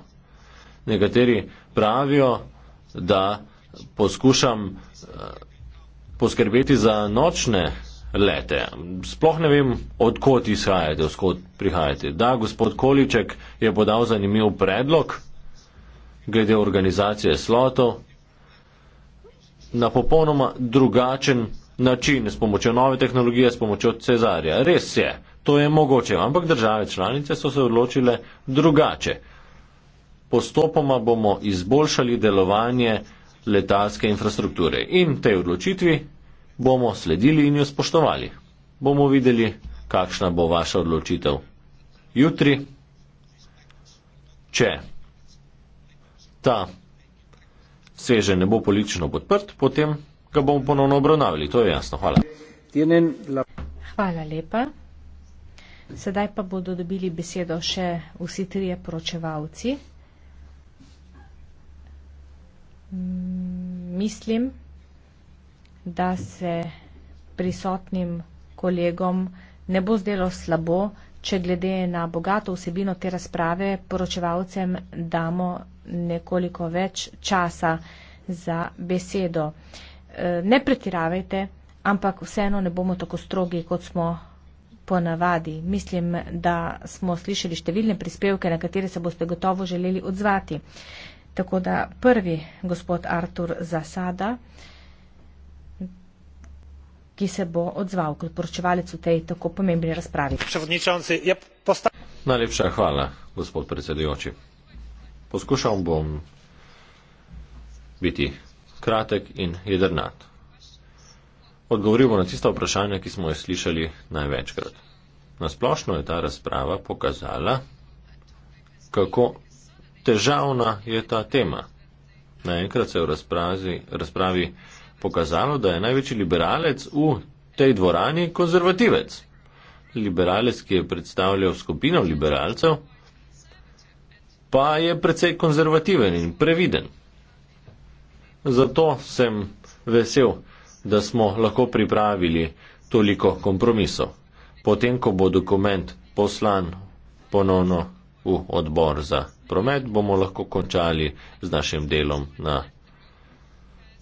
Nekateri pravijo, da poskušam eh, poskrbeti za nočne lete. Sploh ne vem, odkot izhajate, odkot prihajate. Da, gospod Količek je podal zanimiv predlog glede organizacije sloto na popolnoma drugačen način, s pomočjo nove tehnologije, s pomočjo Cezarja. Res je, to je mogoče, ampak države članice so se odločile drugače. Postopoma bomo izboljšali delovanje letalske infrastrukture. In tej odločitvi bomo sledili in jo spoštovali. Bomo videli, kakšna bo vaša odločitev jutri, če ta sveže ne bo politično podprt, potem ga bomo ponovno obravnavili. To je jasno. Hvala. Hvala lepa. Sedaj pa bodo dobili besedo še vsi trije poročevalci mislim, da se prisotnim kolegom ne bo zdelo slabo, če glede na bogato vsebino te razprave poročevalcem damo nekoliko več časa za besedo. E, ne pretiravajte, ampak vseeno ne bomo tako strogi, kot smo ponavadi. Mislim, da smo slišali številne prispevke, na katere se boste gotovo želeli odzvati. Tako da prvi gospod Artur Zasada, ki se bo odzval kot poročevalec v tej tako pomembni razpravi. Najlepša hvala, gospod predsedujoči. Poskušal bom biti kratek in jedrnat. Odgovoril bom na tista vprašanja, ki smo jih slišali največkrat. Nasplošno je ta razprava pokazala, kako težavna je ta tema. Naenkrat se je v razpravi, razpravi pokazalo, da je največji liberalec v tej dvorani konzervativec. Liberalec, ki je predstavljal skupino liberalcev, pa je precej konzervativen in previden. Zato sem vesel, da smo lahko pripravili toliko kompromisov. Potem, ko bo dokument poslan ponovno v odbor za promet bomo lahko končali z našim delom na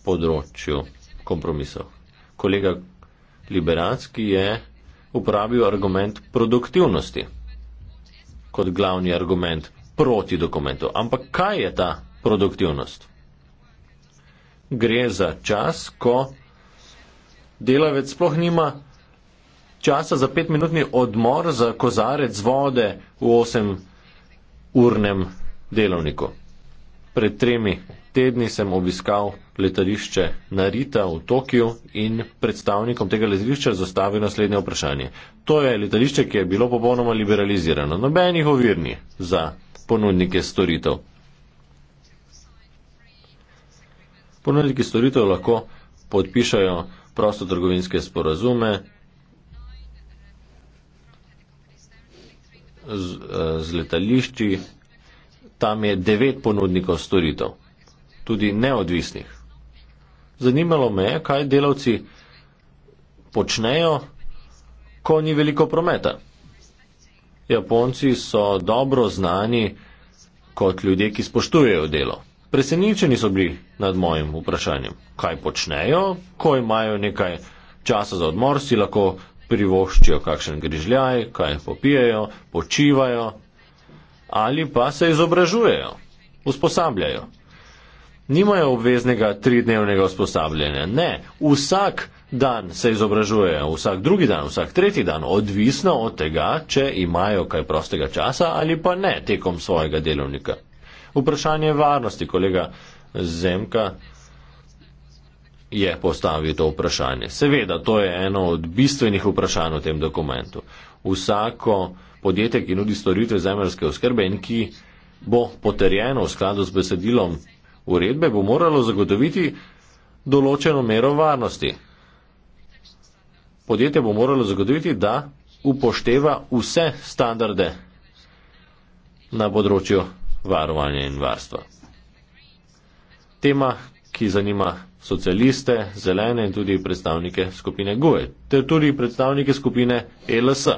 področju kompromisov. Kolega Liberanski je uporabil argument produktivnosti kot glavni argument proti dokumentu. Ampak kaj je ta produktivnost? Gre za čas, ko delavec sploh nima časa za petminutni odmor za kozarec vode v osem urnem delovniku. Pred tremi tedni sem obiskal letališče Narita v Tokiu in predstavnikom tega letališča zastavil naslednje vprašanje. To je letališče, ki je bilo popolnoma liberalizirano, nobenih ovirni za ponudnike storitev. Ponudniki storitev lahko podpišajo prostotrgovinske sporazume z, eh, z letališči, Tam je devet ponudnikov storitev, tudi neodvisnih. Zanimalo me je, kaj delavci počnejo, ko ni veliko prometa. Japonci so dobro znani kot ljudje, ki spoštujejo delo. Presenečeni so bili nad mojim vprašanjem, kaj počnejo, ko imajo nekaj časa za odmor, si lahko privoščijo kakšen grižljaj, kaj popijajo, počivajo, ali pa se izobražujejo, usposabljajo. Nimajo obveznega tridnevnega usposabljanja, ne, vsak dan se izobražujejo, vsak drugi dan, vsak tretji dan, odvisno od tega, če imajo kaj prostega časa ali pa ne tekom svojega delovnika. Vprašanje varnosti, kolega Zemka je postavil to vprašanje. Seveda, to je eno od bistvenih vprašanj v tem dokumentu. Vsako podjetje, ki nudi storitve zemljske oskrbe in ki bo poterjeno v skladu z besedilom uredbe, bo moralo zagotoviti določeno mero varnosti. Podjetje bo moralo zagotoviti, da upošteva vse standarde na področju varovanja in varstva. Tema, ki zanima socialiste, zelene in tudi predstavnike skupine GUE, ter tudi predstavnike skupine e LSA.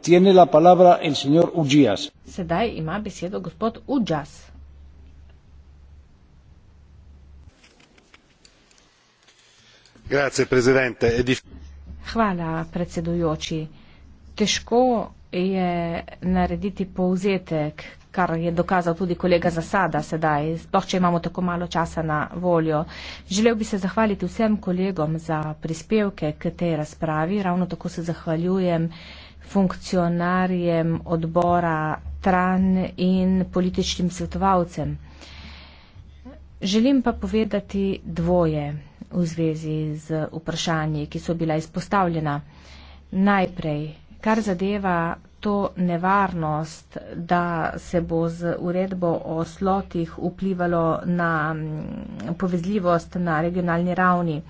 tiene la palabra el señor Ujias. Sedaj ima besedo gospod Ujias. Grazie presidente. Hvala predsedujoči. Težko je narediti povzetek, kar je dokazal tudi kolega Zasada sedaj, sploh če imamo tako malo časa na voljo. Želel bi se zahvaliti vsem kolegom za prispevke k tej razpravi, ravno tako se zahvaljujem funkcionarjem odbora Tran in političnim svetovalcem. Želim pa povedati dvoje v zvezi z vprašanji, ki so bila izpostavljena. Najprej, kar zadeva to nevarnost, da se bo z uredbo o slotih vplivalo na mm, povezljivost na regionalni ravni.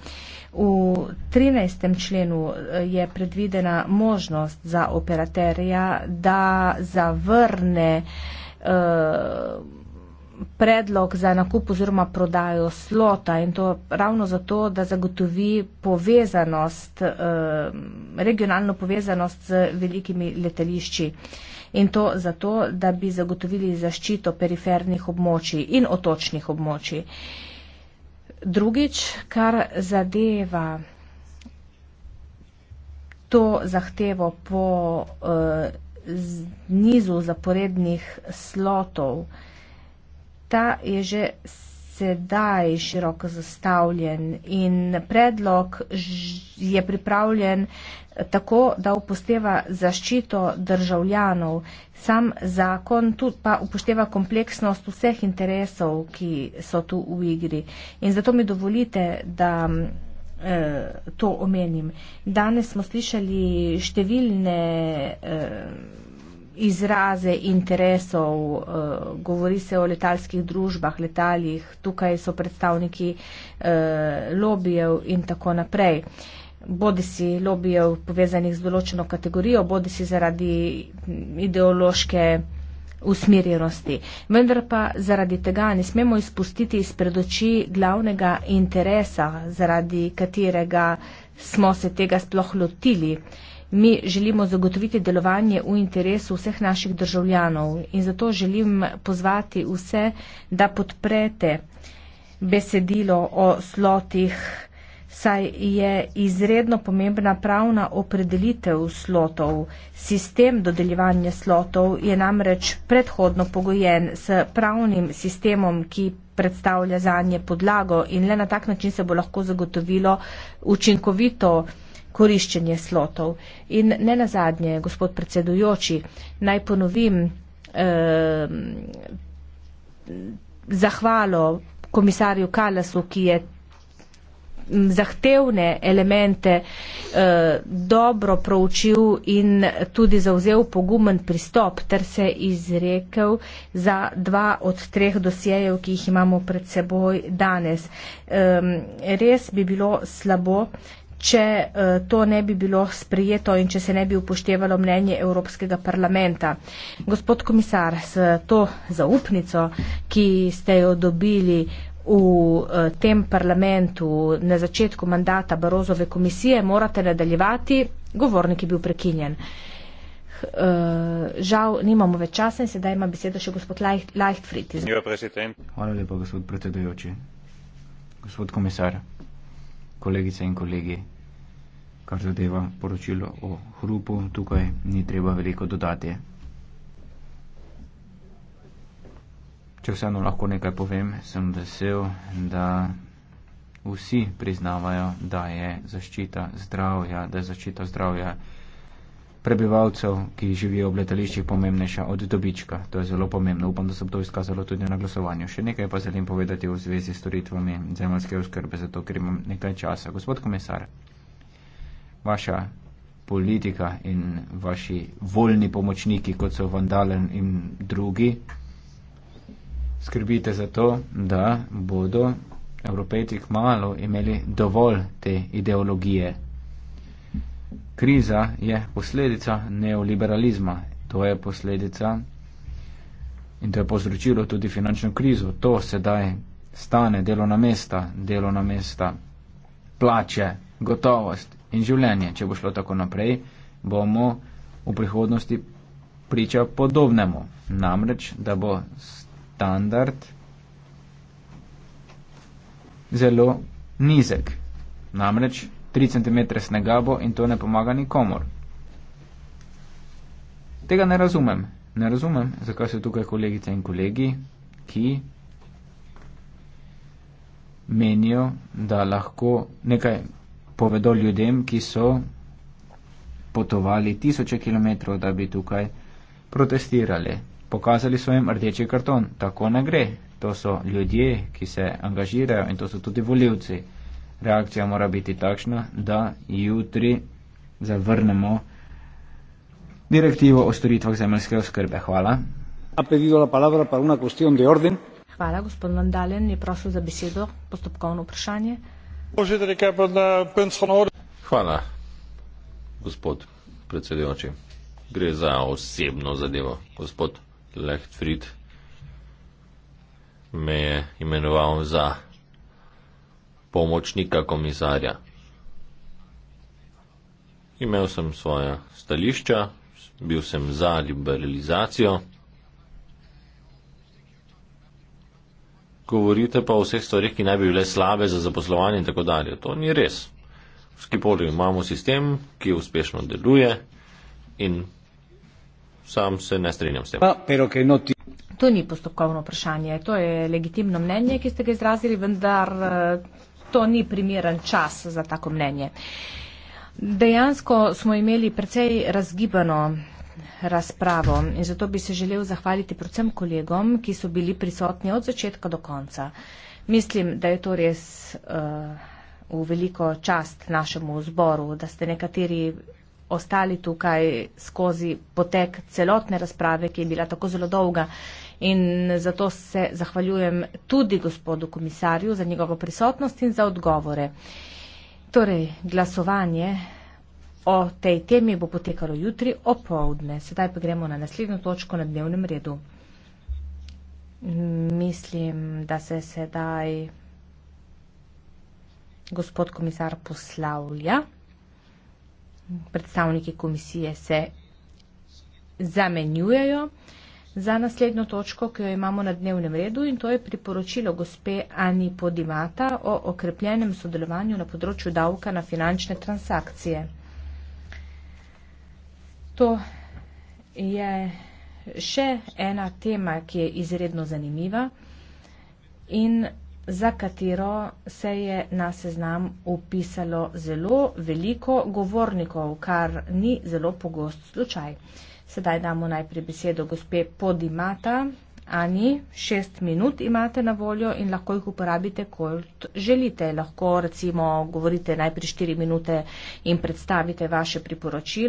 V 13. členu eh, je predvidena možnost za operaterja, da zavrne uh, predlog za nakup oziroma prodajo slota in to ravno zato, da zagotovi povezanost, eh, regionalno povezanost z velikimi letališči in to zato, da bi zagotovili zaščito perifernih območij in otočnih območij. Drugič, kar zadeva to zahtevo po eh, nizu zaporednih slotov, eh, Ta je že sedaj široko zastavljen in predlog je pripravljen tako, da upošteva zaščito državljanov. Sam zakon tu pa upošteva kompleksnost vseh interesov, ki so tu v igri. In zato mi dovolite, da eh, to omenim. Danes smo slišali številne. Eh, izraze interesov, eh, govori se o letalskih družbah, letaljih, tukaj so predstavniki eh, lobijev in tako naprej. Bodi si lobijev povezanih z določeno kategorijo, bodi si zaradi ideološke usmirjenosti. Vendar pa zaradi tega ne smemo izpustiti iz predoči glavnega interesa, zaradi katerega smo se tega sploh lotili. Uh, Mi želimo zagotoviti delovanje v interesu vseh naših državljanov in zato želim pozvati vse, da podprete besedilo o slotih, saj je izredno pomembna pravna opredelitev slotov. Sistem dodeljevanja slotov je namreč predhodno pogojen s pravnim sistemom, ki predstavlja zanje podlago in le na tak način se bo lahko zagotovilo učinkovito koriščenje slotov. In ne nazadnje, gospod predsedujoči, naj ponovim eh, zahvalo komisarju Kalasu, ki je zahtevne elemente eh, dobro proučil in tudi zauzel pogumen pristop ter se izrekel za dva od treh dosjejev, ki jih imamo pred seboj danes. Eh, res bi bilo slabo, če eh, to ne bi bilo sprijeto in če se ne bi upoštevalo mnenje Evropskega parlamenta. Gospod komisar, s to zaupnico, ki ste jo dobili v eh, tem parlamentu na začetku mandata Barozove komisije, morate nadaljevati, govornik je bil prekinjen. Uh, žal, nimamo več časa in sedaj ima besedo še gospod Leicht, Leichtfried. Hvala lepa, gospod predsedujoči. Gospod komisar kolegice in kolegi. Kar zadeva poročilo o hrupu, tukaj ni treba veliko dodati. Če vseeno lahko nekaj povem, sem vesel, da vsi priznavajo, da je zaščita zdravja, da je zaščita zdravja prebivalcev, ki živijo v letališčih, pomembnejša od dobička. To je zelo pomembno. Upam, da se bo to izkazalo tudi na glasovanju. Še nekaj pa želim povedati v zvezi s storitvami zemljske oskrbe, zato ker imam nekaj časa. Gospod komisar, vaša politika in vaši voljni pomočniki, kot so vandalen in drugi, skrbite za to, da bodo evropejci kmalo imeli dovolj te ideologije kriza je posledica neoliberalizma. To je posledica in to je povzročilo tudi finančno krizo. To sedaj stane delovna mesta, delovna mesta, plače, gotovost in življenje. Če bo šlo tako naprej, bomo v prihodnosti priča podobnemu. Namreč, da bo standard zelo nizek. Namreč, 3 cm snega bo in to ne pomaga nikomor. Tega ne razumem. Ne razumem, zakaj so tukaj kolegice in kolegi, ki menijo, da lahko nekaj povedo ljudem, ki so potovali tisoče kilometrov, da bi tukaj protestirali. Pokazali so jim rdeči karton. Tako ne gre. To so ljudje, ki se angažirajo in to so tudi voljivci reakcija mora biti takšna, da jutri zavrnemo direktivo o storitvah zemljske oskrbe. Hvala. Hvala, gospod Landalen, je prosil za besedo, postopkovno vprašanje. Hvala, gospod predsedujoči. Gre za osebno zadevo. Gospod Lehtfried me je imenoval za pomočnika komisarja. Imel sem svoja stališča, bil sem za liberalizacijo. Govorite pa o vseh stvarih, ki naj bi bile slabe za zaposlovanje in tako dalje. To ni res. V Skipolju imamo sistem, ki uspešno deluje in sam se ne strinjam s tem. No to ni postopkovno vprašanje, to je legitimno mnenje, ki ste ga izrazili, vendar eh, to ni primeren čas za tako mnenje. Dejansko smo imeli precej razgibano razpravo in zato bi se želel zahvaliti predvsem kolegom, ki so bili prisotni od začetka do konca. Mislim, da je to res uh, v veliko čast našemu zboru, da ste nekateri ostali tukaj skozi potek celotne razprave, ki je bila tako zelo dolga In zato se zahvaljujem tudi gospodu komisarju za njegovo prisotnost in za odgovore. Torej, glasovanje o tej temi bo potekalo jutri o povdne. Sedaj pa gremo na naslednjo točko na dnevnem redu. Mislim, da se sedaj gospod komisar poslavlja. Predstavniki komisije se zamenjujejo za naslednjo točko, ki jo imamo na dnevnem redu in to je priporočilo gospe Ani Podimata o okrepljenem sodelovanju na področju davka na finančne transakcije. To je še ena tema, ki je izredno zanimiva in za katero se je na seznam upisalo zelo veliko govornikov, kar ni zelo pogost slučaj. Sedaj damo najprej besedo gospe Podimata. Ani, šest minut imate na voljo in lahko jih uporabite, kot želite. Lahko recimo govorite najprej štiri minute in predstavite vaše priporočilo.